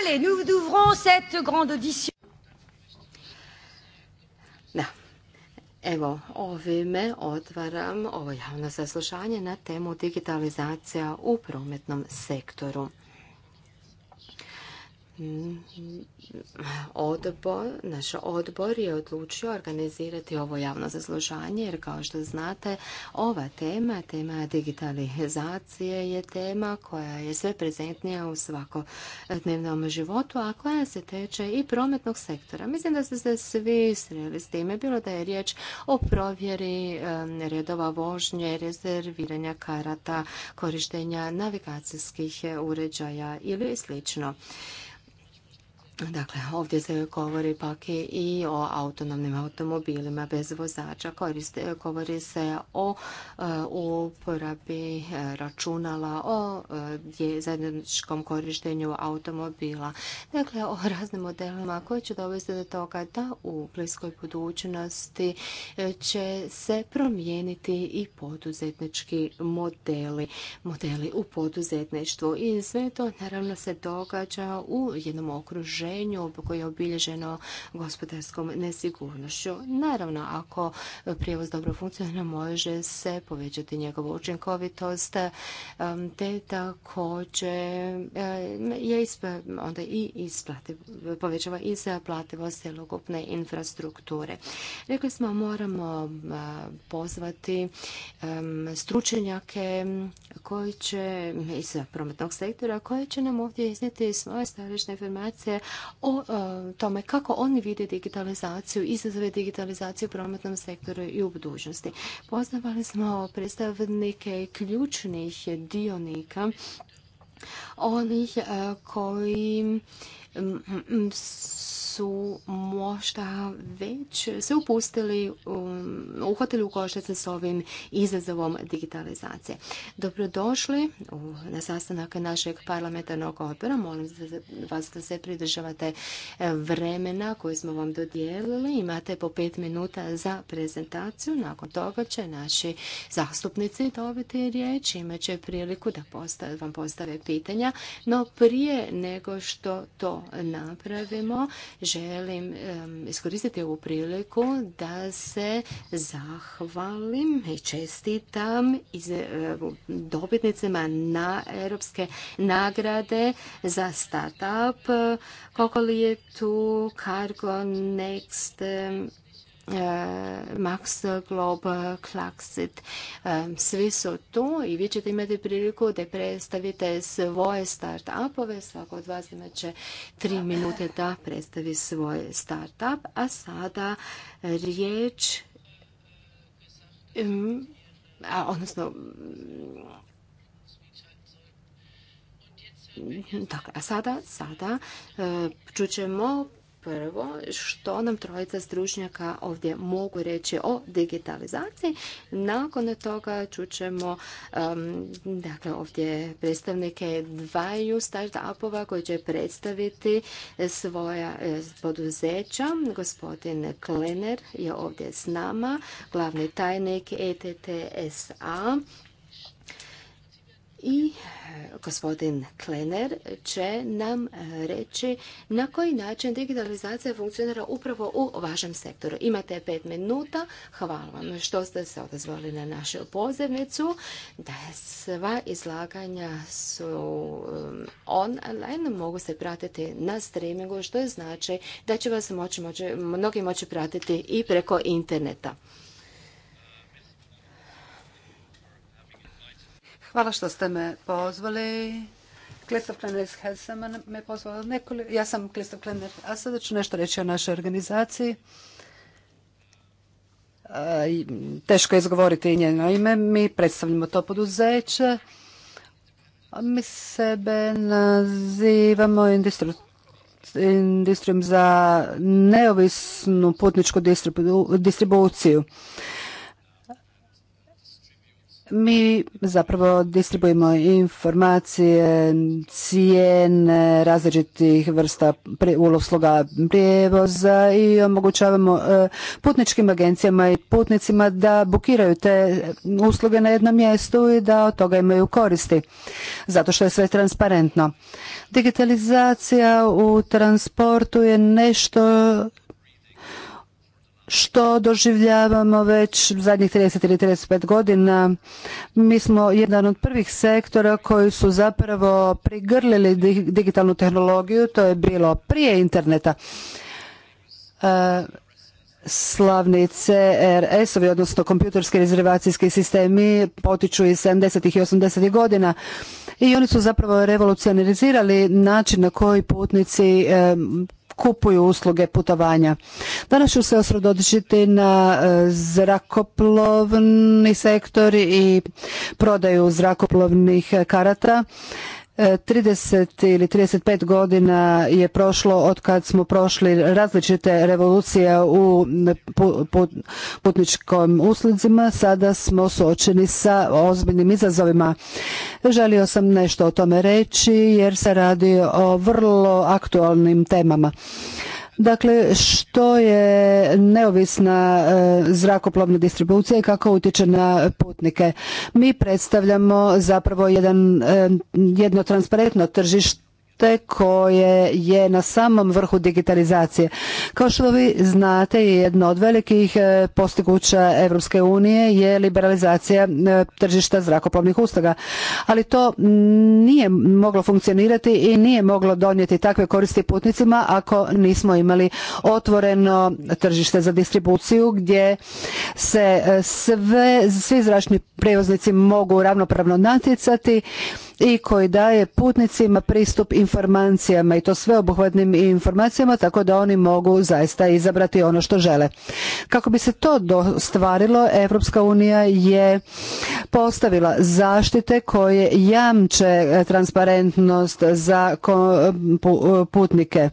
Allez, nous ouvrons cette grande audition. Da. Evo, ovime otvaram ovo javno saslušanje na temu digitalizacija u prometnom sektoru odbor, naš odbor je odlučio organizirati ovo javno zaslužanje jer kao što znate ova tema, tema digitalizacije je tema koja je sve prezentnija u svakodnevnom životu, a koja se teče i prometnog sektora. Mislim da ste se svi sreli s time, bilo da je riječ o provjeri redova vožnje, rezerviranja karata, korištenja navigacijskih uređaja ili slično. Dakle, ovdje se govori pak i o autonomnim automobilima bez vozača. govori se o e, uporabi e, računala, o e, zajedničkom korištenju automobila. Dakle, o raznim modelima koji će dovesti do toga da u bliskoj budućnosti će se promijeniti i poduzetnički modeli, modeli u poduzetništvu. I sve to naravno se događa u jednom okruženju okruženju koje je obilježeno gospodarskom nesigurnošću. Naravno, ako prijevoz dobro funkcionira, može se povećati njegova učinkovitost, te također je onda i isplati, povećava i zaplativost cjelokupne infrastrukture. Rekli smo moramo pozvati stručenjake koji će iz prometnog sektora koji će nam ovdje iznijeti svoje stajališne informacije, o e, tome kako oni vide digitalizaciju, izazove digitalizacije u prometnom sektoru i u budućnosti. Poznavali smo predstavnike ključnih dionika onih e, koji su možda već se upustili, um, uhvatili u koštac s ovim izazovom digitalizacije. Dobrodošli na sastanak našeg parlamentarnog odbora. Molim vas da se pridržavate e, vremena koje smo vam dodijelili. Imate po pet minuta za prezentaciju. Nakon toga će naši zastupnici dobiti riječ. Imaće priliku da vam postave pitanja. No prije nego što to napravimo, želim iskoristiti ovu priliku da se zahvalim i čestitam iz e, dobitnicima na europske nagrade za startup. Kokoli je tu, Cargo, Next, Max Glob, Klaxit. Svi su tu i vi ćete imati priliku da predstavite svoje start-upove. Svako od vas imat će tri minute da predstavi svoj start-up. A sada riječ a, odnosno a sada, sada čućemo prvo što nam trojica stručnjaka ovdje mogu reći o digitalizaciji. Nakon toga čućemo um, dakle, ovdje predstavnike dvaju startupova koji će predstaviti svoja e, poduzeća. Gospodin Klener je ovdje s nama, glavni tajnik ETTSA i e, gospodin Klener će nam e, reći na koji način digitalizacija funkcionira upravo u vašem sektoru. Imate pet minuta. Hvala vam što ste se odazvali na našu pozivnicu. Da sva izlaganja su e, online, mogu se pratiti na streamingu, što je znači da će vas moći, moći, mnogi moći pratiti i preko interneta. Hvala što ste me pozvali. Kristof Klenner me pozvala nekoliko... Ja sam Klistov Klenner, a sada ću nešto reći o našoj organizaciji. E, teško je izgovoriti njeno ime. Mi predstavljamo to poduzeće. Mi sebe nazivamo industrijom za neovisnu putničku distribuciju mi zapravo distribuimo informacije, cijene različitih vrsta usluga prijevoza i omogućavamo e, putničkim agencijama i putnicima da bukiraju te usluge na jednom mjestu i da od toga imaju koristi, zato što je sve transparentno. Digitalizacija u transportu je nešto što doživljavamo već zadnjih 30 ili 35 godina. Mi smo jedan od prvih sektora koji su zapravo prigrlili digitalnu tehnologiju, to je bilo prije interneta. E, slavni CRS-ovi, odnosno kompjuterski rezervacijski sistemi, potiču iz 70. i 80. godina i oni su zapravo revolucionarizirali način na koji putnici e, kupuju usluge putovanja. Danas ću se usredotočiti na e, zrakoplovni sektor i prodaju zrakoplovnih karata 30 ili 35 godina je prošlo od kad smo prošli različite revolucije u putničkom uslugama. Sada smo suočeni sa ozbiljnim izazovima. Želio sam nešto o tome reći jer se radi o vrlo aktualnim temama. Dakle, što je neovisna e, zrakoplovna distribucija i kako utječe na putnike? Mi predstavljamo zapravo jedan, e, jedno transparentno tržište koje je na samom vrhu digitalizacije. Kao što vi znate, jedno od velikih e, postignuća Europske unije je liberalizacija e, tržišta zrakoplovnih usluga, ali to nije moglo funkcionirati i nije moglo donijeti takve koristi putnicima ako nismo imali otvoreno tržište za distribuciju gdje se e, svi zračni prijevoznici mogu ravnopravno natjecati i koji daje putnicima pristup informacijama i to sveobuhvatnim informacijama tako da oni mogu zaista izabrati ono što žele. Kako bi se to dostvarilo, Europska unija je postavila zaštite koje jamče e, transparentnost za putnike.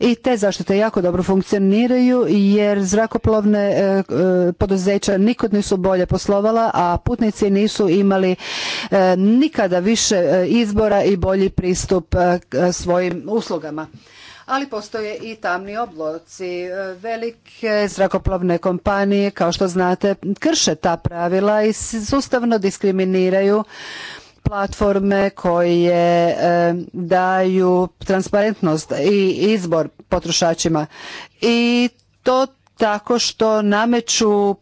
I te zaštite jako dobro funkcioniraju jer zrakoplovne e, e, poduzeća nikad nisu bolje poslovala, a putnici nisu imali nikada više više e, izbora i bolji pristup e, e, svojim uslugama ali postoje i tamni obloci. Velike zrakoplovne kompanije, kao što znate, krše ta pravila i sustavno diskriminiraju platforme koje daju transparentnost i izbor potrošačima. I to tako što nameću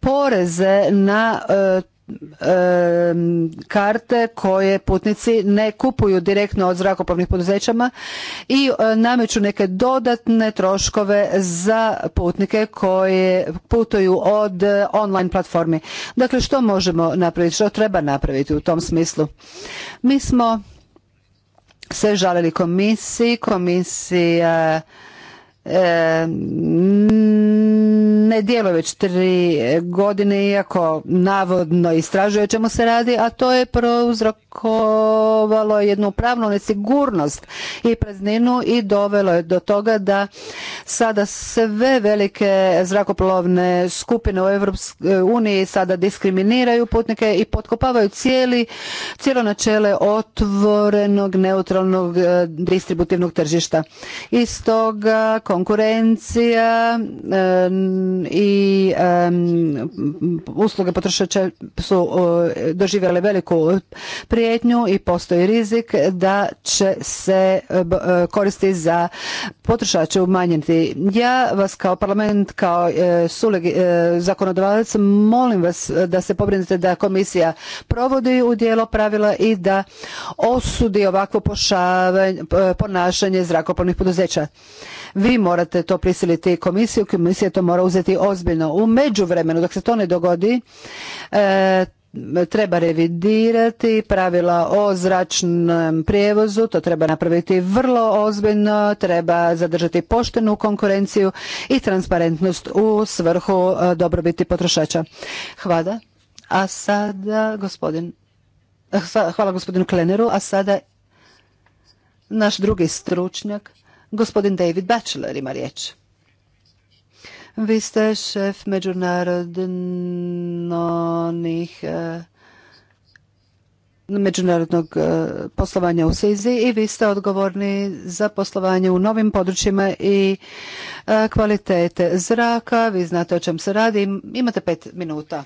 poreze na karte koje putnici ne kupuju direktno od zrakoplovnih poduzećama i e, nameću neke dodatne troškove za putnike koje putuju od e, online platformi. Dakle, što možemo napraviti, što treba napraviti u tom smislu? Mi smo se žalili komisiji, komisija ne djeluje već tri godine, iako navodno istražuje o čemu se radi, a to je prouzrok uzrokovalo jednu pravnu nesigurnost i prazninu i dovelo je do toga da sada sve velike zrakoplovne skupine u Uniji sada diskriminiraju putnike i potkopavaju cijeli, cijelo načele otvorenog, neutralnog e, distributivnog tržišta. I stoga konkurencija e, i usluge potrošača su doživjele veliku prije prijetnju i postoji rizik da će se e, e, koristi za potrošače umanjiti. Ja vas kao parlament, kao e, zakonodavac molim vas da se pobrinete da komisija provodi u dijelo pravila i da osudi ovakvo ponašanje zrakoplovnih poduzeća. Vi morate to prisiliti komisiju, komisija to mora uzeti ozbiljno. U međuvremenu, dok se to ne dogodi, treba revidirati pravila o zračnom prijevozu, to treba napraviti vrlo ozbiljno, treba zadržati poštenu konkurenciju i transparentnost u svrhu e, dobrobiti potrošača. Hvala. A sada gospodin eh, Hvala gospodinu Kleneru, a sada naš drugi stručnjak, gospodin David Batchelor ima riječ. Vi ste šef međunarodnih e, međunarodnog e, poslovanja u Sizi i vi ste odgovorni za poslovanje u novim područjima i e, kvalitete zraka. Vi znate o čem se radi. Imate pet minuta.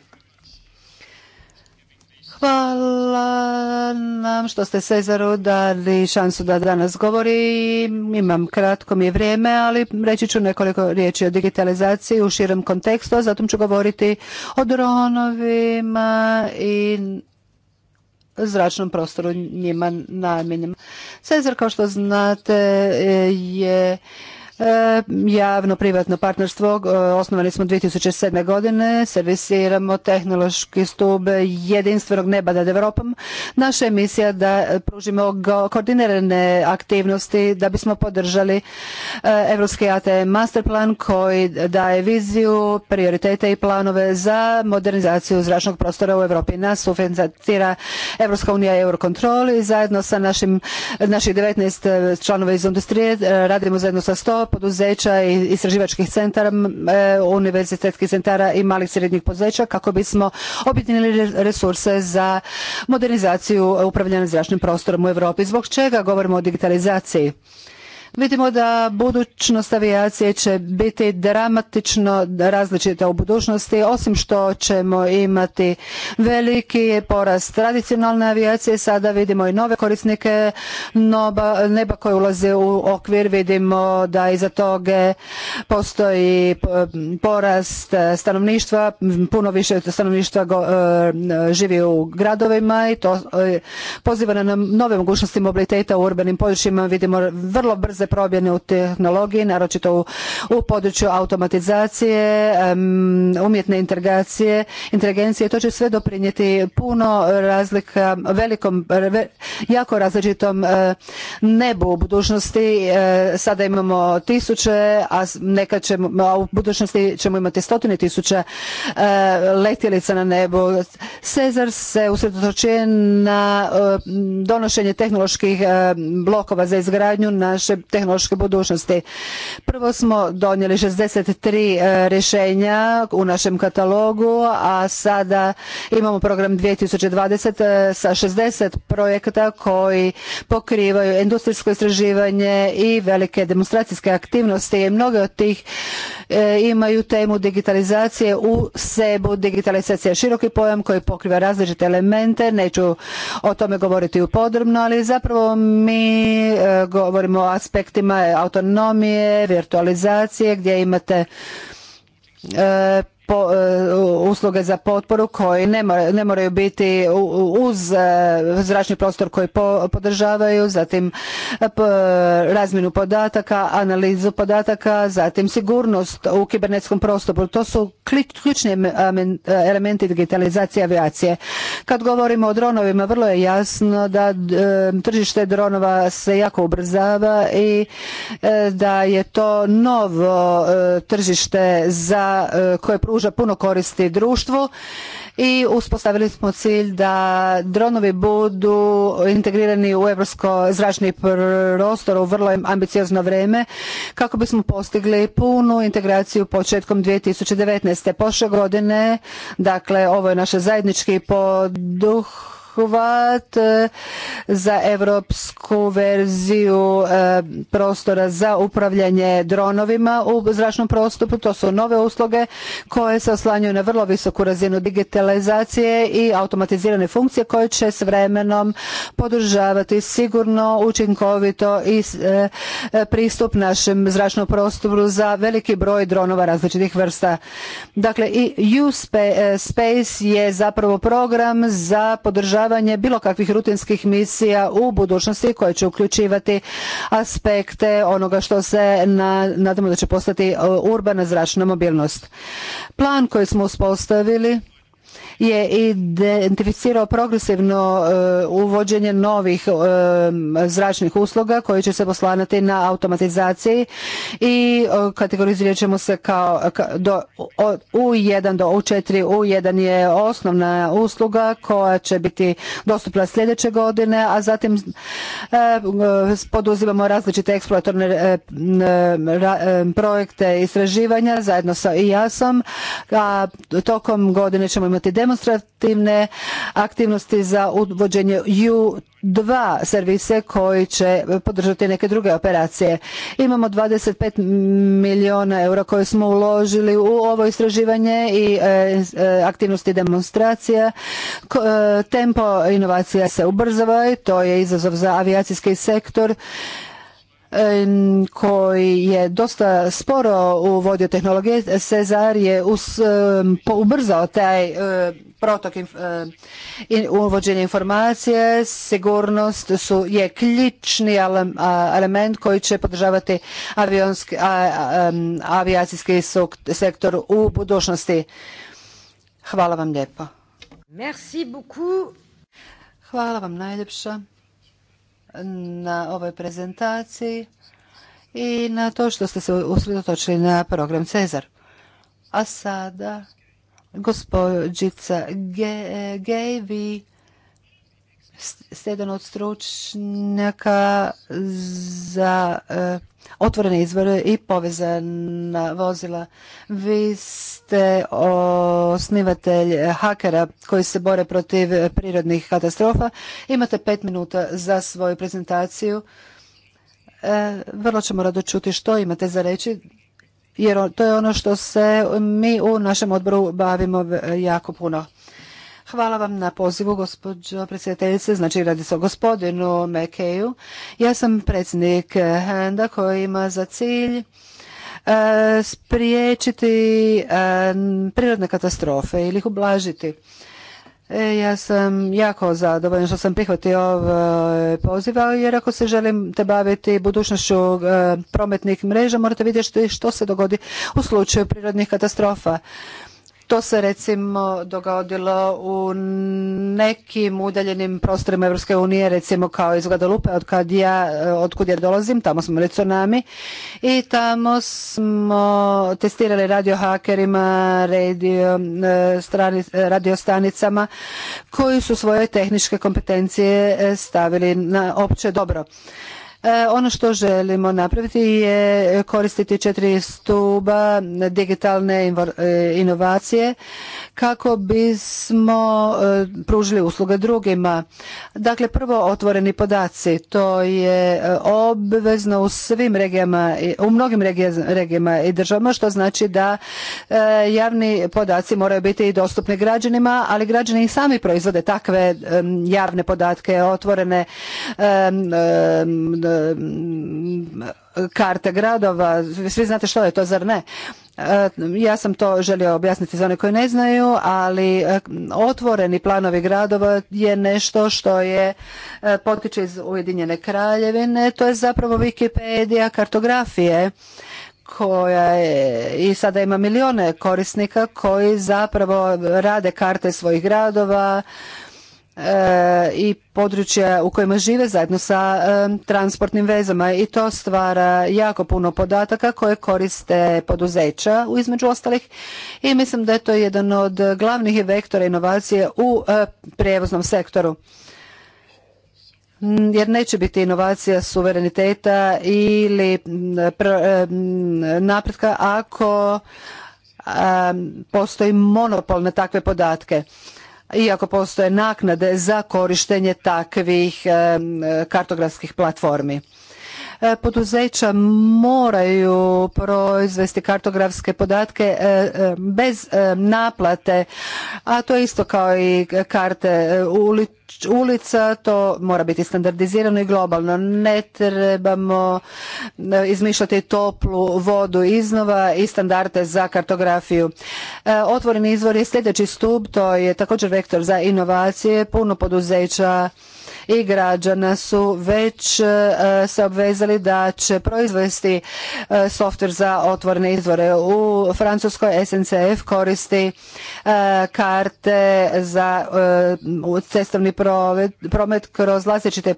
Hvala nam što ste Cezaru dali šansu da danas govori. Imam kratko mi je vrijeme, ali reći ću nekoliko riječi o digitalizaciji u širem kontekstu, a zatim ću govoriti o dronovima i zračnom prostoru njima namijenjenom. Cezar, kao što znate, je E, Javno-privatno partnerstvo e, osnovali smo 2007. godine, servisiramo tehnološki stup jedinstvenog neba nad Evropom. Naša je misija da pružimo koordinirane aktivnosti da bismo podržali e, Evropski ATM master plan koji daje viziju, prioritete i planove za modernizaciju zračnog prostora u Europi. Nas sufinancira Evropska unija i Eurocontrol i zajedno sa našim, naših 19 članova iz industrije radimo zajedno sa Stop poduzeća i istraživačkih centara, e, univerzitetskih centara i malih srednjih poduzeća kako bismo objedinili resurse za modernizaciju upravljanja zračnim prostorom u Europi. Zbog čega govorimo o digitalizaciji? Vidimo da budućnost avijacije će biti dramatično različita u budućnosti, osim što ćemo imati veliki porast tradicionalne avijacije, sada vidimo i nove korisnike neba koje ulaze u okvir, vidimo da iza toga postoji eh, porast eh, stanovništva, puno više stanovništva eh, živi u gradovima i to poziva na nove mogućnosti mobiliteta u urbanim područjima, vidimo vrlo brzo brze promjene u tehnologiji, naročito u, području automatizacije, umjetne integracije, inteligencije. To će sve doprinijeti puno razlika, velikom, jako različitom e, nebu u budućnosti. E, sada imamo tisuće, a nekad ćemo, u budućnosti ćemo imati stotine tisuća e, letjelica na nebu. Cezar se usredotočuje na donošenje tehnoloških blokova za izgradnju naše tehnološke budućnosti. Prvo smo donijeli 63 e, rješenja u našem katalogu, a sada imamo program 2020 e, sa 60 projekata koji pokrivaju industrijsko istraživanje i velike demonstracijske aktivnosti i mnoge od tih e, imaju temu digitalizacije u sebu. Digitalizacija je široki pojam koji pokriva različite elemente, neću o tome govoriti u podrobno, ali zapravo mi govorimo o aspektu aspektima autonomije, virtualizacije gdje imate e, E, usluge za potporu koje ne, moraju biti uz e, zračni prostor koji podržavaju, zatim e, razmjenu podataka, analizu podataka, zatim sigurnost u kibernetskom prostoru. To su ključni elementi digitalizacije avijacije. Kad govorimo o dronovima, vrlo je jasno da tržište dronova se jako ubrzava i da je to novo tržište za koje pruža pruža puno koristi društvu i uspostavili smo cilj da dronovi budu integrirani u evropsko zračni prostor u vrlo ambiciozno vrijeme kako bismo postigli punu integraciju početkom 2019. Prošle godine, dakle ovo je naš zajednički poduh E, za europsku verziju e, prostora za upravljanje dronovima u zračnom prostoru. To su nove usluge koje se oslanjuju na vrlo visoku razinu digitalizacije i automatizirane funkcije koje će s vremenom podržavati sigurno, učinkovito i e, pristup našem zračnom prostoru za veliki broj dronova različitih vrsta. Dakle, i U-Space je zapravo program za podržavanje održavanje bilo kakvih rutinskih misija u budućnosti koje će uključivati aspekte onoga što se nadamo da će postati e, urbana zračna mobilnost. Plan koji smo uspostavili je identificirao progresivno e, uvođenje novih e, zračnih usluga koji će se poslanati na automatizaciji i e, kategorizirat ćemo se kao U1 do U4. U1 je osnovna usluga koja će biti dostupna sljedeće godine, a zatim poduzimamo različite eksploatorne projekte istraživanja zajedno sa IAS-om. Tokom godine ćemo imati pokrenuti demonstrativne aktivnosti za uvođenje U2 servise koji će podržati neke druge operacije. Imamo 25 milijuna eura koje smo uložili u ovo istraživanje i e, e, aktivnosti demonstracija. E, tempo inovacija se ubrzava i to je izazov za avijacijski sektor koji je dosta sporo uvodio tehnologije, Cezar je us, ubrzao taj protok uvođenja informacije, sigurnost su, je ključni element koji će podržavati avionski, avijacijski sektor u budućnosti. Hvala vam lijepo. Merci beaucoup. Hvala vam najljepša na ovoj prezentaciji i na to što ste se usredotočili na program Cezar. A sada gospođica Gej, vi jedan od stručnjaka za e, otvorene izvore i povezana vozila. Vi ste osnivatelj hakera koji se bore protiv prirodnih katastrofa. Imate pet minuta za svoju prezentaciju. E, vrlo ćemo rado čuti što imate za reći jer to je ono što se mi u našem odboru bavimo jako puno. Hvala vam na pozivu, gospođo predsjedateljice. Znači, radi se o gospodinu Mekeju. Ja sam predsjednik Henda koji ima za cilj e, spriječiti e, prirodne katastrofe ili ih ublažiti. E, ja sam jako zadovoljna što sam prihvatio ovaj pozivao jer ako se želite baviti budućnošću prometnih mreža morate vidjeti što se dogodi u slučaju prirodnih katastrofa. To se recimo dogodilo u nekim udaljenim prostorima Europske unije, recimo kao iz Guadalupe, od kad ja, eh, odkud ja dolazim, tamo smo nami, i tamo smo testirali radio hakerima, eh, radio, strani, radio stanicama koji su svoje tehničke kompetencije eh, stavili na opće dobro. E, ono što želimo napraviti je koristiti četiri stuba digitalne e, inovacije kako bismo e, pružili usluge drugima. Dakle, prvo otvoreni podaci, to je obvezno u svim regijama, u mnogim regijama i državama, što znači da javni podaci moraju biti i dostupni građanima, ali građani i sami proizvode takve javne podatke, otvorene E, karte gradova, svi znate što je to, zar ne? E, ja sam to želio objasniti za one koji ne znaju, ali e, otvoreni planovi gradova je nešto što je potiče iz Ujedinjene kraljevine, to je zapravo Wikipedia kartografije koja je, i sada ima milijone korisnika koji zapravo rade karte svojih gradova, i područja u kojima žive zajedno sa transportnim vezama i to stvara jako puno podataka koje koriste poduzeća između ostalih i mislim da je to jedan od glavnih vektora inovacije u e, prijevoznom sektoru mm, jer neće biti inovacija suvereniteta ili mm, e, mm, napretka ako postoji monopol na takve podatke iako postoje naknade za korištenje takvih kartografskih platformi. E, poduzeća moraju proizvesti kartografske podatke e, e, bez naplate, a to je isto kao i karte ulica, to mora biti standardizirano i globalno. Ne trebamo izmišljati toplu vodu iznova i standarde za kartografiju. Otvoreni izvor je sljedeći stup, to je također vektor za inovacije, puno poduzeća i građana su već e, se obvezali da će proizvesti e, softver za otvorene izvore. U Francuskoj SNCF koristi e, karte za cestovni promet kroz različite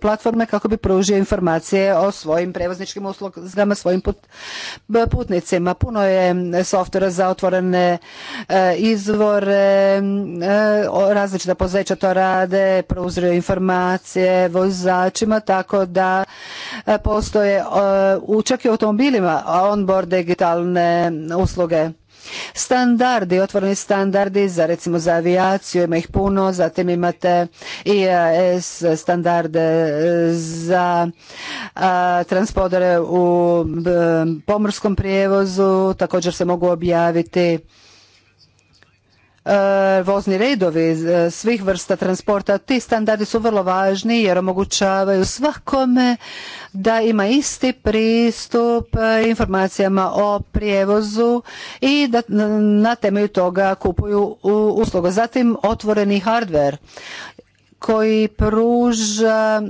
platforme kako bi pružio informacije o svojim prevozničkim uslugama, svojim putnicima. Puno je softvera za otvorene izvore, različita poduzeća to rade, prouzro informacije vozačima tako da e, postoje e, čak i u automobilima onboard digitalne usluge. Standardi, otvoreni standardi za recimo za avijaciju, ima ih puno, zatim imate IAS standarde e, za transpodere u pomorskom prijevozu, također se mogu objaviti E, vozni redovi e, svih vrsta transporta. Ti standardi su vrlo važni jer omogućavaju svakome da ima isti pristup e, informacijama o prijevozu i da na temelju toga kupuju uslugu. Zatim otvoreni hardware koji pruža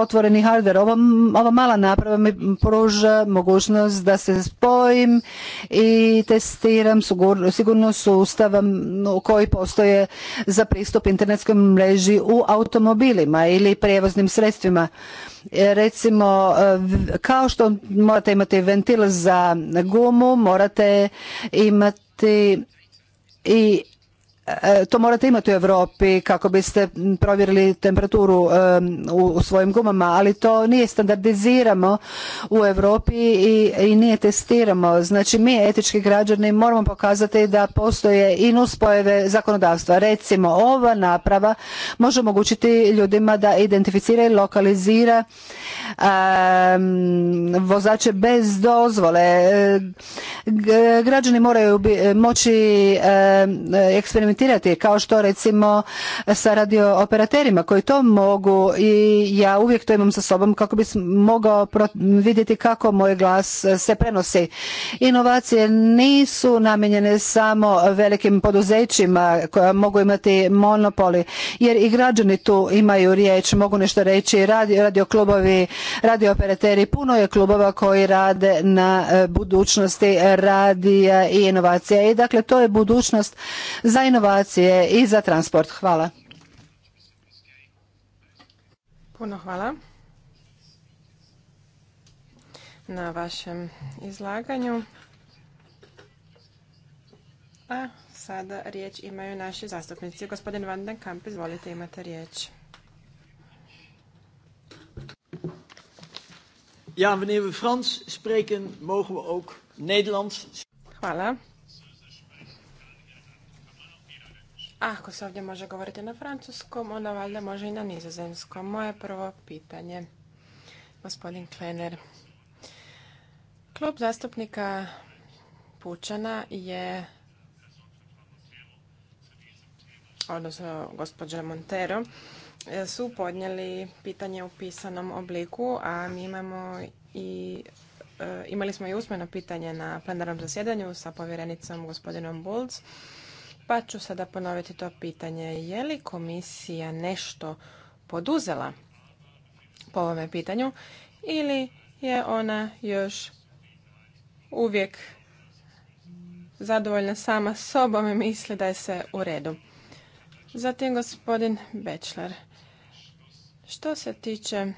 otvoreni hardver. Ova, ova mala naprava mi pruža mogućnost da se spojim i testiram sigurno sustava koji postoje za pristup internetskoj mreži u automobilima ili prijevoznim sredstvima. E, recimo, e, kao što morate imati ventil za gumu, morate imati i E, to morate imati u Europi kako biste provjerili temperaturu u svojim gumama, ali to nije standardiziramo u Europi i, i nije testiramo. Znači mi etički građani moramo pokazati da postoje i nuspojeve zakonodavstva. Recimo ova naprava može omogućiti ljudima da identificira i lokalizira vozače bez dozvole. E, građani moraju moći e, eksperimentirati kao što recimo sa radiooperaterima koji to mogu i ja uvijek to imam sa sobom kako bi mogao vidjeti kako moj glas se prenosi. Inovacije nisu namijenjene samo velikim poduzećima koja mogu imati monopoli jer i građani tu imaju riječ, mogu nešto reći, radio, klubovi, operateri, Puno je klubova koji rade na e, budućnosti radija i inovacija. I dakle, to je budućnost za inovacije i za transport. Hvala. Puno hvala na vašem izlaganju. A sada riječ imaju naši zastupnici. Gospodin Van den Kamp, izvolite, imate riječ. Ja, wanneer we Frans spreken, mogen we ook Nederlands. Hvala. Ako ah, se ovdje može govoriti na francuskom, onda valjda može i na nizozemskom. Moje prvo pitanje, gospodin Klener. Klub zastupnika Pučana je, odnosno gospođa Montero, E, su podnijeli pitanje u pisanom obliku, a mi imamo i e, imali smo i usmeno pitanje na plenarnom zasjedanju sa povjerenicom gospodinom Bulc, pa ću sada ponoviti to pitanje. Je li komisija nešto poduzela po ovome pitanju ili je ona još uvijek zadovoljna sama sobom i misli da je sve u redu. Zatim gospodin Bečler. Što se tiče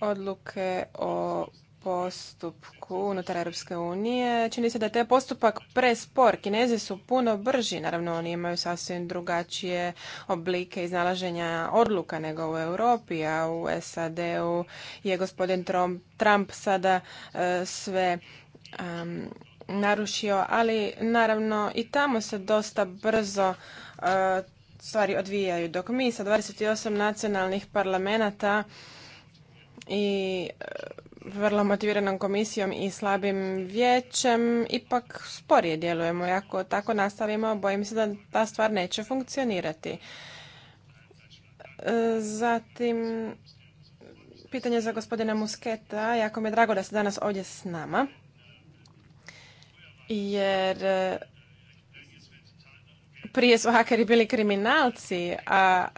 odluke o postupku unutar Europske unije. Čini se da je taj postupak prespor. Kinezi su puno brži, naravno oni imaju sasvim drugačije oblike iznalaženja odluka nego u Europi, a u SAD-u je gospodin Trump, sada e, sve narušio, ali naravno i tamo se dosta brzo e, stvari odvijaju. Dok mi sa 28 nacionalnih parlamenta i e, vrlo motiviranom komisijom i slabim vijećem ipak sporije djelujemo. I ako tako nastavimo, bojim se da ta stvar neće funkcionirati. E, zatim, pitanje za gospodina Musketa. Jako mi je drago da ste danas ovdje s nama, jer e, prije su hakeri bili kriminalci, a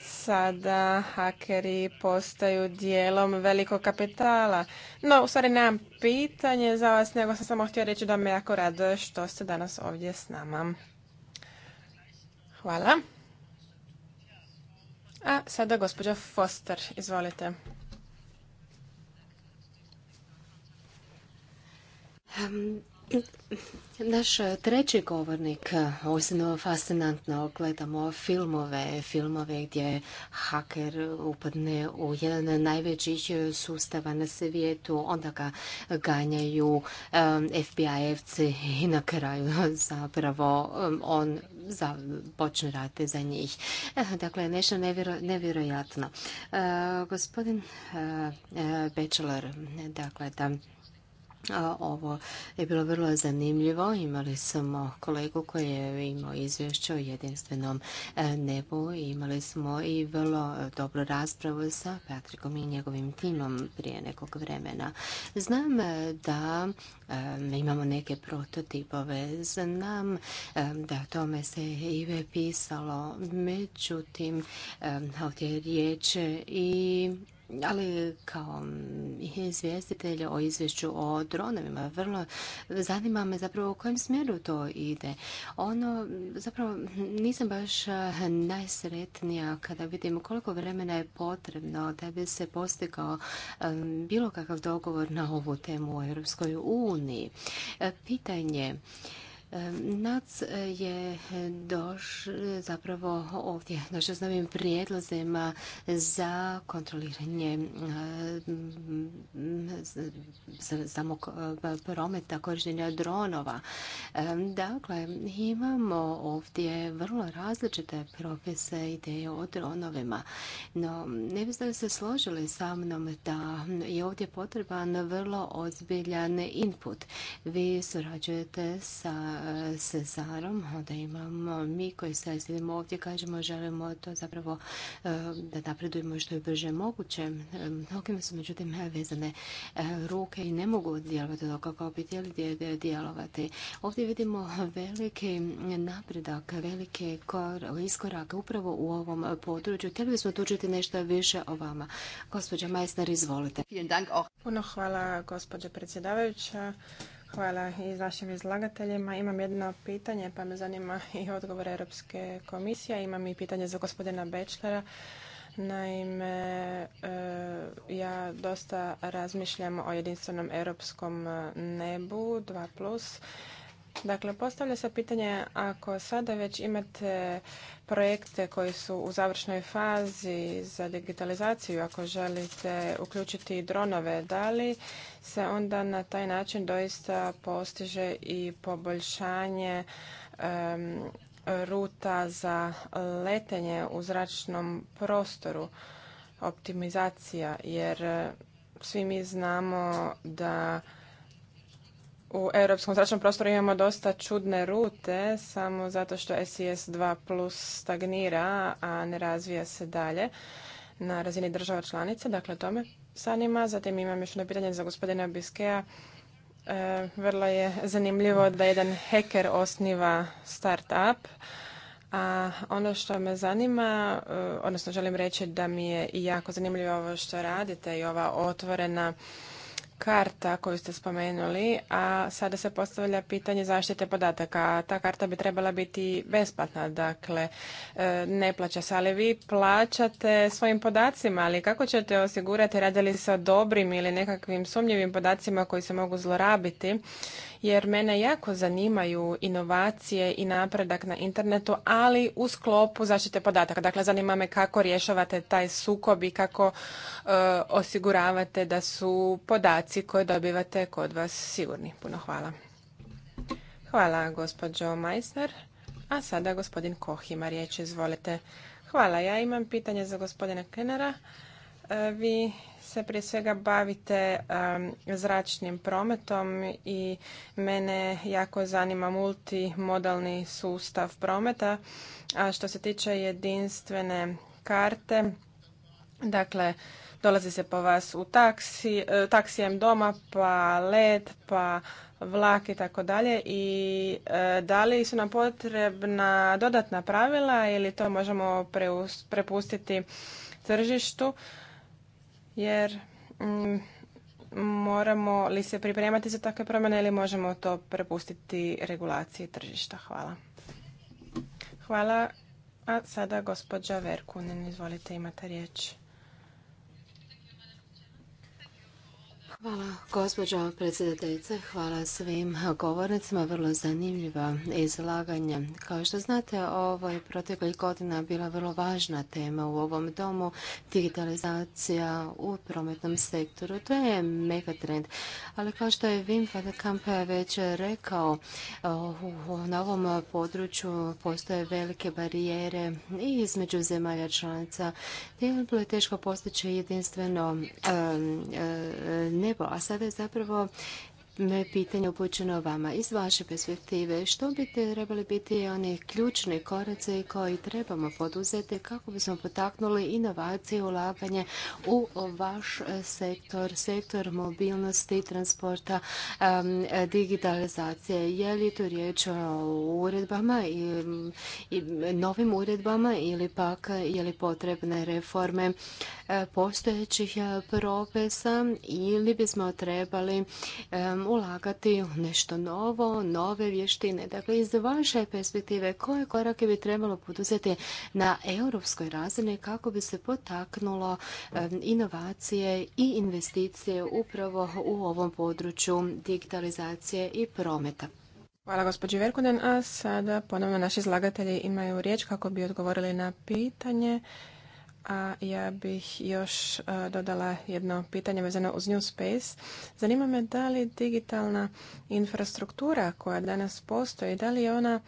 sada hakeri postaju dijelom velikog kapitala. No, u stvari nemam pitanje za vas, nego sam samo htio reći da me jako rado što ste danas ovdje s nama. Hvala. A sada gospođa Foster, izvolite. Naš treći govornik, osim fascinantno, gledamo filmove, filmove gdje haker upadne u jedan najvećih sustava na svijetu, onda ga ganjaju FBI-evci i na kraju *laughs* zapravo on za, počne rati za njih. E, dakle, nešto nevjerojatno. E, gospodin e, Bachelor, dakle, da ovo je bilo vrlo zanimljivo. Imali smo kolegu koji je imao izvješće o jedinstvenom e, nebu. Imali smo i vrlo dobru raspravu sa Patrikom i njegovim timom prije nekog vremena. Znam e, da e, imamo neke prototipove. Znam da tome se i pisalo. Međutim, ovdje je riječ i ali kao izvjestitelj o izvješću o dronovima, vrlo zanima me zapravo u kojem smjeru to ide. Ono, zapravo nisam baš najsretnija kada vidim koliko vremena je potrebno da bi se postigao bilo kakav dogovor na ovu temu u Europskoj uniji. E, pitanje NAC je doš, zapravo ovdje došao s novim prijedlozima za kontroliranje eh, samog eh, prometa korištenja dronova. Dakle, imamo ovdje vrlo različite propise ideje o dronovima. No, ne biste se složili sa mnom da je ovdje potreban vrlo ozbiljan input. Vi surađujete sa Cezarom, da imamo mi koji se sjedimo ovdje, kažemo želimo to zapravo e, da napredujemo što je brže moguće. E, Mnogima su međutim vezane e, ruke i ne mogu djelovati do bi htjeli djelovati. Ovdje vidimo veliki napredak, velike iskorak upravo u ovom području. Htjeli bismo tučiti nešto više o vama. Gospođa Majsner, izvolite. Puno hvala gospođa predsjedavajuća. Hvala i našim izlagateljima. Imam jedno pitanje pa me zanima i odgovor Europske komisije. Imam i pitanje za gospodina Bečlera. Naime, e, ja dosta razmišljam o jedinstvenom europskom nebu 2+. Dakle, postavlja se pitanje ako sada već imate projekte koji su u završnoj fazi za digitalizaciju, ako želite uključiti dronove, da li se onda na taj način doista postiže i poboljšanje ruta za letenje u zračnom prostoru, optimizacija, jer eh, svi mi znamo da u europskom zračnom prostoru imamo dosta čudne rute samo zato što SIS 2 plus stagnira, a ne razvija se dalje na razini država članica. Dakle, to me zanima. Zatim imam još jedno pitanje za gospodina Biskeja. E, vrlo je zanimljivo da jedan heker osniva start-up. A ono što me zanima, e, odnosno želim reći da mi je i jako zanimljivo ovo što radite i ova otvorena karta koju ste spomenuli, a sada se postavlja pitanje zaštite podataka. Ta karta bi trebala biti besplatna, dakle e, ne plaća se, ali vi plaćate svojim podacima, ali kako ćete osigurati radili li dobrim ili nekakvim sumnjivim podacima koji se mogu zlorabiti jer mene jako zanimaju inovacije i napredak na internetu, ali u sklopu zaštite podataka. Dakle, zanima me kako rješavate taj sukob i kako e, osiguravate da su podaci koje dobivate kod vas sigurni. Puno hvala. Hvala, gospođo Majsner. A sada gospodin Koh ima riječ, izvolite. Hvala, ja imam pitanje za gospodina Kenara. E, vi se prije svega bavite zračnim prometom i mene jako zanima multimodalni sustav prometa. A što se tiče jedinstvene karte, dakle, dolazi se po vas u taksi, e, taksijem doma, pa led, pa vlak i tako dalje i e, da li su nam potrebna dodatna pravila ili to možemo prepustiti tržištu jer mm, moramo li se pripremati za takve promjene ili možemo to prepustiti regulaciji tržišta? Hvala. Hvala. A sada gospođa Verkunen, izvolite, imate riječ. Hvala gospođo predsjedateljice, hvala svim govornicima, vrlo zanimljiva izlaganja. Kao što znate, ovo je proteklih godina bila vrlo važna tema u ovom domu, digitalizacija u prometnom sektoru, to je megatrend. Ali kao što je Wim van Kamp već rekao, na ovom području postoje velike barijere i između zemalja članica. Bilo je teško postići jedinstveno ne lijepo. a sada je zapravo me pitanje upućeno vama. Iz vaše perspektive, što bi trebali biti oni ključni koraci koji trebamo poduzeti kako bismo potaknuli inovacije, ulaganje u vaš sektor, sektor mobilnosti, transporta, digitalizacije. Je li tu riječ o uredbama i, i novim uredbama ili pak je li potrebne reforme eh, postojećih eh, propisa ili bismo trebali ulagati u nešto novo, nove vještine. Dakle, iz vaše perspektive, koje korake bi trebalo poduzeti na europskoj razini kako bi se potaknulo inovacije i investicije upravo u ovom području digitalizacije i prometa? Hvala gospođi Verkunen, a sada ponovno naši izlagatelji imaju riječ kako bi odgovorili na pitanje a ja bih još e, dodala jedno pitanje vezano uz New Space. Zanima me da li digitalna infrastruktura koja danas postoji, da li je ona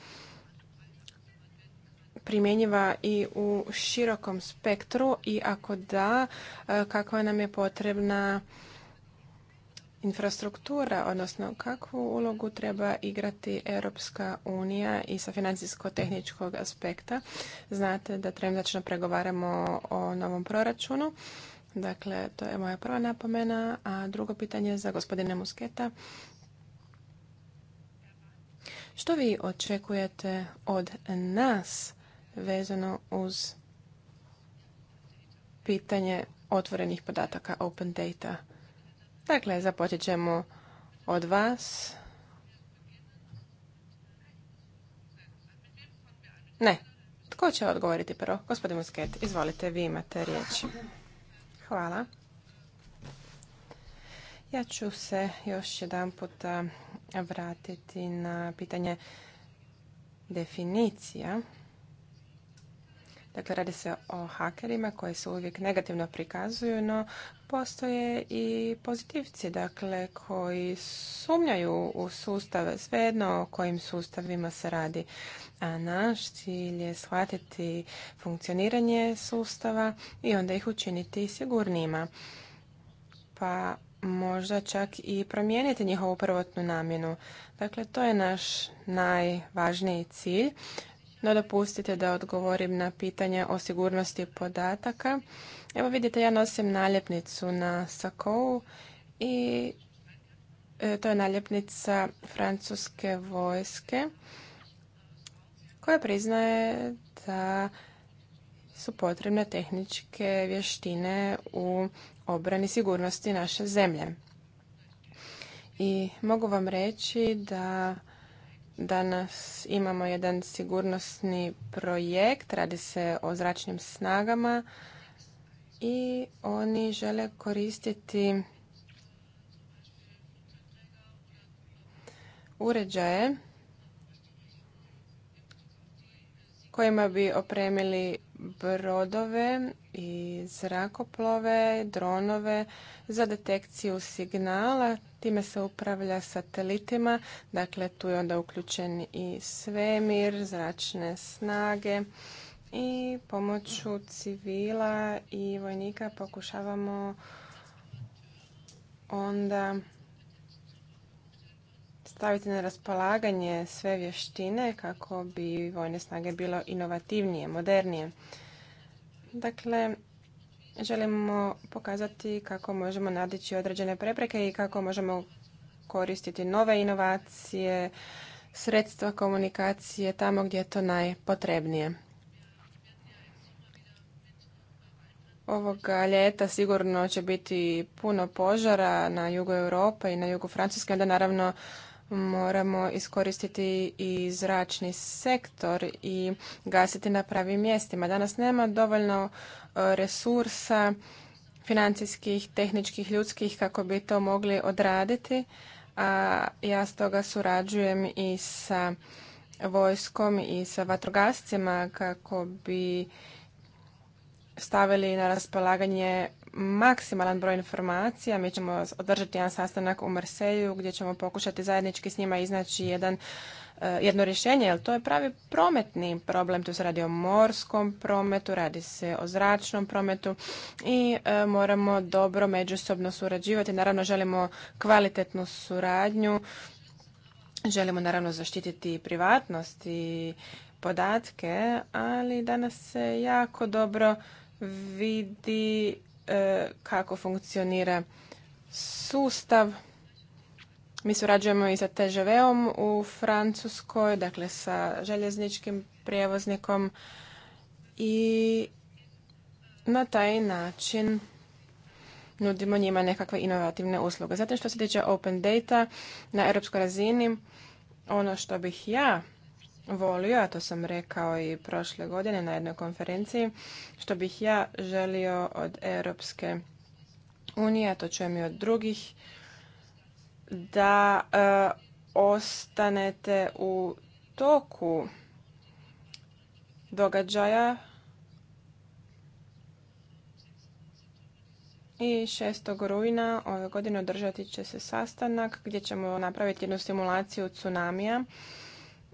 primjenjiva i u širokom spektru i ako da, e, kakva nam je potrebna infrastruktura, odnosno kakvu ulogu treba igrati Europska unija i sa financijsko-tehničkog aspekta. Znate da trenutačno pregovaramo o novom proračunu. Dakle, to je moja prva napomena. A drugo pitanje za gospodine Musketa. Što vi očekujete od nas vezano uz pitanje otvorenih podataka, open data? Dakle, započet ćemo od vas. Ne. Tko će odgovoriti prvo? Gospodin Musket, izvolite, vi imate riječ. Hvala. Ja ću se još jedan puta vratiti na pitanje definicija. Dakle, radi se o hakerima koji se uvijek negativno prikazuju, no postoje i pozitivci, dakle, koji sumnjaju u sustave, svejedno o kojim sustavima se radi. A naš cilj je shvatiti funkcioniranje sustava i onda ih učiniti sigurnima Pa možda čak i promijeniti njihovu prvotnu namjenu. Dakle, to je naš najvažniji cilj no dopustite da odgovorim na pitanje o sigurnosti podataka. Evo vidite, ja nosim naljepnicu na sakou i e, to je naljepnica francuske vojske koja priznaje da su potrebne tehničke vještine u obrani sigurnosti naše zemlje. I mogu vam reći da Danas imamo jedan sigurnosni projekt, radi se o zračnim snagama i oni žele koristiti uređaje kojima bi opremili brodove i zrakoplove, dronove za detekciju signala Time se upravlja satelitima, dakle tu je onda uključen i svemir, zračne snage i pomoću civila i vojnika pokušavamo onda staviti na raspolaganje sve vještine kako bi vojne snage bilo inovativnije, modernije. Dakle, Želimo pokazati kako možemo nadići određene prepreke i kako možemo koristiti nove inovacije, sredstva komunikacije tamo gdje je to najpotrebnije. Ovoga ljeta sigurno će biti puno požara na jugu Europe i na jugu Francuske, onda naravno moramo iskoristiti i zračni sektor i gasiti na pravim mjestima. Danas nema dovoljno resursa, financijskih, tehničkih, ljudskih kako bi to mogli odraditi. A ja stoga surađujem i sa vojskom i sa vatrogascima kako bi stavili na raspolaganje maksimalan broj informacija. Mi ćemo održati jedan sastanak u Marseju gdje ćemo pokušati zajednički s njima iznaći jedan E, jedno rješenje, jer to je pravi prometni problem. Tu se radi o morskom prometu, radi se o zračnom prometu i e, moramo dobro međusobno surađivati. Naravno, želimo kvalitetnu suradnju, želimo naravno zaštititi privatnost i podatke, ali danas se jako dobro vidi e, kako funkcionira sustav mi surađujemo i sa tgv om u Francuskoj, dakle sa željezničkim prijevoznikom i na taj način nudimo njima nekakve inovativne usluge. Zatim što se tiče open data na europskoj razini, ono što bih ja volio, a to sam rekao i prošle godine na jednoj konferenciji, što bih ja želio od Europske unije, a to čujem i od drugih da e, ostanete u toku događaja i 6. rujna ove godine održati će se sastanak gdje ćemo napraviti jednu simulaciju tsunamija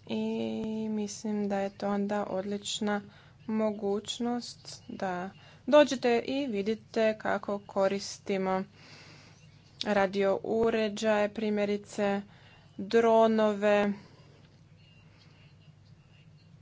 i mislim da je to onda odlična mogućnost da dođete i vidite kako koristimo radio uređaje, primjerice dronove.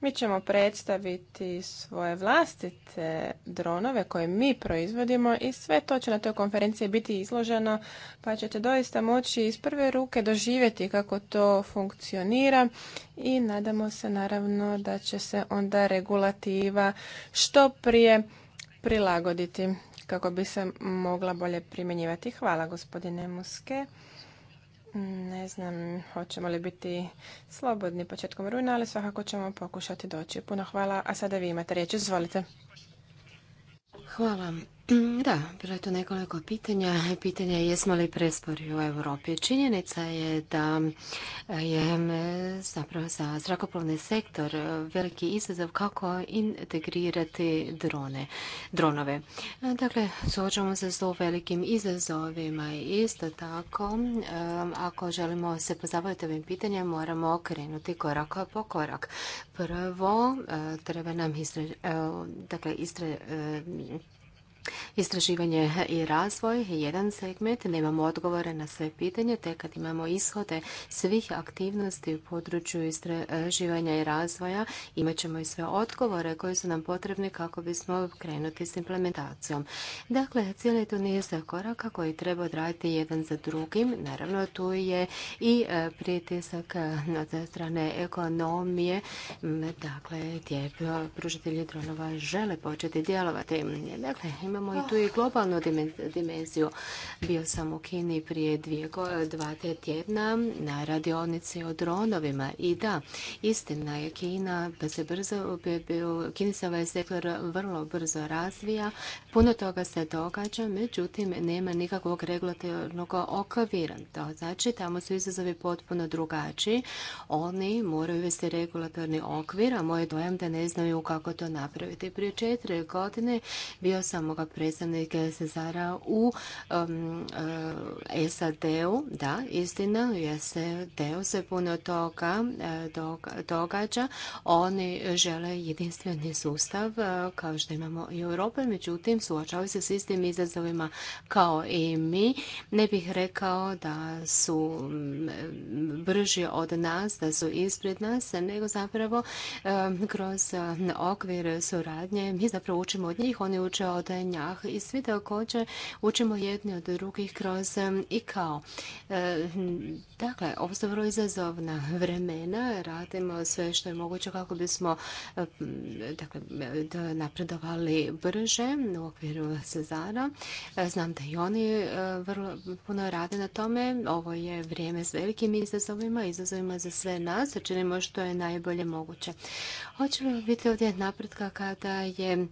Mi ćemo predstaviti svoje vlastite dronove koje mi proizvodimo i sve to će na toj konferenciji biti izloženo pa ćete doista moći iz prve ruke doživjeti kako to funkcionira i nadamo se naravno da će se onda regulativa što prije prilagoditi kako bi se mogla bolje primjenjivati. Hvala gospodine Muske. Ne znam hoćemo li biti slobodni početkom rujna, ali svakako ćemo pokušati doći. Puno hvala, a sada vi imate riječ, izvolite. Hvala. Mm, da, bilo je to nekoliko pitanja. Pitanje je jesmo li prespori u Europi. Činjenica je da je zapravo za zrakoplovni sektor veliki izazov kako integrirati drone, dronove. Dakle, suočavamo se s velikim izazovima i isto tako ako želimo se pozabaviti ovim pitanjem moramo krenuti korak po korak. Prvo eh, treba nam eh, dakle, eh, Istraživanje i razvoj je jedan segment, nemamo odgovore na sve pitanje, te kad imamo ishode svih aktivnosti u području istraživanja i razvoja, imat ćemo i sve odgovore koje su nam potrebni kako bismo krenuti s implementacijom. Dakle, cijeli tu niz koraka koji treba odraditi jedan za drugim. Naravno, tu je i e, pritisak od strane ekonomije, dakle, gdje pružatelji dronova žele početi djelovati. Dakle, imamo imamo i tu i globalnu dimenziju. Bio sam u Kini prije dvije, dva tjedna na radionici o dronovima i da, istina je Kina se brzo, Kinisa ovaj sektor vrlo brzo razvija, puno toga se događa, međutim nema nikakvog regulatornog okvira. To znači tamo su izazovi potpuno drugačiji. Oni moraju uvesti regulatorni okvir, a moj dojam da ne znaju kako to napraviti. Prije četiri godine bio sam u predstavnike Cezara u um, e, SAD-u. Da, istina, u SAD-u se puno toga e, događa. Oni žele jedinstveni sustav e, kao što imamo i u Europi, međutim suočavaju se s istim izazovima kao i mi. Ne bih rekao da su mm, brži od nas, da su ispred nas, nego zapravo kroz okvir suradnje mi zapravo učimo od njih, oni uče od i svi također učimo jedni od drugih kroz i kao. E, dakle, ovo su vrlo izazovna vremena, radimo sve što je moguće kako bismo dakle, napredovali brže u okviru Cezara. E, znam da i oni e, vrlo puno rade na tome. Ovo je vrijeme s velikim izazovima, izazovima za sve nas, činimo što je najbolje moguće. li biti ovdje napretka kada je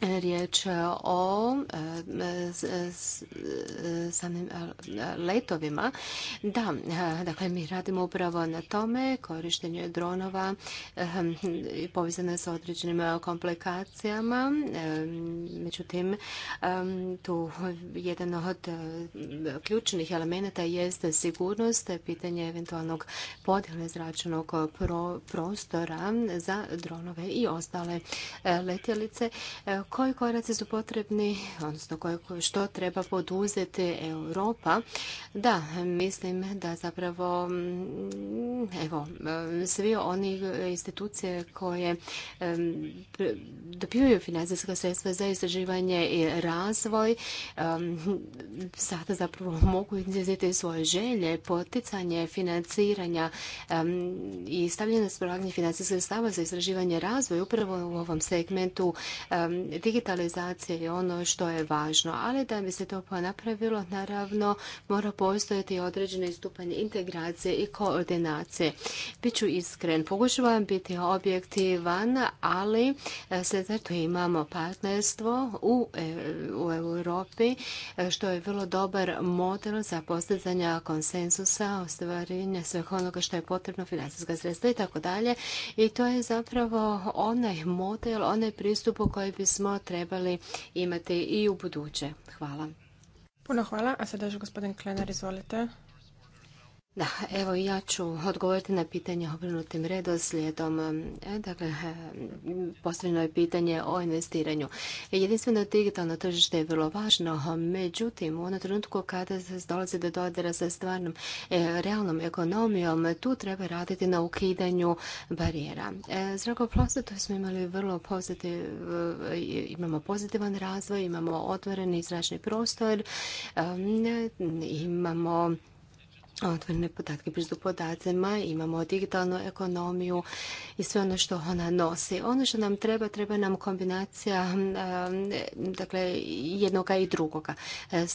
riječ o e, e, e, samim letovima. Da, dakle mi radimo upravo na tome, korištenje dronova i povezano sa određenim komplikacijama. Međutim, tu jedan od ključnih elemenata jeste sigurnost, pitanje eventualnog podjele zračnog prostora za dronove i ostale letjelice koji koraci su potrebni, odnosno što treba poduzeti Europa? Da, mislim da zapravo mm, evo, svi oni institucije koje dobivaju financijska sredstva za istraživanje i razvoj sada zapravo *laughs* mogu izraziti svoje želje, poticanje financiranja i stavljanje na spravljanje financijskih sredstava za istraživanje i razvoj upravo u ovom segmentu digitalizacija je ono što je važno, ali da bi se to napravilo, naravno, mora postojati određeni stupanj integracije i koordinacije. Biću iskren, pokušavam biti objektivan, ali se zato imamo partnerstvo u, e, u Europi, e, što je vrlo dobar model za postizanje konsensusa, ostvarenje sveh onoga što je potrebno, financijska sredstva i tako dalje. I to je zapravo onaj model, onaj pristup u koji bismo bismo trebali imati i u buduće. Hvala. Puno hvala, a sada još gospodin Klenar, izvolite. Da, evo ja ću odgovoriti na pitanje obrnutim redoslijedom. E, dakle, postavljeno je pitanje o investiranju. Jedinstveno digitalno tržište je vrlo važno, međutim, u onom trenutku kada se dolazi do dodira sa stvarnom e, realnom ekonomijom, tu treba raditi na ukidanju barijera. E, Zrakoplovstvo smo imali vrlo pozitiv, e, imamo pozitivan razvoj, imamo otvoreni zračni prostor, imamo otvorene podatke, pristup podacima, imamo digitalnu ekonomiju i sve ono što ona nosi. Ono što nam treba, treba nam kombinacija dakle, jednoga i drugoga.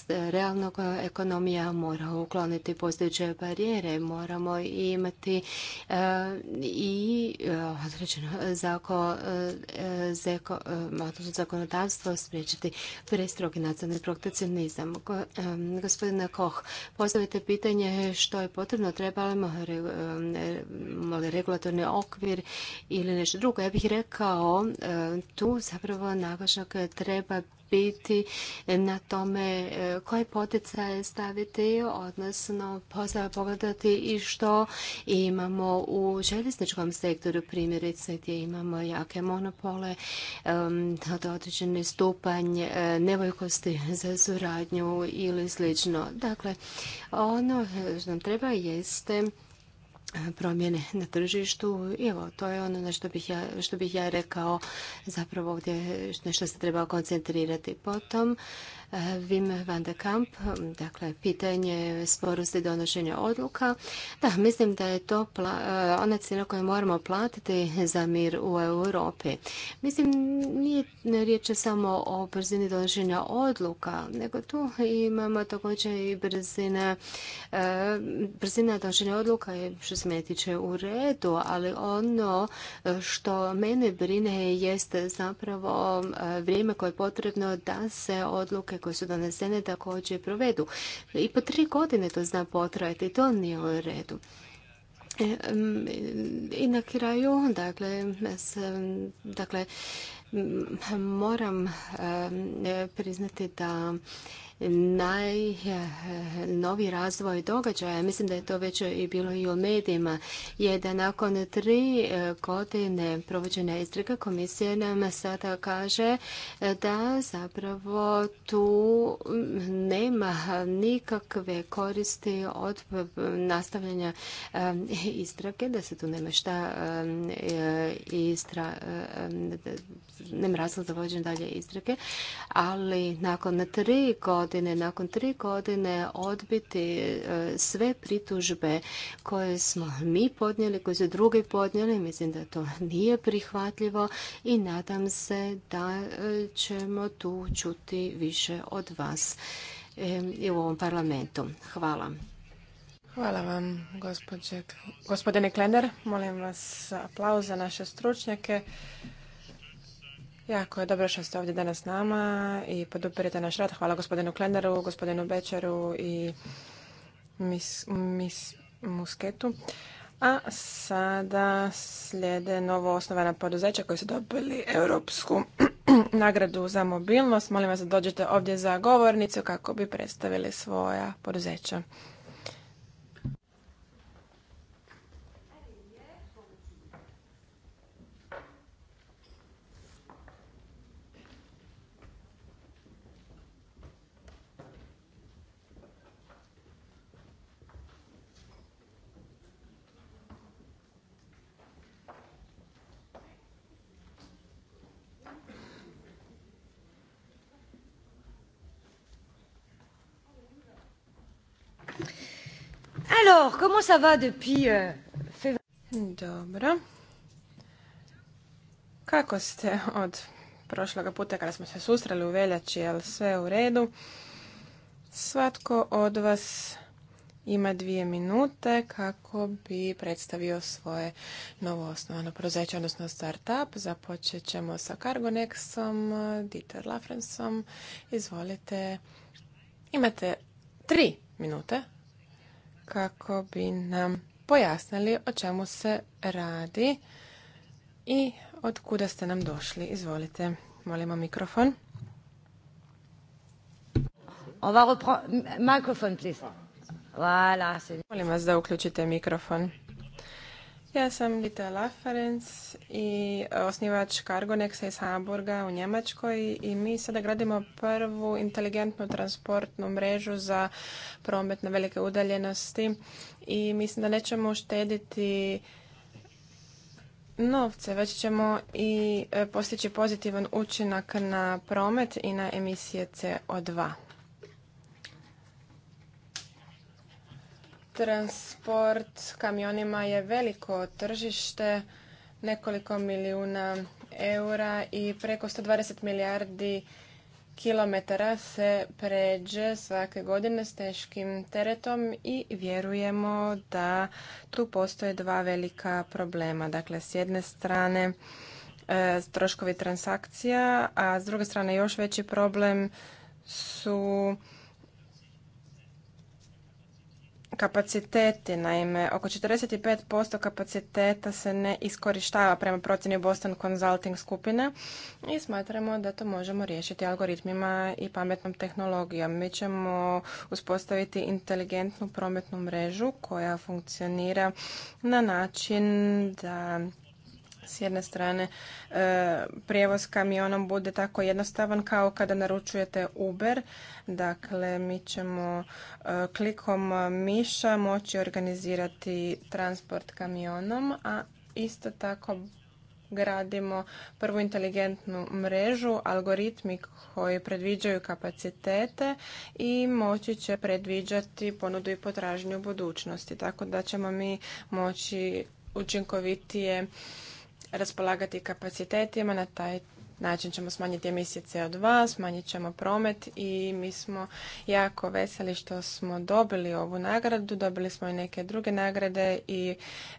Realnog e, ekonomija mora ukloniti postojeće barijere, moramo imati e, i e, određeno zakonodavstvo spriječiti prestrogi nacionalni protekcionizam. Gospodine Koh, postavite pitanje što je potrebno, trebamo li um, regulatorni okvir ili nešto drugo. Ja bih rekao, uh, tu zapravo naglašak treba biti na tome e, koje poticaje staviti, odnosno pogledati i što imamo u željezničkom sektoru, primjerice gdje imamo jake monopole, određeni stupanj e, nevojkosti za suradnju ili slično. Dakle, ono što nam treba jeste promjene na tržištu. I evo, to je ono na što bih ja, što bih ja rekao zapravo ovdje na što se treba koncentrirati. Potom, Eh, Wim van de Kamp, dakle pitanje sporosti donošenja odluka. Da, mislim da je to eh, ona cijena koju moramo platiti za mir u Europi. Mislim, nije riječ samo o brzini donošenja odluka, nego tu imamo također i brzina, eh, brzina donošenja odluka je što se tiče u redu, ali ono što mene brine jeste zapravo vrijeme koje je potrebno da se odluke koje su donesene također provedu. I po tri godine to zna potrajati, to nije u redu. E, mm, I na kraju, dakle, dakle mm, moram priznati da Najnoviji razvoj događaja, mislim da je to već i bilo i u medijima, je da nakon tri e, godine provođena istraga komisija nam sada kaže e, da zapravo tu nema nikakve koristi od nastavljanja e, istrage, da se tu nema šta istra, nema razlog za vođenje dalje istrage, ali nakon tri godine nakon tri godine odbiti e, sve pritužbe koje smo mi podnijeli, koje su drugi podnijeli. Mislim da to nije prihvatljivo i nadam se da e, ćemo tu čuti više od vas e, i u ovom parlamentu. Hvala. Hvala vam, gospodine Klener. Molim vas aplauz za naše stručnjake. Jako je dobro što ste ovdje danas s nama i podupirite naš rad. Hvala gospodinu Klenaru, gospodinu Bečaru i mis, Musketu. A sada slijede novo osnovana poduzeća koji su dobili Europsku *clears throat* nagradu za mobilnost. Molim vas da dođete ovdje za govornicu kako bi predstavili svoja poduzeća. Alors, comment ça va depuis euh, Dobro. Kako ste od prošloga puta kada smo se susreli u veljači, jel sve u redu? Svatko od vas ima dvije minute kako bi predstavio svoje novo osnovano prozeće, odnosno start-up. Započet ćemo sa Cargonexom, Dieter Lafrensom. Izvolite. Imate tri minute kako bi nam pojasnili o čemu se radi i od kuda ste nam došli. Izvolite, molimo mikrofon. Molim vas da uključite mikrofon. Ja sam Gita Laferenc i e, osnivač Cargonexa iz Hamburga u Njemačkoj i mi sada gradimo prvu inteligentnu transportnu mrežu za promet na velike udaljenosti i mislim da nećemo uštediti novce, već ćemo i e, postići pozitivan učinak na promet i na emisije CO2. Transport kamionima je veliko tržište, nekoliko milijuna eura i preko 120 milijardi kilometara se pređe svake godine s teškim teretom i vjerujemo da tu postoje dva velika problema. Dakle, s jedne strane e, troškovi transakcija, a s druge strane još veći problem su kapaciteti, naime, oko 45% kapaciteta se ne iskorištava prema procjeni Boston Consulting skupine i smatramo da to možemo riješiti algoritmima i pametnom tehnologijom. Mi ćemo uspostaviti inteligentnu prometnu mrežu koja funkcionira na način da s jedne strane e, prijevoz kamionom bude tako jednostavan kao kada naručujete Uber. Dakle, mi ćemo e, klikom miša moći organizirati transport kamionom, a isto tako gradimo prvu inteligentnu mrežu, algoritmi koji predviđaju kapacitete i moći će predviđati ponudu i potražnju u budućnosti. Tako da ćemo mi moći učinkovitije raspolagati kapacitetima na taj način ćemo smanjiti emisije CO2, smanjit ćemo promet i mi smo jako veseli što smo dobili ovu nagradu, dobili smo i neke druge nagrade i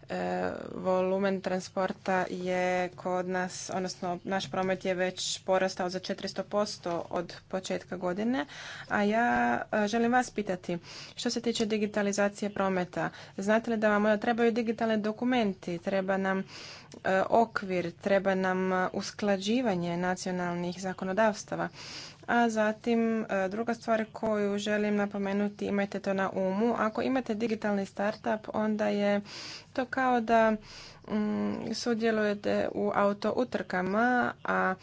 e, volumen transporta je kod nas, odnosno naš promet je već porastao za 400% od početka godine, a ja e, želim vas pitati što se tiče digitalizacije prometa, znate li da vam e, trebaju digitalni dokumenti, treba nam okvir, treba nam usklađivanje nacionalnih zakonodavstava. A zatim e, druga stvar koju želim napomenuti, imajte to na umu. Ako imate digitalni startup, onda je to kao da mm, sudjelujete u auto utrkama, a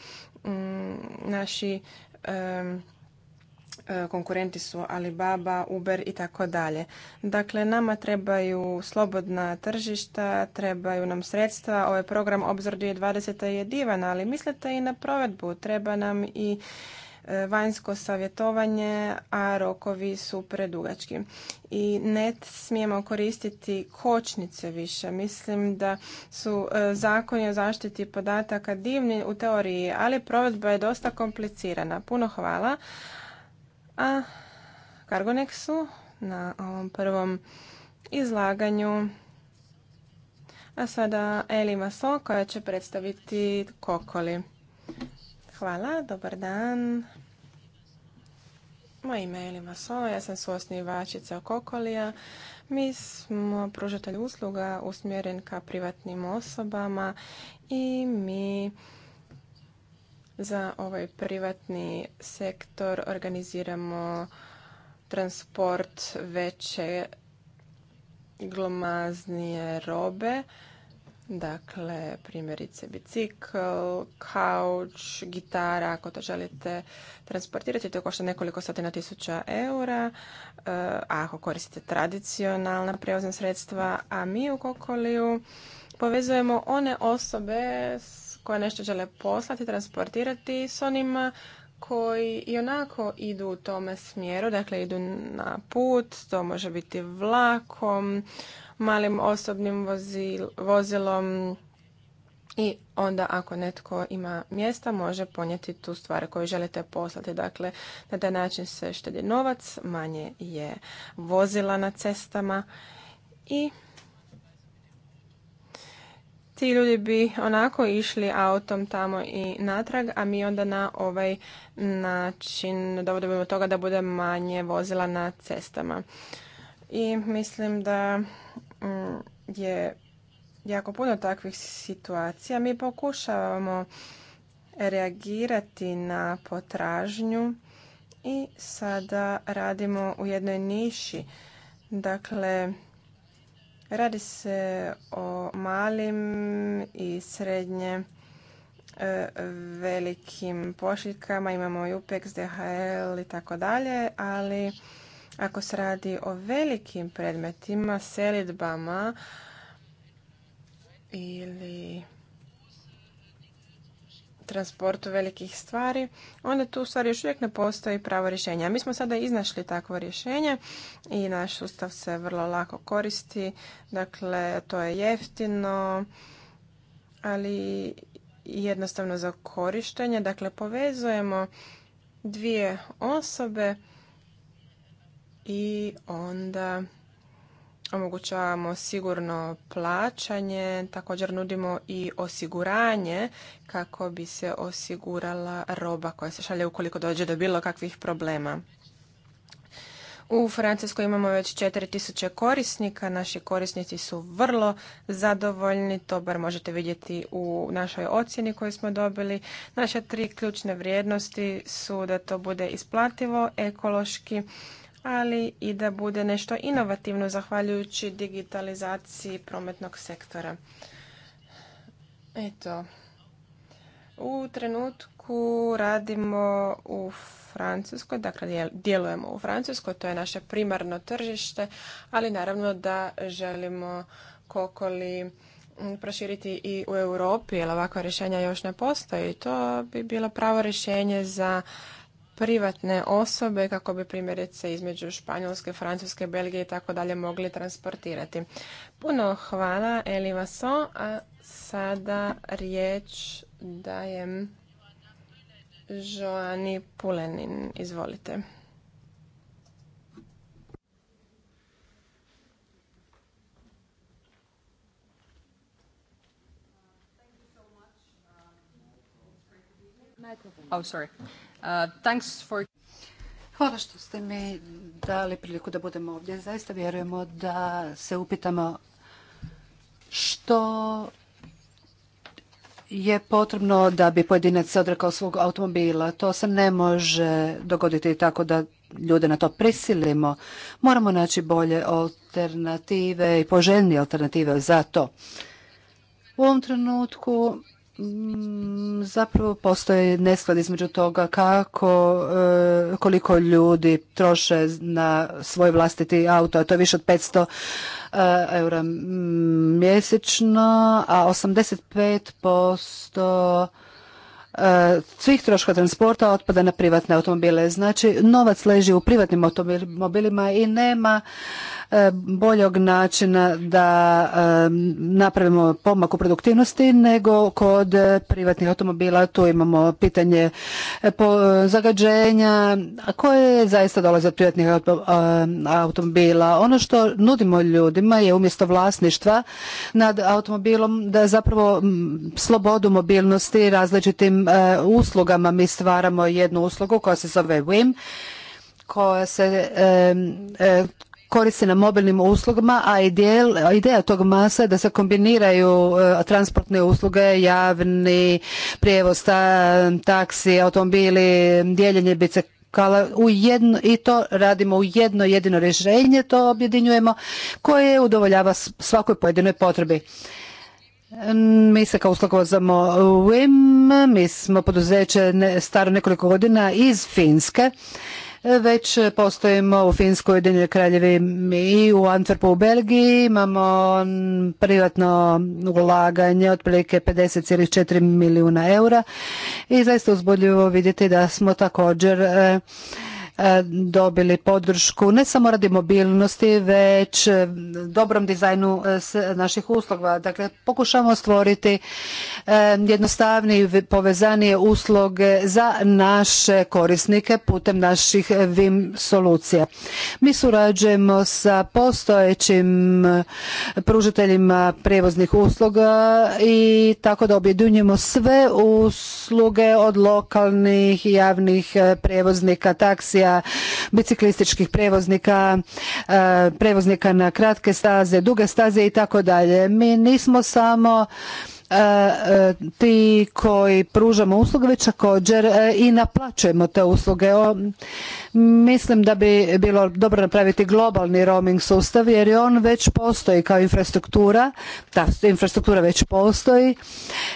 mm, naši E, konkurenti su Alibaba, Uber i tako dalje. Dakle, nama trebaju slobodna tržišta, trebaju nam sredstva. Ovaj program Obzor 2020. je divan, ali mislite i na provedbu. Treba nam i e, vanjsko savjetovanje, a rokovi su predugački. I ne smijemo koristiti kočnice više. Mislim da su e, zakoni o zaštiti podataka divni u teoriji, ali provedba je dosta komplicirana. Puno hvala a Cargonexu na ovom prvom izlaganju. A sada Eli Maso koja će predstaviti Kokoli. Hvala, dobar dan. Moje ime je Eli Maso, ja sam suosnivačica Kokolija. Mi smo pružatelj usluga usmjeren ka privatnim osobama i mi za ovaj privatni sektor organiziramo transport veće glomaznije robe, dakle primjerice bicikl, kauč, gitara, ako to želite transportirati, to košta nekoliko stotina tisuća eura, e, a ako koristite tradicionalna prevozna sredstva, a mi u Kokoliju povezujemo one osobe s koje nešto žele poslati, transportirati s onima koji i onako idu u tome smjeru, dakle idu na put, to može biti vlakom, malim osobnim vozilom i onda ako netko ima mjesta može ponijeti tu stvar koju želite poslati. Dakle, na taj način se štedi novac, manje je vozila na cestama i ti ljudi bi onako išli autom tamo i natrag, a mi onda na ovaj način dovodimo do toga da bude manje vozila na cestama. I mislim da mm, je jako puno takvih situacija. Mi pokušavamo reagirati na potražnju i sada radimo u jednoj niši. Dakle, Radi se o malim i srednje e, velikim pošiljkama, imamo i UPEX, DHL i tako dalje, ali ako se radi o velikim predmetima, selidbama ili transportu velikih stvari, onda tu u stvari još uvijek ne postoji pravo rješenje. A mi smo sada iznašli takvo rješenje i naš sustav se vrlo lako koristi. Dakle, to je jeftino, ali jednostavno za korištenje. Dakle, povezujemo dvije osobe i onda omogućavamo sigurno plaćanje, također nudimo i osiguranje kako bi se osigurala roba koja se šalje ukoliko dođe do bilo kakvih problema. U Francuskoj imamo već 4000 korisnika, naši korisnici su vrlo zadovoljni, to bar možete vidjeti u našoj ocjeni koju smo dobili. Naše tri ključne vrijednosti su da to bude isplativo, ekološki ali i da bude nešto inovativno zahvaljujući digitalizaciji prometnog sektora. Eto, u trenutku radimo u Francuskoj, dakle djelujemo u Francuskoj, to je naše primarno tržište, ali naravno da želimo kokoli proširiti i u Europi, jer ovakva rješenja još ne postoji. To bi bilo pravo rješenje za privatne osobe kako bi primjerice između Španjolske, Francuske, Belgije i tako dalje mogli transportirati. Puno hvala Eli Vaso, a sada riječ dajem Joani Pulenin. Izvolite. Oh, sorry. Uh, Hvala što ste mi dali priliku da budemo ovdje. Zaista vjerujemo da se upitamo što je potrebno da bi pojedinac se odrekao svog automobila. To se ne može dogoditi tako da ljude na to prisilimo. Moramo naći bolje alternative i poželjnije alternative za to. U ovom trenutku Mm, zapravo postoji nesklad između toga kako e, koliko ljudi troše na svoj vlastiti auto, a to je više od 500 e, eura mjesečno, a 85% e, svih troška transporta otpada na privatne automobile. Znači, novac leži u privatnim automobilima i nema E, boljog načina da e, napravimo pomak u produktivnosti nego kod privatnih automobila. Tu imamo pitanje e, zagađenja koje zaista dolaze od privatnih automobila. Ono što nudimo ljudima je umjesto vlasništva nad automobilom da zapravo slobodu mobilnosti različitim uslugama mi stvaramo jednu uslugu koja se zove WIM koja se koriste na mobilnim uslugama, a ideja tog masa je da se kombiniraju e, transportne usluge, javni prijevoz, taksi, automobili, dijeljenje bicikla, u jedno, i to radimo u jedno jedino rješenje, to objedinjujemo, koje udovoljava svakoj pojedinoj potrebi. Mi se kao usluga vozamo WIM, mi smo poduzeće staro nekoliko godina iz Finske već postojimo u Finskoj Ujedinjenoj kraljevini i u Antwerpu u Belgiji. Imamo privatno ulaganje otprilike 50,4 milijuna eura i zaista uzbudljivo vidjeti da smo također e, E, dobili podršku ne samo radi mobilnosti, već e, dobrom dizajnu e, naših usluga. Dakle, pokušamo stvoriti jednostavnije povezanije usluge za naše korisnike putem naših VIM solucija. Mi surađujemo sa postojećim pružiteljima prevoznih usluga i tako da objedinjujemo sve usluge od lokalnih javnih prevoznika taksija, biciklističkih prevoznika, e, prevoznika na kratke staze, duge staze i tako dalje. Mi nismo samo ti koji pružamo usluge već također e, i naplaćujemo te usluge. mislim da bi bilo dobro napraviti globalni roaming sustav jer je on već postoji kao infrastruktura, ta infrastruktura već postoji.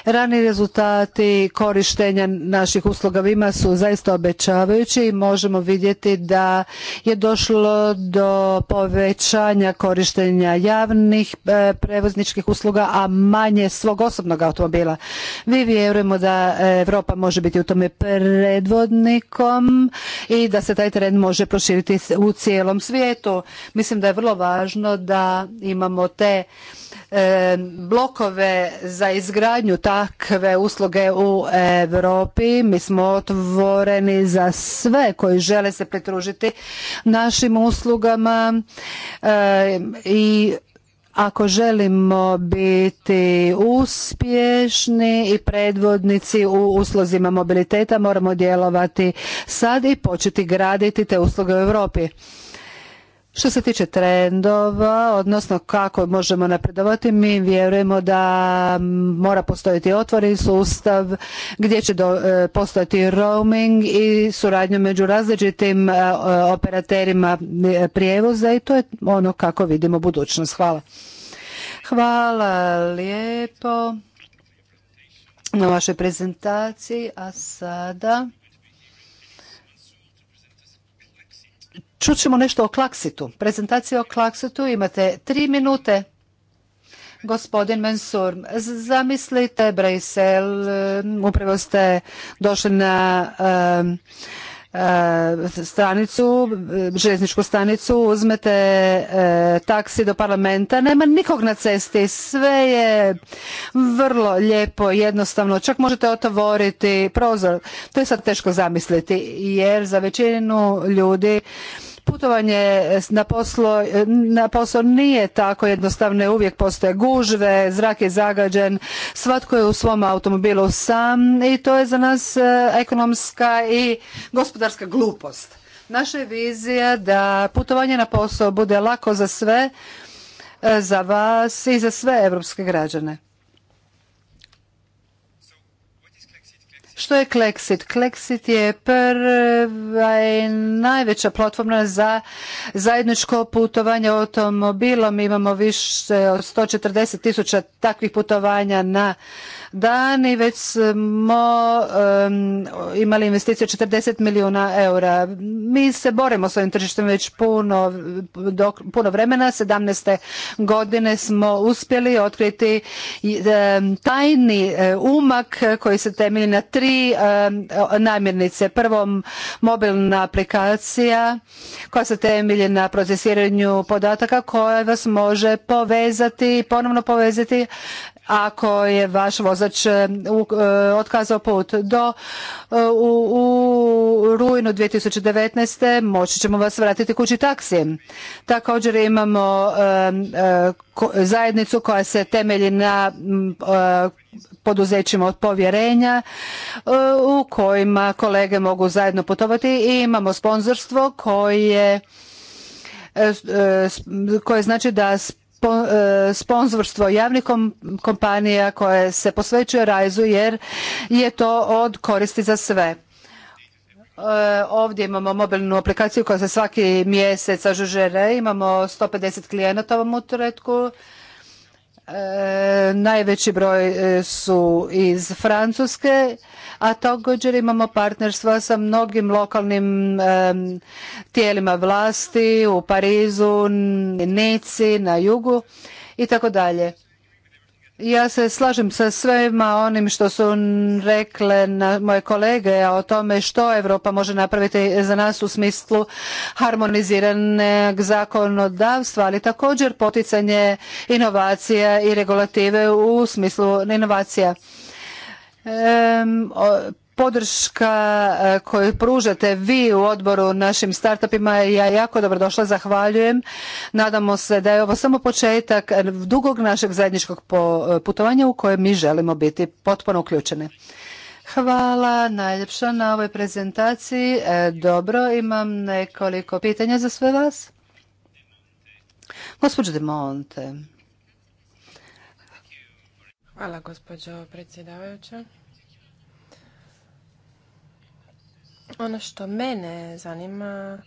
Rani rezultati korištenja naših usluga Vima su zaista obećavajući i možemo vidjeti da je došlo do povećanja korištenja javnih e, prevozničkih usluga, a manje svog osobnog osobnog automobila. Mi vjerujemo da Europa može biti u tome predvodnikom i da se taj trend može proširiti u cijelom svijetu. Mislim da je vrlo važno da imamo te e, blokove za izgradnju takve usluge u Europi. Mi smo otvoreni za sve koji žele se pridružiti našim uslugama e, i ako želimo biti uspješni i predvodnici u uslozima mobiliteta moramo djelovati sad i početi graditi te usluge u Europi. Što se tiče trendova, odnosno kako možemo napredovati, mi vjerujemo da mora postojati otvoren sustav gdje će do, e, postojati roaming i suradnju među različitim e, operaterima e, prijevoza i to je ono kako vidimo budućnost. Hvala. Hvala lijepo na vašoj prezentaciji, a sada... ćemo nešto o Klaksitu. Prezentacija o Klaksitu imate tri minute. Gospodin Mensur, zamislite Brisel, um, upravo ste došli na um, E, stanicu, e, željezničku stanicu, uzmete e, taksi do parlamenta, nema nikog na cesti, sve je vrlo lijepo, jednostavno, čak možete otvoriti prozor. To je sad teško zamisliti jer za većinu ljudi Putovanje na, poslo, na posao nije tako jednostavno, uvijek postoje gužve, zrak je zagađen, svatko je u svom automobilu sam i to je za nas e, ekonomska i gospodarska glupost. Naša je vizija da putovanje na posao bude lako za sve, e, za vas i za sve evropske građane. Što je Klexit? Kleksit je prva i najveća platforma za zajedničko putovanje automobilom. Imamo više od 140 tisuća takvih putovanja na dani, već smo imali investicije 40 milijuna eura. Mi se borimo s ovim tržištem već puno, puno vremena. 17. godine smo uspjeli otkriti tajni umak koji se temelji na tri namirnice. Prvo, mobilna aplikacija koja se temelji na procesiranju podataka koja vas može povezati, ponovno povezati ako je vaš vozač e, e, otkazao put. Do e, u, u rujnu 2019. moći ćemo vas vratiti kući taksi. Također imamo zajednicu koja se temelji na poduzećima od povjerenja u kojima kolege mogu zajedno putovati i imamo sponzorstvo koje koje znači da E, sponzorstvo javnih kompanija koje se posvećuje rajzu jer je to od koristi za sve. E, ovdje imamo mobilnu aplikaciju koja se svaki mjesec ažužere, imamo 150 klijenata u ovom trenutku najveći broj e, su iz Francuske, a također imamo partnerstva sa mnogim lokalnim e, tijelima vlasti u Parizu, Nici, na jugu i tako dalje. Ja se slažem sa svema onim što su rekle moje kolege o tome što Europa može napraviti za nas u smislu harmoniziranog zakonodavstva, ali također poticanje inovacija i regulative u smislu inovacija podrška e, koju pružate vi u odboru našim startupima ja jako dobro došla, zahvaljujem. Nadamo se da je ovo samo početak dugog našeg zajedničkog e, putovanja u kojem mi želimo biti potpuno uključeni. Hvala najljepša na ovoj prezentaciji. E, dobro, imam nekoliko pitanja za sve vas. Gospođo De Monte. Hvala gospođo predsjedavajuća. Ono što mene zanima,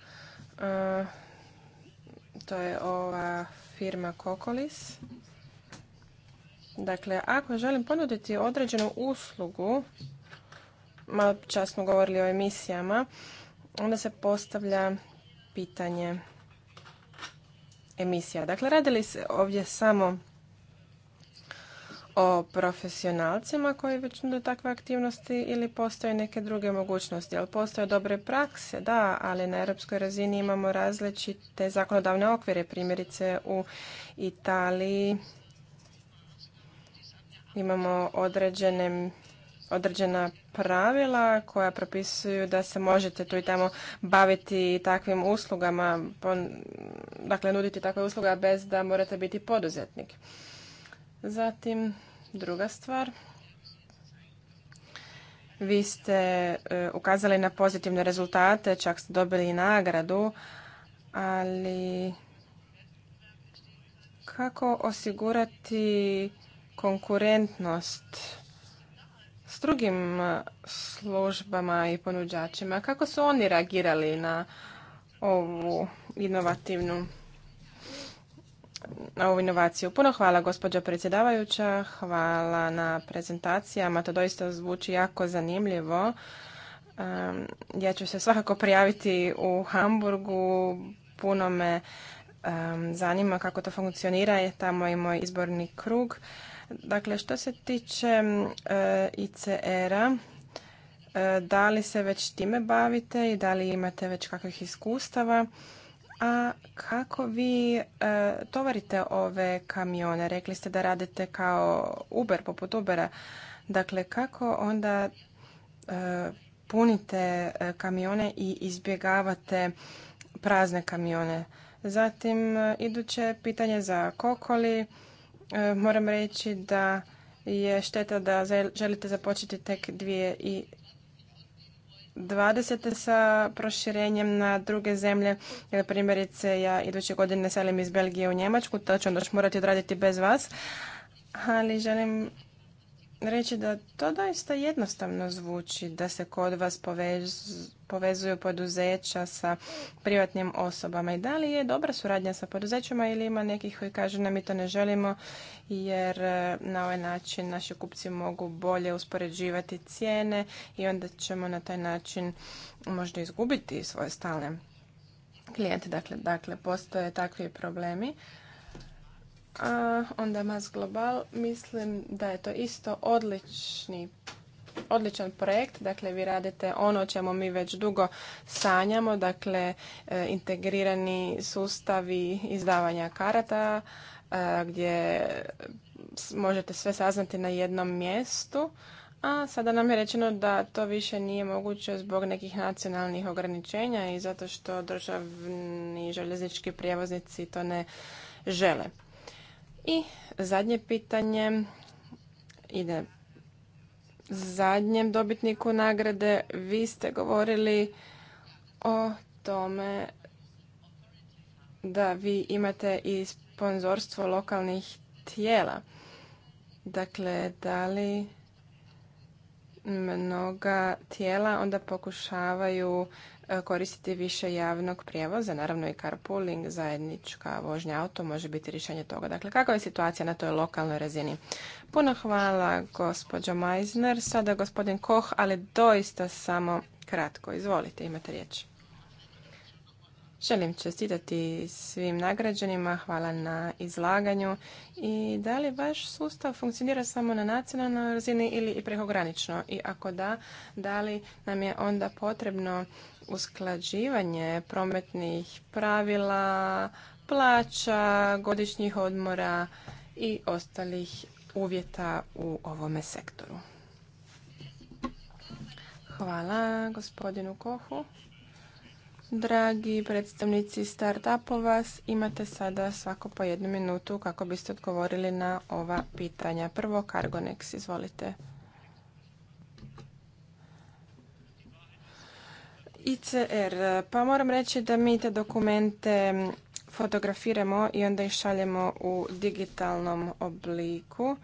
to je ova firma Kokolis. Dakle, ako želim ponuditi određenu uslugu, malo čas smo govorili o emisijama, onda se postavlja pitanje emisija. Dakle, radili se ovdje samo o profesionalcima koji već imaju takve aktivnosti ili postoje neke druge mogućnosti? Ali postoje dobre prakse, da, ali na europskoj razini imamo različite zakonodavne okvire, primjerice u Italiji imamo određene određena pravila koja propisuju da se možete tu i tamo baviti takvim uslugama, dakle nuditi takve usluga bez da morate biti poduzetnik. Zatim, druga stvar, vi ste e, ukazali na pozitivne rezultate, čak ste dobili i nagradu, ali kako osigurati konkurentnost s drugim službama i ponuđačima? Kako su oni reagirali na ovu inovativnu na ovu inovaciju. Puno hvala gospođo predsjedavajuća, hvala na prezentacijama, to doista zvuči jako zanimljivo. Ja ću se svakako prijaviti u Hamburgu, puno me zanima kako to funkcionira, je tamo i moj izborni krug. Dakle, što se tiče ICR-a, da li se već time bavite i da li imate već kakvih iskustava? A kako vi e, tovarite ove kamione? Rekli ste da radite kao Uber, poput Ubera. Dakle, kako onda e, punite e, kamione i izbjegavate prazne kamione? Zatim, iduće pitanje za Kokoli. moram reći da je šteta da želite započeti tek i 2020. sa proširenjem na druge zemlje. primjerice ja iduće godine selim iz Belgije u Njemačku, to ću onda morati odraditi bez vas. Ali želim reći da to doista jednostavno zvuči da se kod vas povezuju poduzeća sa privatnim osobama i da li je dobra suradnja sa poduzećima ili ima nekih koji kažu da mi to ne želimo jer e, na ovaj način naši kupci mogu bolje uspoređivati cijene i onda ćemo na taj način možda izgubiti svoje stalne klijente. Dakle, dakle postoje takvi problemi. A onda Mas Global, mislim da je to isto odlični odličan projekt, dakle vi radite ono o čemu mi već dugo sanjamo, dakle e, integrirani sustavi izdavanja karata e, gdje možete sve saznati na jednom mjestu, a sada nam je rečeno da to više nije moguće zbog nekih nacionalnih ograničenja i zato što državni željeznički prijevoznici to ne žele. I zadnje pitanje ide zadnjem dobitniku nagrade. Vi ste govorili o tome da vi imate i sponzorstvo lokalnih tijela. Dakle, da li mnoga tijela onda pokušavaju E, koristiti više javnog prijevoza, naravno i carpooling, zajednička vožnja auto može biti rješenje toga. Dakle, kakva je situacija na toj lokalnoj razini? Puno hvala gospođo Meisner, sada gospodin Koh, ali doista samo kratko. Izvolite, imate riječ. Želim čestitati svim nagrađenima, hvala na izlaganju. I da li vaš sustav funkcionira samo na nacionalnoj razini ili i prekogranično? I ako da, da li nam je onda potrebno usklađivanje prometnih pravila, plaća, godišnjih odmora i ostalih uvjeta u ovome sektoru. Hvala gospodinu Kohu. Dragi predstavnici startupova, imate sada svako po jednu minutu kako biste odgovorili na ova pitanja. Prvo Cargonex, izvolite. ICR. Pa moram reći da mi te dokumente fotografiramo i onda ih šaljemo u digitalnom obliku.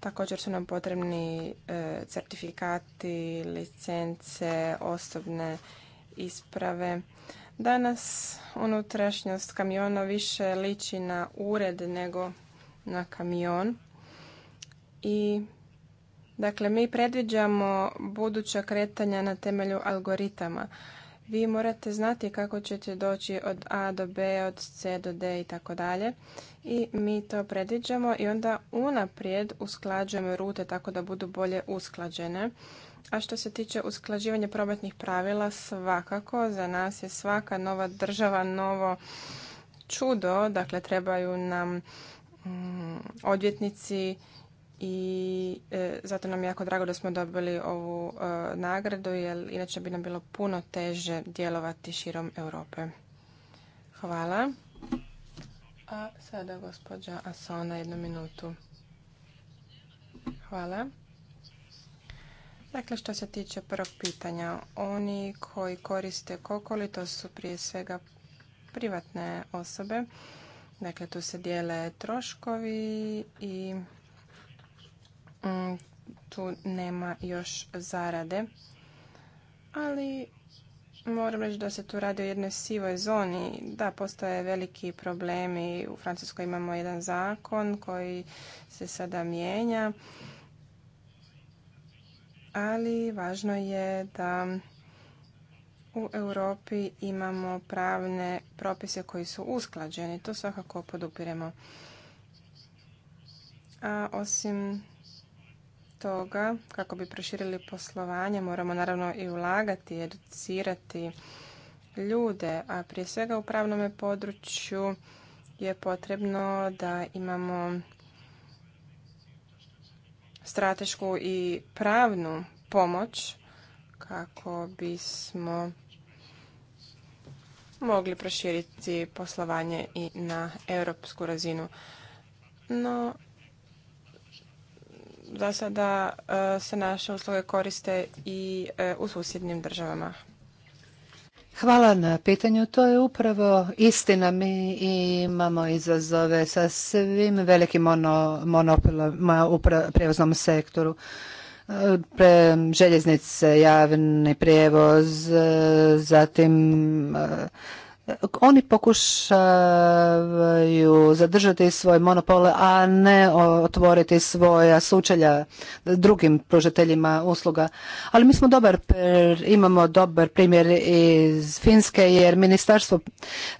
Također su nam potrebni e, certifikati, licence, osobne isprave. Danas unutrašnjost kamiona više liči na ured nego na kamion i Dakle, mi predviđamo buduća kretanja na temelju algoritama. Vi morate znati kako ćete doći od A do B, od C do D i tako dalje. I mi to predviđamo i onda unaprijed usklađujemo rute tako da budu bolje usklađene. A što se tiče usklađivanja prometnih pravila, svakako za nas je svaka nova država novo čudo. Dakle, trebaju nam mm, odvjetnici i e, zato nam je jako drago da smo dobili ovu e, nagradu jer inače bi nam bilo puno teže djelovati širom Europe. Hvala. A sada gospođa Asona jednu minutu. Hvala. Dakle, što se tiče prvog pitanja, oni koji koriste kokoli, to su prije svega privatne osobe. Dakle, tu se dijele troškovi i Mm, tu nema još zarade. Ali moram reći da se tu radi o jednoj sivoj zoni. Da, postoje veliki problemi. U Francuskoj imamo jedan zakon koji se sada mijenja. Ali važno je da u Europi imamo pravne propise koji su usklađeni. To svakako podupiremo. A osim toga, kako bi proširili poslovanje, moramo naravno i ulagati, educirati ljude, a prije svega u pravnom području je potrebno da imamo stratešku i pravnu pomoć kako bismo mogli proširiti poslovanje i na europsku razinu. No, za sada e, se naše usluge koriste i e, u susjednim državama. Hvala na pitanju. To je upravo istina. Mi imamo izazove sa svim velikim ono, u prijevoznom sektoru. E, željeznice, javni prijevoz, zatim oni pokušavaju zadržati svoje monopole, a ne otvoriti svoja sučelja drugim pružateljima usluga. Ali mi smo dobar, imamo dobar primjer iz Finske jer Ministarstvo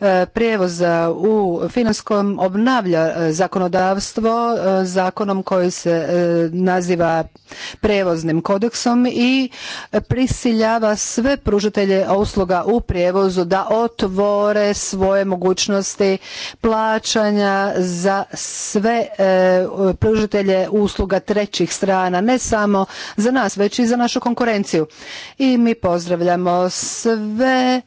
e, prijevoza u Finskom obnavlja e, zakonodavstvo e, zakonom koji se naziva Prijevoznim kodeksom i prisiljava sve pružatelje usluga u prijevozu da otvore svoje mogućnosti plaćanja za sve e, pružitelje usluga trećih strana, ne samo za nas, već i za našu konkurenciju. I mi pozdravljamo sve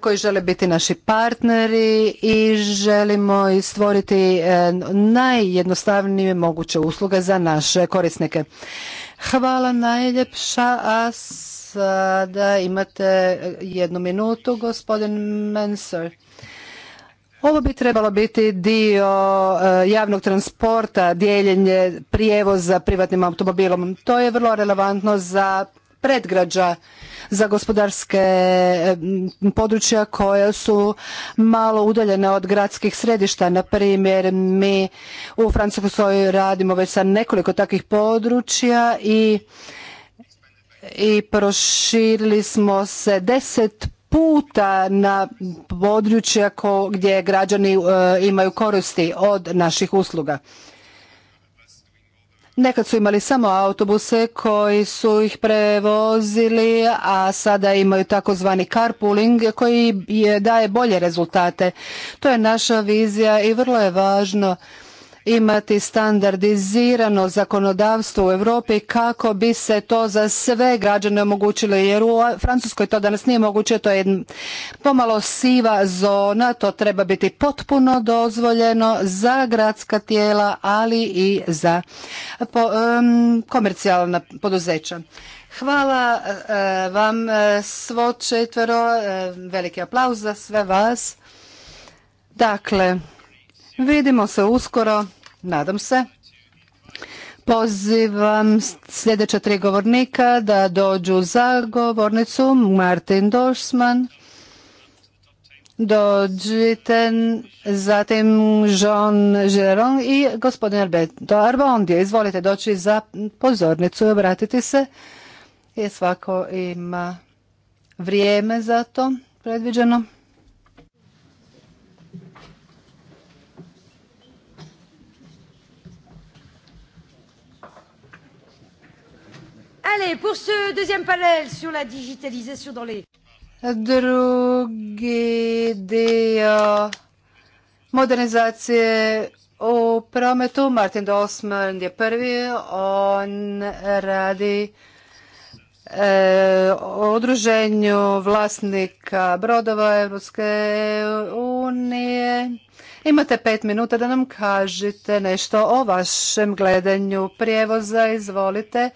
koji žele biti naši partneri i želimo stvoriti e, najjednostavnije moguće usluge za naše korisnike. Hvala najljepša, a Sada imate jednu minutu, gospodin Mensor. Ovo bi trebalo biti dio eh, javnog transporta, dijeljenje prijevoza privatnim automobilom. To je vrlo relevantno za predgrađa za gospodarske eh, područja koja su malo udaljena od gradskih središta. Na primjer, mi u Francuskoj radimo već sa nekoliko takvih područja i i proširili smo se deset puta na područja gdje građani e, imaju koristi od naših usluga. Nekad su imali samo autobuse koji su ih prevozili, a sada imaju takozvani carpooling koji je, daje bolje rezultate. To je naša vizija i vrlo je važno imati standardizirano zakonodavstvo u Europi kako bi se to za sve građane omogućilo jer u Francuskoj to danas nije moguće, to je pomalo siva zona, to treba biti potpuno dozvoljeno za gradska tijela, ali i za komercijalna poduzeća. Hvala eh, vam eh, svo četvero, eh, veliki aplauz za sve vas. Dakle, vidimo se uskoro nadam se. Pozivam sljedeća tri govornika da dođu za govornicu. Martin Dorsman, dođite, zatim Jean Geron i gospodin Alberto Arbondi. Izvolite doći za pozornicu i obratiti se. Je svako ima vrijeme za to predviđeno. Allez, pour ce deuxième panel sur la digitalisation dans les... Drugi dio modernizacije u prometu. Martin Dosman je prvi. On radi eh, o udruženju vlasnika brodova Evropske unije. Imate pet minuta da nam kažete nešto o vašem gledanju prijevoza. Izvolite.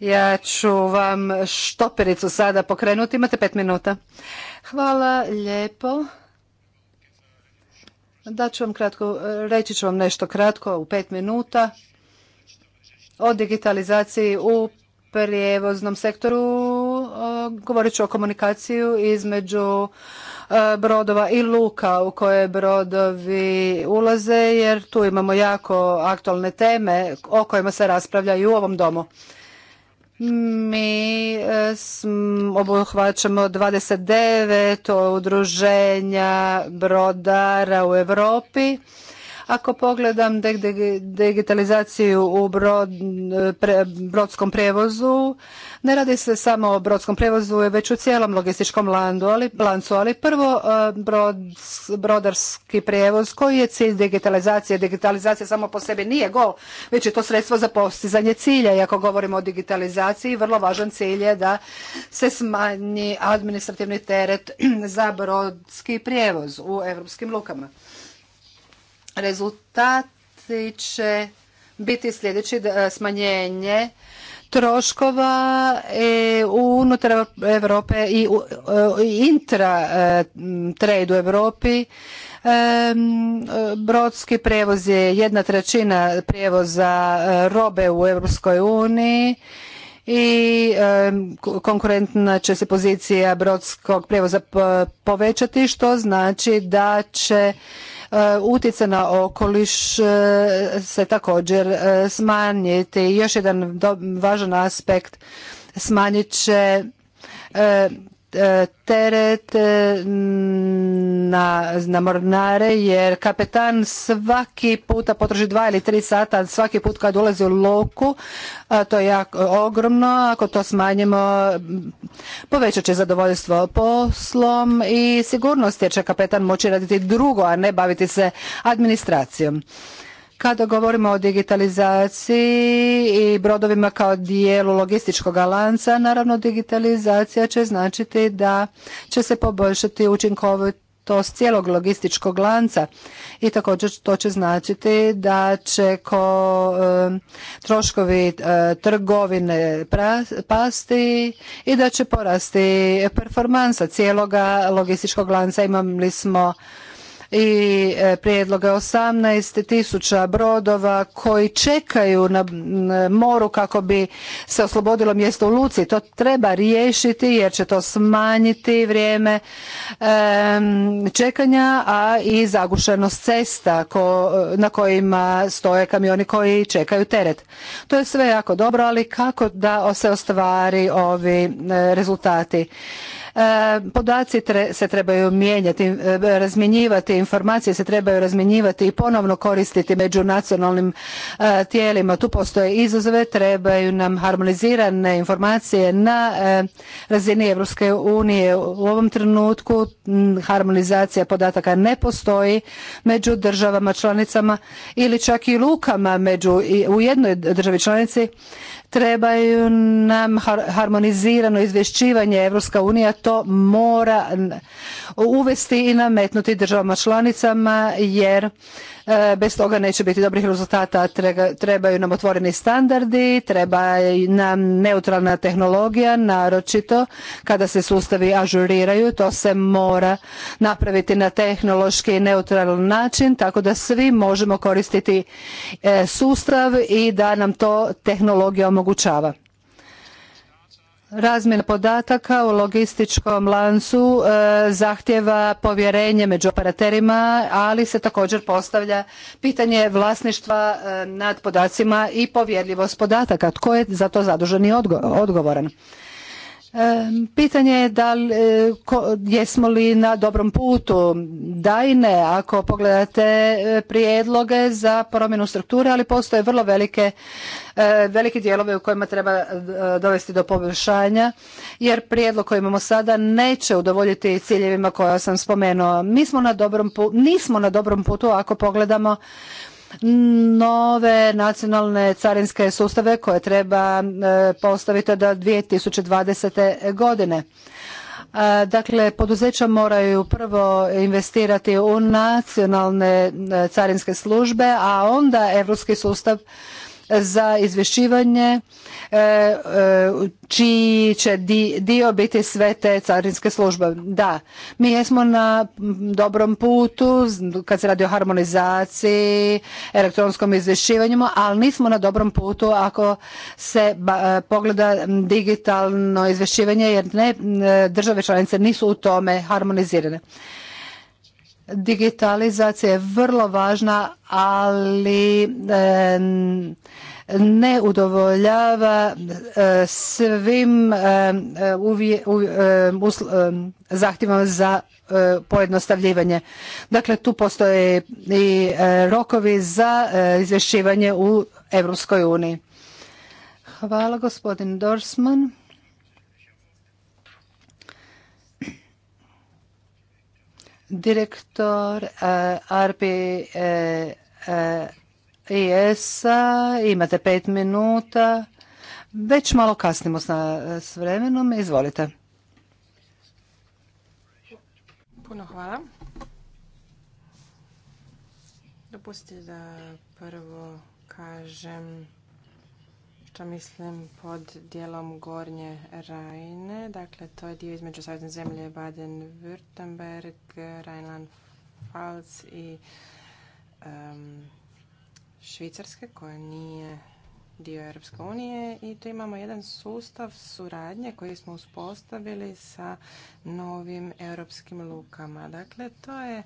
Ja ću vam štopericu sada pokrenuti. Imate pet minuta. Hvala lijepo. Da ću vam kratko, reći ću vam nešto kratko u pet minuta o digitalizaciji u prijevoznom sektoru. Govorit ću o komunikaciju između e, brodova i luka u koje brodovi ulaze jer tu imamo jako aktualne teme o kojima se raspravlja i u ovom domu. Mi e, obuhvaćamo 29 udruženja brodara u Europi. Ako pogledam digitalizaciju u e, brodskom prijevozu, ne radi se samo o brodskom prevozu, već u cijelom logističkom landu, ali, lancu, ali prvo e, brod, brodarski prijevoz koji je cilj digitalizacije. Digitalizacija samo po sebi nije gol, već je to sredstvo za postizanje cilja. I ako govorimo o digitalizaciji, vrlo važan cilj je da se smanji administrativni teret *clears throat* za brodski prijevoz u europskim lukama. Rezultati će biti sljedeći e, smanjenje troškova e, unutar Europe e, i intra e, trade u Europi brodski prevoz je jedna trećina prijevoza robe u Europskoj uniji i konkurentna će se pozicija brodskog prevoza povećati što znači da će E, utjecaj na okoliš e, se također e, smanjiti. Još jedan važan aspekt smanjit će teret e, na, na mornare jer kapetan svaki puta potroši dva ili tri sata svaki put kad ulazi u luku to je jako, ogromno ako to smanjimo povećat će zadovoljstvo poslom i sigurnost jer će kapetan moći raditi drugo a ne baviti se administracijom kada govorimo o digitalizaciji i brodovima kao dijelu logističkog lanca, naravno digitalizacija će značiti da će se poboljšati učinkovitost cijelog logističkog lanca i također to će značiti da će ko troškovi e, trgovine pasti i da će porasti performansa cijeloga logističkog lanca. Imali smo i e, prijedloge 18 tisuća brodova koji čekaju na moru kako bi se oslobodilo mjesto u luci. To treba riješiti jer će to smanjiti vrijeme čekanja, a i zagušenost cesta na kojima stoje kamioni koji čekaju teret. To je sve jako dobro, ali kako da se ostvari ovi e, rezultati? E, podaci se trebaju mijenjati, e, razmjenjivati, informacije se trebaju razmjenjivati i ponovno koristiti među nacionalnim e, tijelima. Tu postoje izazove, trebaju nam harmonizirane informacije na razini Europske unije. U ovom trenutku harmonizacija podataka ne postoji među državama članicama ili čak i lukama među, u jednoj državi članici trebaju nam harmonizirano izvješćivanje Evropska unija to mora uvesti i nametnuti državama članicama jer E, bez toga neće biti dobrih rezultata. Trebaju nam otvoreni standardi, treba nam neutralna tehnologija, naročito kada se sustavi ažuriraju. To se mora napraviti na tehnološki neutralan način, tako da svi možemo koristiti e, sustav i da nam to tehnologija omogućava razmjena podataka u logističkom lancu e, zahtjeva povjerenje među operaterima, ali se također postavlja pitanje vlasništva e, nad podacima i povjerljivost podataka. Tko je za to zadužen i odgovoran? Pitanje je da li, e, jesmo li na dobrom putu. Da i ne, ako pogledate e, prijedloge za promjenu strukture, ali postoje vrlo velike, e, velike dijelove u kojima treba dovesti do poboljšanja, jer prijedlog koji imamo sada neće udovoljiti ciljevima koja sam spomenuo. Mi smo na dobrom putu, nismo na dobrom putu ako pogledamo nove nacionalne carinske sustave koje treba e, postaviti do 2020. godine. E, dakle, poduzeća moraju prvo investirati u nacionalne e, carinske službe, a onda europski sustav za izvješćivanje e, e, čiji će dio biti sve te carinske službe. Da, mi jesmo na dobrom putu kad se radi o harmonizaciji, elektronskom izvješćivanju, ali nismo na dobrom putu ako se e, pogleda digitalno izvješćivanje jer ne, države članice nisu u tome harmonizirane. Digitalizacija je vrlo važna, ali e, ne udovoljava e, svim e, zahtjevama za pojednostavljivanje. Dakle, tu postoje i rokovi za izvješćivanje u Europskoj uniji. Hvala gospodin Dorsman. direktor e, RPIS-a. E, e, imate pet minuta. Već malo kasnimo s vremenom. Izvolite. Puno hvala. Dopustite da prvo kažem što mislim pod dijelom Gornje Rajne. Dakle, to je dio između Savjetne zemlje Baden-Württemberg, Rheinland-Pfalz i Švicarske koja nije dio Europske unije i tu imamo jedan sustav suradnje koji smo uspostavili sa novim europskim lukama. Dakle, to je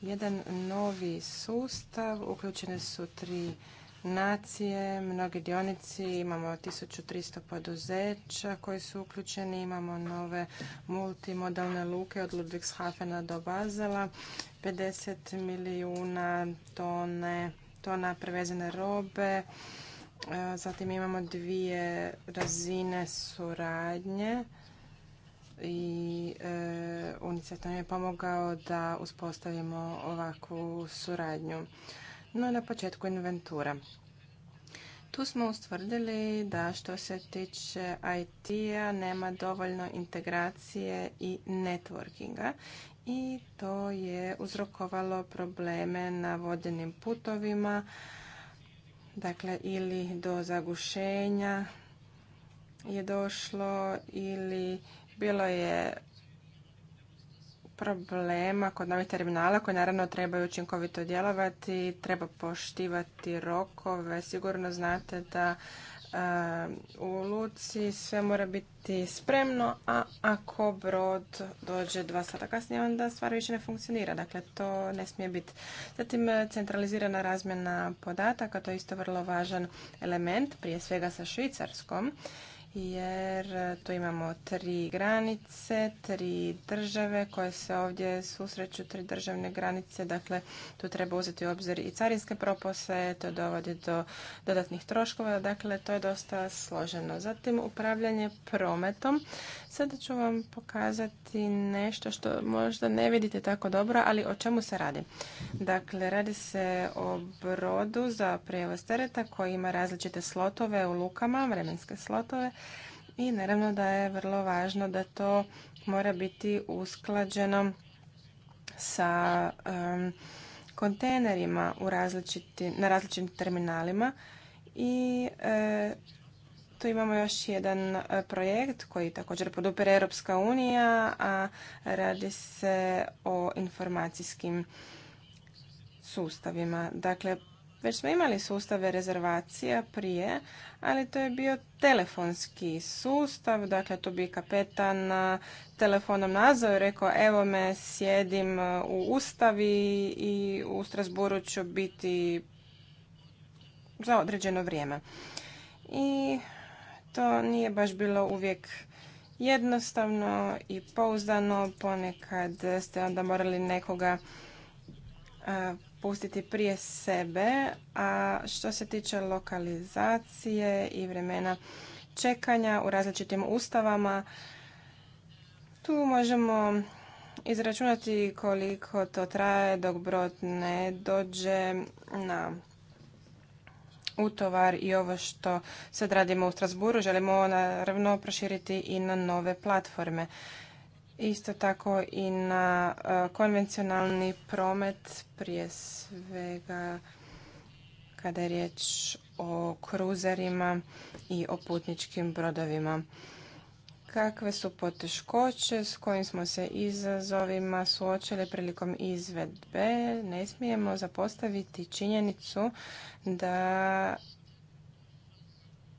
jedan novi sustav, uključene su tri nacije, mnogi dionici, imamo 1300 poduzeća koji su uključeni, imamo nove multimodalne luke od Ludwigshafena do Bazela, 50 milijuna tone, tona prevezene robe, e, zatim imamo dvije razine suradnje i e, UNICEF nam je pomogao da uspostavimo ovakvu suradnju. No na početku inventura. Tu smo ustvrdili da što se tiče IT-a nema dovoljno integracije i networkinga i to je uzrokovalo probleme na vodenim putovima, dakle ili do zagušenja je došlo ili bilo je problema kod novih terminala koji naravno trebaju učinkovito djelovati, treba poštivati rokove. Sigurno znate da eh, u luci sve mora biti spremno, a ako brod dođe dva sata kasnije, onda stvar više ne funkcionira. Dakle, to ne smije biti. Zatim, eh, centralizirana razmjena podataka, to je isto vrlo važan element, prije svega sa Švicarskom jer e, tu imamo tri granice, tri države koje se ovdje susreću, tri državne granice, dakle tu treba uzeti u obzir i carinske propose, to dovodi do dodatnih troškova, dakle to je dosta složeno. Zatim upravljanje prometom. Sada ću vam pokazati nešto što možda ne vidite tako dobro, ali o čemu se radi. Dakle, radi se o brodu za prijevoz tereta koji ima različite slotove u lukama, vremenske slotove i naravno da je vrlo važno da to mora biti usklađeno sa um, kontejnerima na različitim terminalima i e, tu imamo još jedan e, projekt koji također podupire Europska unija, a radi se o informacijskim sustavima. Dakle, već smo imali sustave rezervacija prije, ali to je bio telefonski sustav, dakle tu bi kapetan telefonom nazvao i rekao evo me sjedim e, u Ustavi i u Strasburu ću biti za određeno vrijeme. I to nije baš bilo uvijek jednostavno i pouzdano. Ponekad ste onda morali nekoga e, pustiti prije sebe, a što se tiče lokalizacije i vremena čekanja u različitim ustavama, tu možemo izračunati koliko to traje dok brod ne dođe na utovar i ovo što sad radimo u Strasburu želimo naravno proširiti i na nove platforme. Isto tako i na e, konvencionalni promet, prije svega kada je riječ o kruzerima i o putničkim brodovima. Kakve su poteškoće s kojim smo se izazovima suočili prilikom izvedbe? Ne smijemo zapostaviti činjenicu da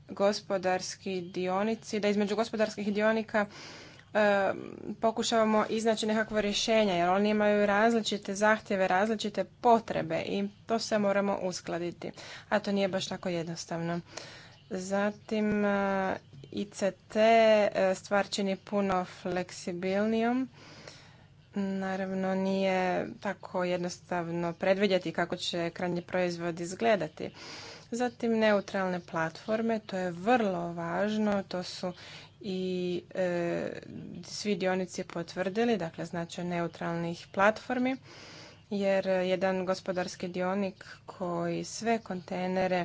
gospodarski dionici, da između gospodarskih dionika pokušavamo iznaći nekakvo rješenje, jer oni imaju različite zahtjeve, različite potrebe i to se moramo uskladiti, a to nije baš tako jednostavno. Zatim e, ICT e, stvar čini puno fleksibilnijom. Naravno nije tako jednostavno predvidjeti kako će krajnji proizvod izgledati. Zatim neutralne platforme, to je vrlo važno, to su i e, svi dionici potvrdili, dakle značaj neutralnih platformi, jer jedan gospodarski dionik koji sve kontejnere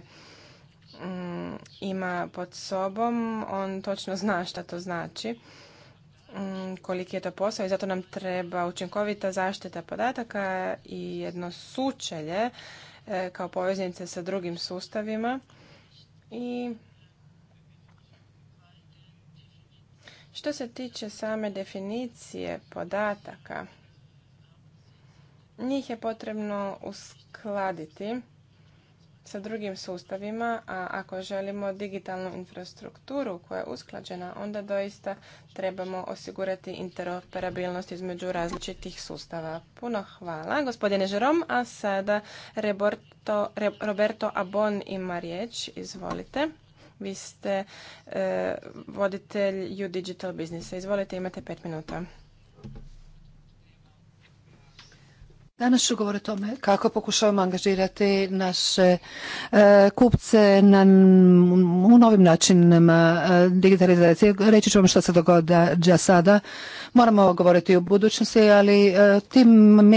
mm, ima pod sobom, on točno zna šta to znači, mm, koliki je to posao i zato nam treba učinkovita zaštita podataka i jedno sučelje e, kao poveznice sa drugim sustavima i Što se tiče same definicije podataka, njih je potrebno uskladiti sa drugim sustavima, a ako želimo digitalnu infrastrukturu koja je usklađena, onda doista trebamo osigurati interoperabilnost između različitih sustava. Puno hvala, gospodine Žerom, a sada Roberto Abon ima riječ, izvolite. Vi ste e, voditelj U Digital Businessa. Izvolite, imate pet minuta. Danas ću govoriti o tome kako pokušavamo angažirati naše e, kupce na, u novim načinima e, digitalizacije. Reći ću vam što se događa sada. Moramo govoriti u budućnosti, ali tim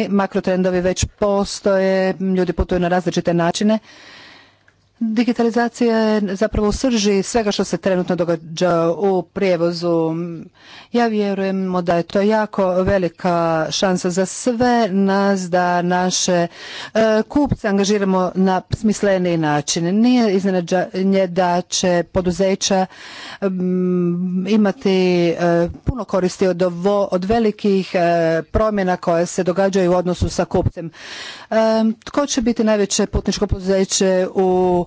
makrotrendovi već postoje, ljudi putuju na različite načine Digitalizacija je zapravo u srži svega što se trenutno događa u prijevozu. Ja vjerujemo da je to jako velika šansa za sve nas da naše e, kupce angažiramo na smisleniji način. Nije iznenađenje da će poduzeća imati e, puno koristi od, od velikih e, promjena koje se događaju u odnosu sa kupcem. Tko će biti najveće putničko poduzeće u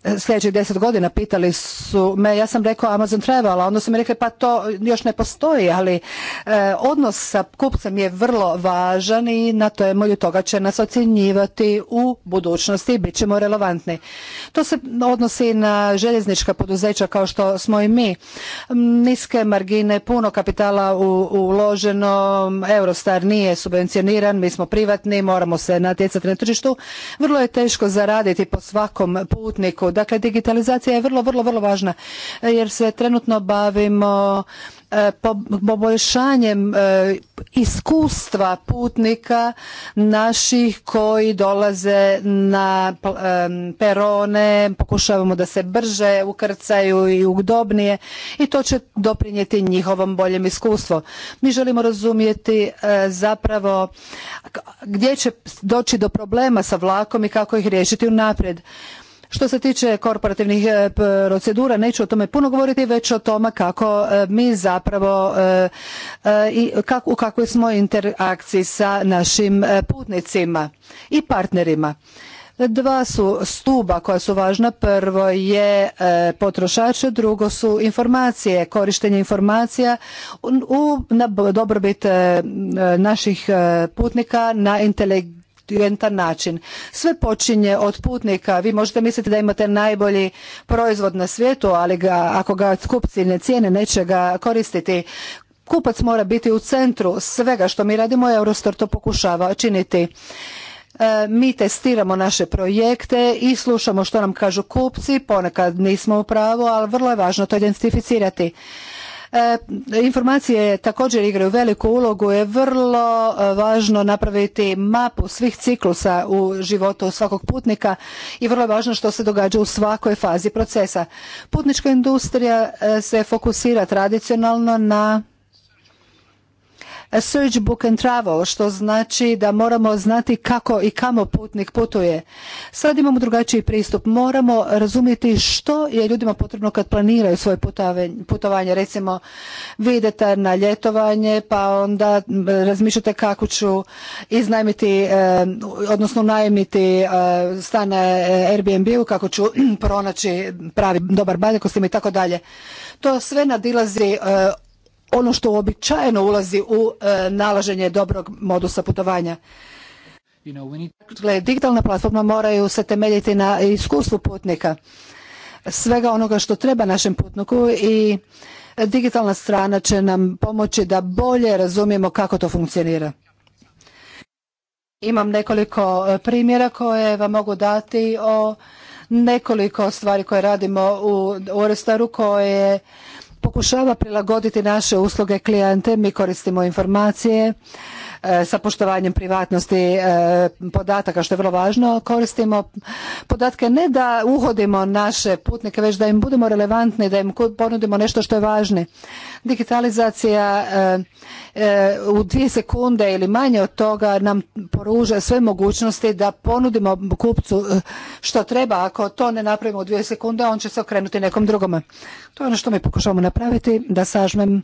sljedećih deset godina pitali su me, ja sam rekao Amazon Travel, a onda su mi rekli pa to još ne postoji, ali e, odnos sa kupcem je vrlo važan i na temelju toga će nas ocjenjivati u budućnosti i bit ćemo relevantni. To se odnosi na željeznička poduzeća kao što smo i mi. Niske margine, puno kapitala u, uloženo, Eurostar nije subvencioniran, mi smo privatni, moramo se natjecati na tržištu. Vrlo je teško zaraditi po svakom putniku Dakle, digitalizacija je vrlo, vrlo, vrlo važna e, jer se trenutno bavimo e, poboljšanjem e, iskustva putnika naših koji dolaze na perone, pokušavamo da se brže ukrcaju i udobnije i to će doprinijeti njihovom boljem iskustvu. Mi želimo razumjeti zapravo gdje će doći do problema sa vlakom i kako ih riješiti unaprijed. Što se tiče korporativnih e, procedura, neću o tome puno govoriti, već o tome kako e, mi zapravo e, i u kakvoj smo interakciji sa našim putnicima i partnerima. Dva su stuba koja su važna. Prvo je potrošače, drugo su informacije, korištenje informacija u, na dobrobit naših putnika na inteligentni konkurentan način. Sve počinje od putnika. Vi možete misliti da imate najbolji proizvod na svijetu, ali ga, ako ga kupci ne cijene, neće ga koristiti. Kupac mora biti u centru svega što mi radimo, Eurostor to pokušava činiti e, mi testiramo naše projekte i slušamo što nam kažu kupci, ponekad nismo u pravu, ali vrlo je važno to identificirati. E, informacije također igraju veliku ulogu, je vrlo e, važno napraviti mapu svih ciklusa u životu svakog putnika i vrlo je važno što se događa u svakoj fazi procesa. Putnička industrija e, se fokusira tradicionalno na search book and travel, što znači da moramo znati kako i kamo putnik putuje. Sad imamo drugačiji pristup. Moramo razumjeti što je ljudima potrebno kad planiraju svoje putovanje. Recimo, vi idete na ljetovanje, pa onda razmišljate kako ću iznajmiti, e, odnosno najmiti e, stane Airbnb-u, kako ću *clears throat* pronaći pravi dobar baljak s i tako dalje. To sve nadilazi e, ono što uobičajeno ulazi u e, nalaženje dobrog modusa putovanja. digitalna platforma moraju se temeljiti na iskustvu putnika, svega onoga što treba našem putniku i digitalna strana će nam pomoći da bolje razumijemo kako to funkcionira. Imam nekoliko e, primjera koje vam mogu dati o nekoliko stvari koje radimo u Orestaru koje pokušava prilagoditi naše usluge klijente, mi koristimo informacije E, sa poštovanjem privatnosti e, podataka što je vrlo važno koristimo podatke ne da uhodimo naše putnike već da im budemo relevantni da im ponudimo nešto što je važno digitalizacija e, u dvije sekunde ili manje od toga nam poruža sve mogućnosti da ponudimo kupcu što treba ako to ne napravimo u dvije sekunde on će se okrenuti nekom drugome to je ono što mi pokušavamo napraviti da sažmem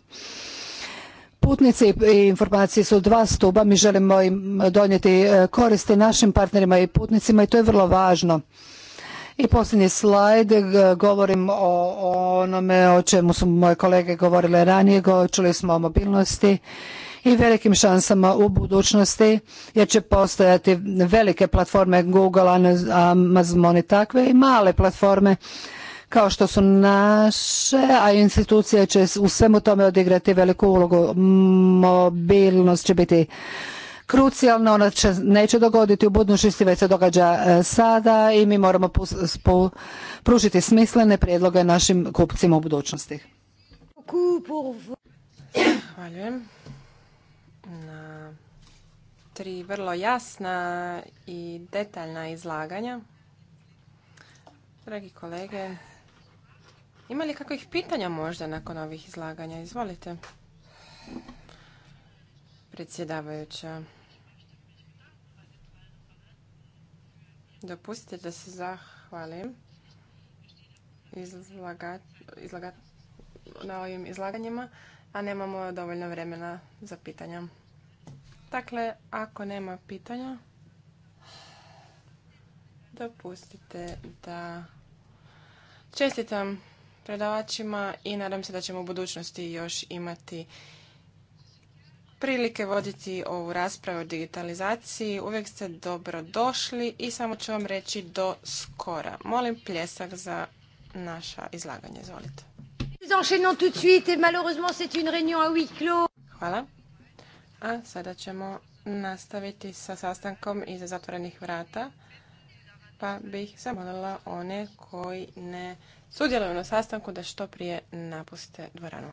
Putnici i informacije su dva stuba, mi želimo im donijeti e, koristi našim partnerima i putnicima i to je vrlo važno. I posljednji slajd, e, govorim o onome o čemu su moje kolege govorile ranije, čuli smo o mobilnosti i velikim šansama u budućnosti jer će postojati velike platforme Google, Amazon i takve i male platforme kao što su naše, a institucije će u svemu tome odigrati veliku ulogu. Mobilnost će biti krucijalna, ona će, neće dogoditi u budućnosti, već se događa e, sada i mi moramo pružiti smislene prijedloge našim kupcima u budućnosti. Zahvaljujem na tri vrlo jasna i detaljna izlaganja. Dragi kolege, ima li kakvih pitanja možda nakon ovih izlaganja? Izvolite. Predsjedavajuća. Dopustite da se zahvalim na ovim izlaganjima, a nemamo dovoljno vremena za pitanja. Dakle, ako nema pitanja, dopustite da čestitam predavačima i nadam se da ćemo u budućnosti još imati prilike voditi ovu raspravu o digitalizaciji. Uvijek ste dobro došli i samo ću vam reći do skora. Molim pljesak za naša izlaganja. Izvolite. Hvala. A sada ćemo nastaviti sa sastankom iza zatvorenih vrata pa bih zamolila one koji ne sudjeluju na sastanku da što prije napuste dvoranu.